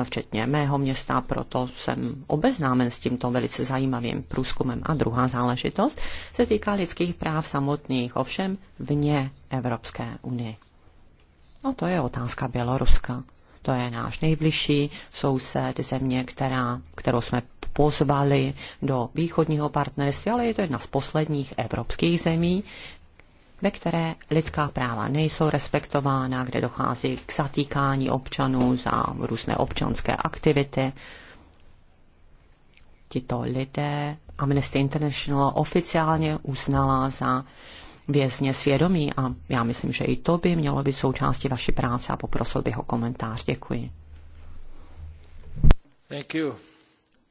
včetně mého města, proto jsem obeznámen s tímto velice zajímavým průzkumem. A druhá záležitost se týká lidských práv samotných, ovšem vně Evropské unie. No to je otázka Běloruska. To je náš nejbližší soused, země, která, kterou jsme pozvali do východního partnerství, ale je to jedna z posledních evropských zemí, ve které lidská práva nejsou respektována, kde dochází k zatýkání občanů za různé občanské aktivity. Tito lidé Amnesty International oficiálně uznala za vězně svědomí a já myslím, že i to by mělo být součástí vaší práce a poprosil bych o komentář. Děkuji. Thank you.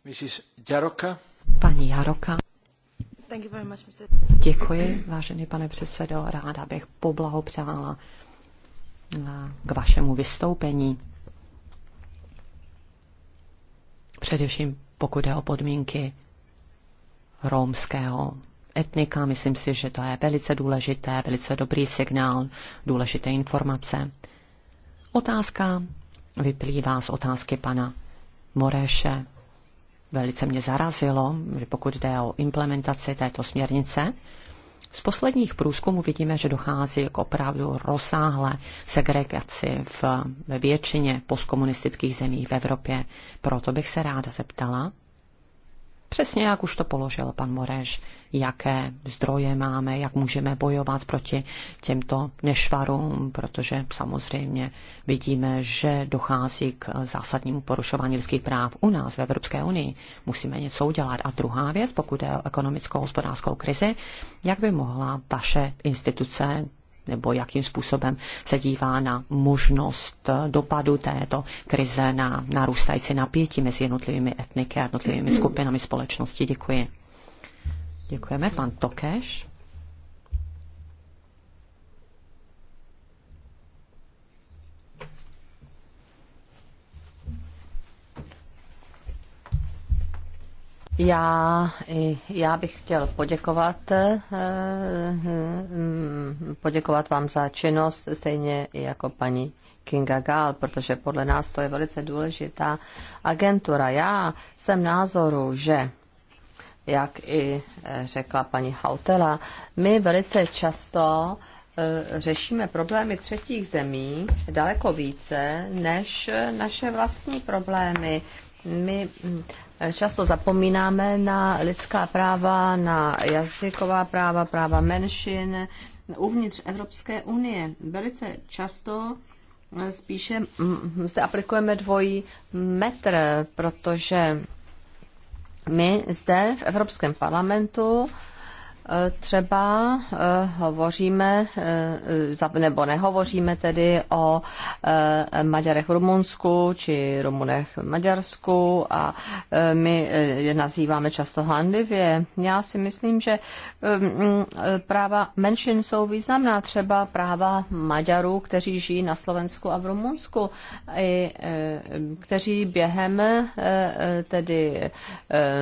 Mrs. Jaroka. Paní Jaroka. Děkuji, vážený pane předsedo. Ráda bych poblahopřála eh, k vašemu vystoupení. Především pokud je o podmínky rómského etnika, myslím si, že to je velice důležité, velice dobrý signál, důležité informace. Otázka vyplývá z otázky pana Moreše velice mě zarazilo, že pokud jde o implementaci této směrnice, z posledních průzkumů vidíme, že dochází k opravdu rozsáhlé segregaci v, ve většině postkomunistických zemí v Evropě. Proto bych se ráda zeptala, Přesně jak už to položil pan Moreš, jaké zdroje máme, jak můžeme bojovat proti těmto nešvarům, protože samozřejmě vidíme, že dochází k zásadnímu porušování lidských práv u nás v Evropské unii. Musíme něco udělat. A druhá věc, pokud je o ekonomickou hospodářskou krizi, jak by mohla vaše instituce nebo jakým způsobem se dívá na možnost dopadu této krize na narůstající napětí mezi jednotlivými etniky a jednotlivými skupinami společnosti. Děkuji. Děkujeme. Pan Tokeš. Já, já bych chtěl poděkovat, eh, hm, poděkovat vám za činnost, stejně jako paní Kinga Gall, protože podle nás to je velice důležitá agentura. Já jsem názoru, že jak i eh, řekla paní Hautela, my velice často eh, řešíme problémy třetích zemí daleko více než naše vlastní problémy. My hm, často zapomínáme na lidská práva, na jazyková práva, práva menšin uvnitř Evropské unie. Velice často eh, spíše mm, zde aplikujeme dvojí metr, protože my zde v Evropském parlamentu třeba eh, hovoříme, eh, nebo nehovoříme tedy o eh, Maďarech v Rumunsku či Rumunech v Maďarsku a my je nazýváme často handivě. Já si myslím, že mm, práva menšin jsou významná, třeba práva Maďarů, kteří žijí na Slovensku a v Rumunsku, i, kteří během tedy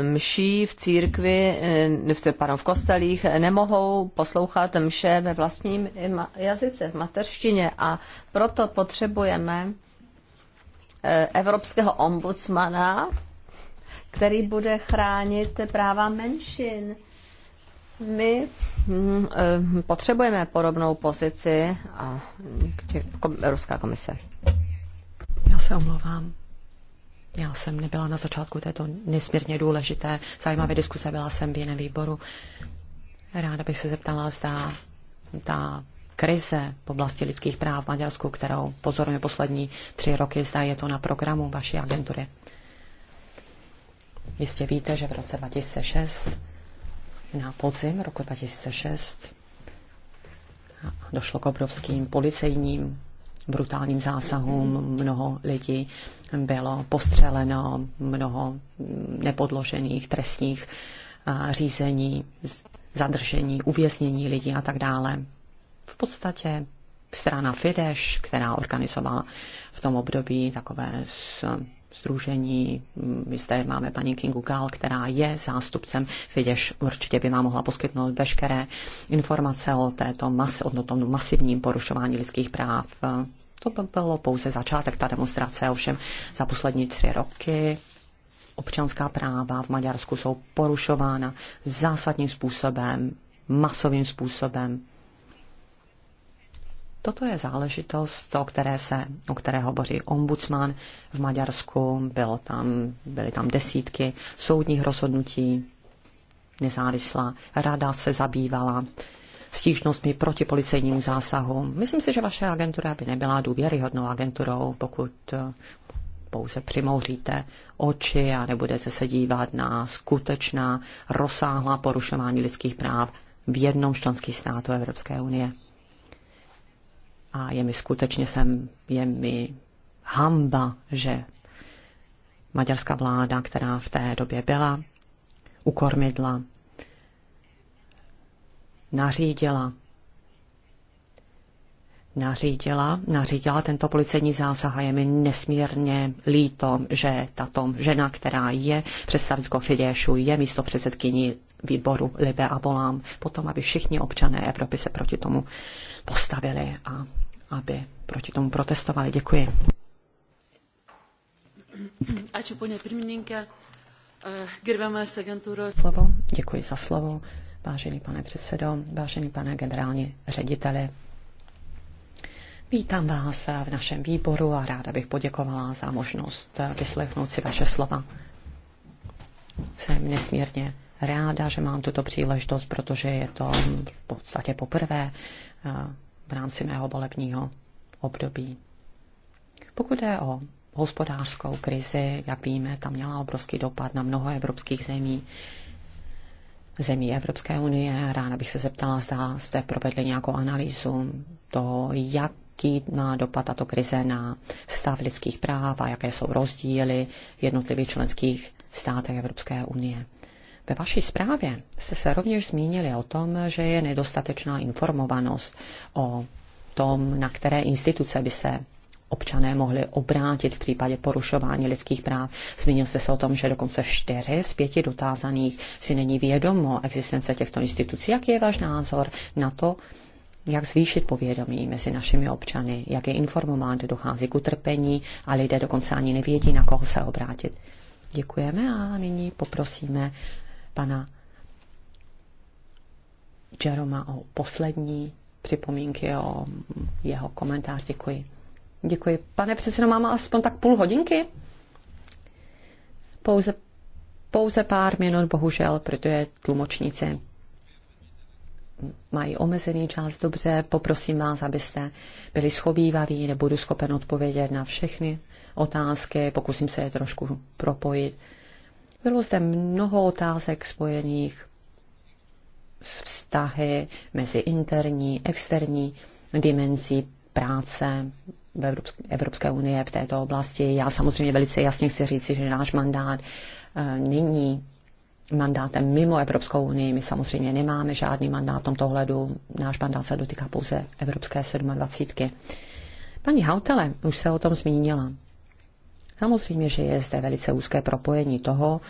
mší v církvi, v, pardon, v kostelích, kterých nemohou poslouchat mše ve vlastním jazyce, v mateřštině a proto potřebujeme eh, evropského ombudsmana, který bude chránit práva menšin. My mm, eh, potřebujeme podobnou pozici a Evropská mm, komise. Já se omlouvám. Já jsem nebyla na začátku této nesmírně důležité zajímavé diskuse, byla jsem v jiném výboru. Ráda bych se zeptala, zda ta krize v oblasti lidských práv v Maďarsku, kterou pozorujeme poslední tři roky, zda je to na programu vaší agentury. Jistě víte, že v roce 2006, na podzim roku 2006, došlo k obrovským policejním brutálním zásahům. Mnoho lidí bylo postřeleno, mnoho nepodložených trestních řízení zadržení, uvěznění lidí a tak dále. V podstatě strana Fidesz, která organizovala v tom období takové združení. Mm, my zde máme paní Kingu Gal, která je zástupcem Fidesz. Určitě by vám mohla poskytnout veškeré informace o, této mas, o tom masivním porušování lidských práv. To by bylo pouze začátek, ta demonstrace, ovšem za poslední tři roky občanská práva v Maďarsku jsou porušována zásadním způsobem, masovým způsobem. Toto je záležitost, o které, se, o které hovoří ombudsman v Maďarsku. Bylo tam, byly tam desítky soudních rozhodnutí, nezávislá rada se zabývala stížnostmi proti policejnímu zásahu. Myslím si, že vaše agentura by nebyla důvěryhodnou agenturou, pokud pouze přimouříte oči a nebudete se dívat na skutečná rozsáhlá porušování lidských práv v jednom z členských Evropské unie. A je mi skutečně sem, je mi hamba, že maďarská vláda, která v té době byla, ukormidla, nařídila nařídila, nařídila tento policejní zásah a je mi nesmírně líto, že tato žena, která je představitko Fidešu, je místo předsedkyní výboru Libe a volám potom, aby všichni občané Evropy se proti tomu postavili a aby proti tomu protestovali. Děkuji. Ačiū, ponia pirmininkė. Gerbiamas agentūros. Slovo. Děkuji za slovo. Vážený pane předsedo, vážený pane generální řediteli, Vítám vás v našem výboru a ráda bych poděkovala za možnost vyslechnout si vaše slova. Jsem nesmírně ráda, že mám tuto příležitost, protože je to v podstatě poprvé eh, v rámci mého volebního období. Pokud je o hospodářskou krizi, jak víme, tam měla obrovský dopad na mnoho evropských zemí, zemí Evropské unie. Ráda bych se zeptala, zda jste provedli nějakou analýzu toho, jak jaký má dopad tato krize na stav lidských práv a jaké jsou rozdíly v jednotlivých členských státech Evropské unie. Ve vaší zprávě jste se rovněž zmínili o tom, že je nedostatečná informovanost o tom, na které instituce by se občané mohli obrátit v případě porušování lidských práv. Zmínil jste se o tom, že dokonce čtyři z pěti dotázaných si není vědomo existence těchto institucí. Jaký je váš názor na to, jak zvýšit povědomí mezi našimi občany, jak je informovat, dochází k utrpení a lidé dokonce ani nevědí, na koho se obrátit. Děkujeme a nyní poprosíme pana Jeroma o poslední připomínky, o jeho komentář. Děkuji. Děkuji. Pane předsedo, máme aspoň tak půl hodinky? Pouze, pouze pár minut, bohužel, protože tlumočníci mají omezený čas, dobře, poprosím vás, abyste byli schovývaví, nebudu schopen odpovědět na všechny otázky, pokusím se je trošku propojit. Bylo zde mnoho otázek spojených s vztahy mezi interní, externí dimenzí práce v Evropské, unie v této oblasti. Já samozřejmě velice jasně chci říci, že náš mandát eh, není mandátem mimo Evropskou unii. My samozřejmě nemáme žádný mandát v tomto hledu. Náš mandát se dotýká pouze Evropské 27. Paní Hautele už se o tom zmínila. Samozřejmě, že je zde velice úzké propojení toho,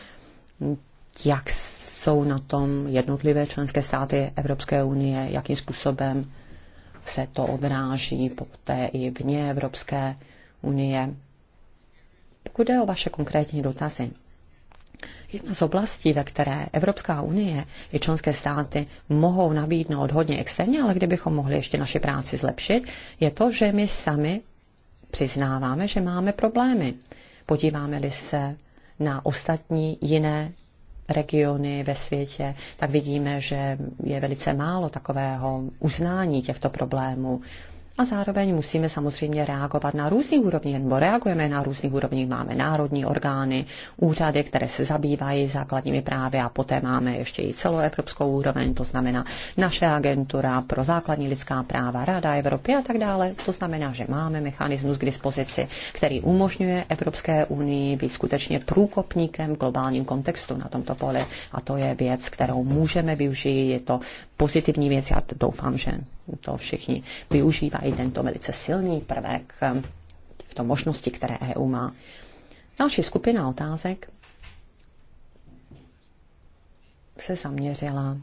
jak jsou na tom jednotlivé členské státy Evropské unie, jakým způsobem se to odráží poté i vně Evropské unie. Pokud jde o vaše konkrétní dotazy, Jedna z oblastí, ve které Evropská unie i členské státy mohou nabídnout hodně externě, ale kdybychom mohli ještě naši práci zlepšit, je to, že my sami přiznáváme, že máme problémy. Podíváme-li se na ostatní jiné regiony ve světě, tak vidíme, že je velice málo takového uznání těchto problémů a zároveň musíme samozřejmě reagovat na různých úrovních, nebo reagujeme na různých úrovních. Máme národní orgány, úřady, které se zabývají základními právy a poté máme ještě i celoevropskou úroveň, to znamená naše agentura pro základní lidská práva, Rada Evropy a tak dále. To znamená, že máme mechanismus k dispozici, který umožňuje Evropské unii být skutečně průkopníkem v globálním kontextu na tomto poli a to je věc, kterou můžeme využít, je to pozitivní věc, já doufám, že to všichni využívají i tento velice silný prvek těchto eh, možností, které EU má. Další skupina otázek se zaměřila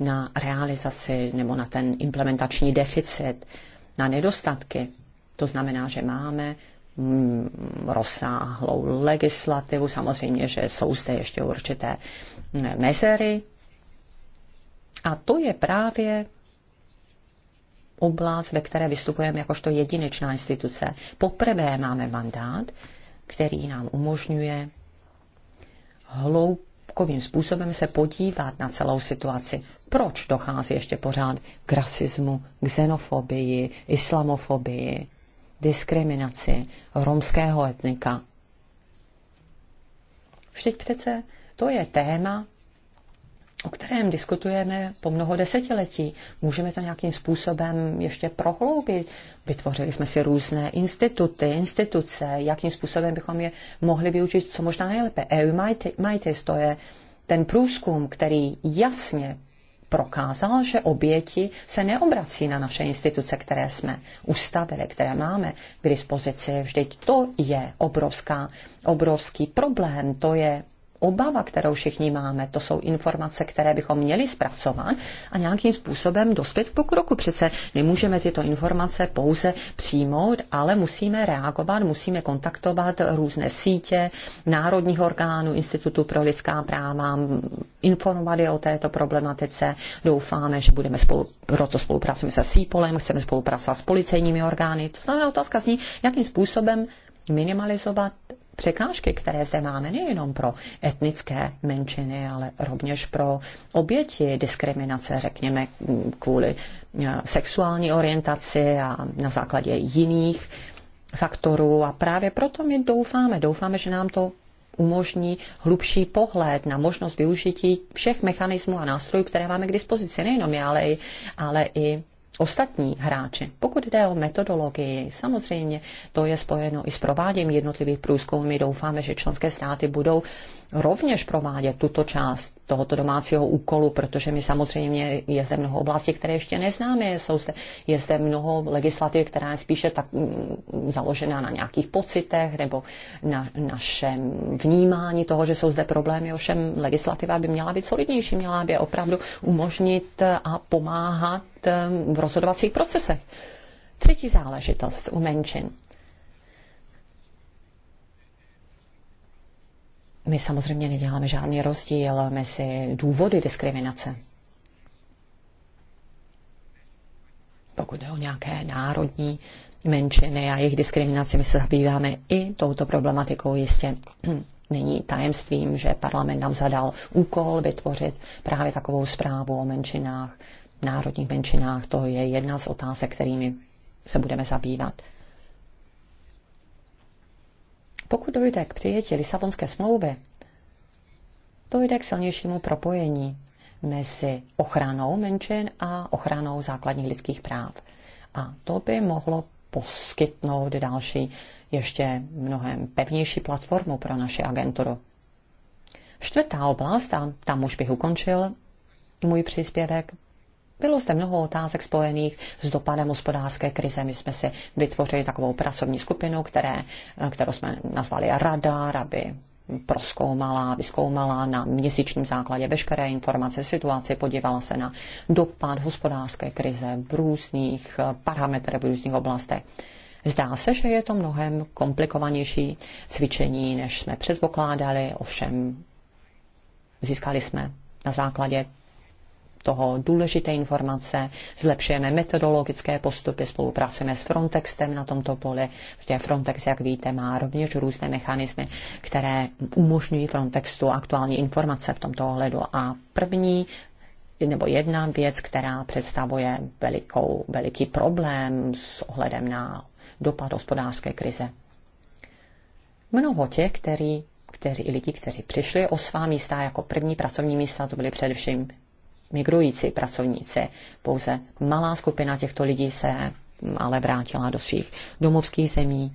na realizaci nebo na ten implementační deficit, na nedostatky. To znamená, že máme mm, rozsáhlou legislativu, samozřejmě, že jsou zde ještě určité mezery. A to je právě oblast, ve které vystupujeme jakožto jedinečná instituce. Poprvé máme mandát, který nám umožňuje hloubkovým způsobem se podívat na celou situaci. Proč dochází ještě pořád k rasismu, k xenofobii, islamofobii, diskriminaci romského etnika? Vždyť přece to je téma, o kterém diskutujeme po mnoho desetiletí. Můžeme to nějakým způsobem ještě prohloubit. Vytvořili jsme si různé instituty, instituce, jakým způsobem bychom je mohli využít co možná nejlépe. EU mites to je ten průzkum, který jasně prokázal, že oběti se neobrací na naše instituce, které jsme ustavili, které máme k dispozici. Vždyť to je obrovská, obrovský problém. To je obava, kterou všichni máme. To jsou informace, které bychom měli zpracovat a nějakým způsobem dospět k pokroku. Přece nemůžeme tyto informace pouze přijmout, ale musíme reagovat, musíme kontaktovat různé sítě národních orgánů, Institutu pro lidská práva, informovat je o této problematice. Doufáme, že budeme spolu, proto spolupracujeme se SIPOLem, chceme spolupracovat s policejními orgány. To znamená otázka zní, jakým způsobem minimalizovat překážky, které zde máme nejenom pro etnické menšiny, ale rovněž pro oběti diskriminace, řekněme, kvůli eh, sexuální orientaci a na základě jiných faktorů. A právě proto my doufáme, doufáme, že nám to umožní hlubší pohled na možnost využití všech mechanismů a nástrojů, které máme k dispozici, nejenom já, ale i, ale i ostatní hráči. Pokud jde o metodologii, samozřejmě to je spojeno i s prováděním jednotlivých průzkumů. My doufáme, že členské státy budou rovněž provádět tuto část tohoto domácího úkolu, protože my samozřejmě je zde mnoho oblastí, které ještě neznáme, jsou zde, je zde mnoho legislativy, která je spíše tak mm, založená na nějakých pocitech nebo na našem vnímání toho, že jsou zde problémy, ovšem legislativa by měla být solidnější, měla by opravdu umožnit a pomáhat mm, v rozhodovacích procesech. Třetí záležitost u menšin. My samozřejmě neděláme žádný rozdíl mezi důvody diskriminace. Pokud jde o nějaké národní menšiny a jejich diskriminaci, my se zabýváme i touto problematikou jistě. <clears throat> Není tajemstvím, že parlament nám zadal úkol vytvořit právě takovou zprávu o menšinách, národních menšinách. To je jedna z otázek, kterými se budeme zabývat. Pokud dojde k přijetí Lisabonské smlouvy, dojde k silnějšímu propojení mezi ochranou menšin a ochranou základních lidských práv. A to by mohlo poskytnout další, ještě mnohem pevnější platformu pro naši agenturu. Čtvrtá oblast, a tam už bych ukončil můj příspěvek, bylo zde mnoho otázek spojených s dopadem hospodářské krize. My jsme si vytvořili takovou pracovní skupinu, které, kterou jsme nazvali Radar, aby proskoumala, vyskoumala na měsíčním základě veškeré informace situace, podívala se na dopad hospodářské krize v různých parametrech, v různých oblastech. Zdá se, že je to mnohem komplikovanější cvičení, než jsme předpokládali, ovšem získali jsme na základě toho důležité informace, zlepšujeme metodologické postupy, spolupracujeme s Frontextem na tomto poli, protože Frontex, jak víte, má rovněž různé mechanismy, které umožňují Frontextu aktuální informace v tomto ohledu. A první nebo jedna věc, která představuje velikou, veliký problém s ohledem na dopad hospodářské krize. Mnoho těch, kteří kteří, lidi, kteří přišli o svá místa jako první pracovní místa, to byli především migrující pracovníci. Pouze malá skupina těchto lidí se ale vrátila do svých domovských zemí.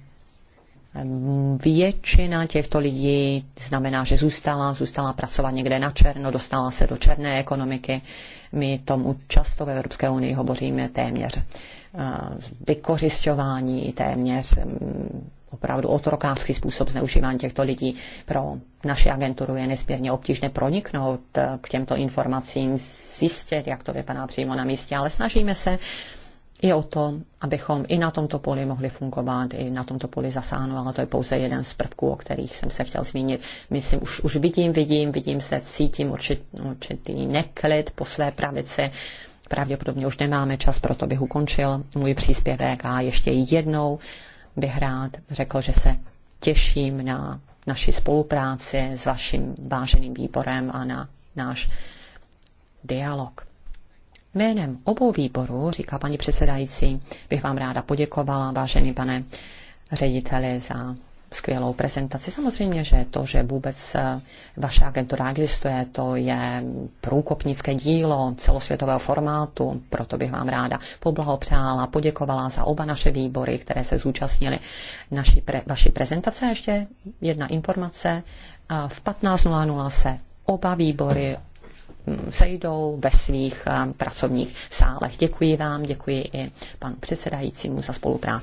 Většina těchto lidí znamená, že zůstala, zůstala pracovat někde na černo, dostala se do černé ekonomiky. My tomu často v Evropské unii hovoříme téměř eh, vykořišťování, téměř mm, opravdu otrokářský způsob zneužívání těchto lidí. Pro naši agenturu je nesmírně obtížné proniknout eh, k těmto informacím, zjistit, jak to vypadá přímo na místě, ale snažíme se i o to, abychom i na tomto poli mohli fungovat, i na tomto poli zasáhnout, ale to je pouze jeden z prvků, o kterých jsem se chtěl zmínit. Myslím, už, už vidím, vidím, vidím se, cítím určit, určitý neklid po své pravici. Pravděpodobně už nemáme čas, proto bych ukončil můj příspěvek a ještě jednou bych rád řekl, že se těším na naši spolupráci s vaším váženým výborem a na náš dialog. Jménem obou výborů, říká paní předsedající, bych vám ráda poděkovala, vážený pane řediteli, za skvělou prezentaci. Samozřejmě, že to, že vůbec eh, vaše agentura existuje, to je průkopnické dílo celosvětového formátu, proto bych vám ráda poblahopřála, poděkovala za oba naše výbory, které se zúčastnily naší pre, vaší prezentace. ještě jedna informace. V 15.00 se oba výbory hm, sejdou ve svých eh, pracovních sálech. Děkuji vám, děkuji i panu předsedajícímu za spolupráci.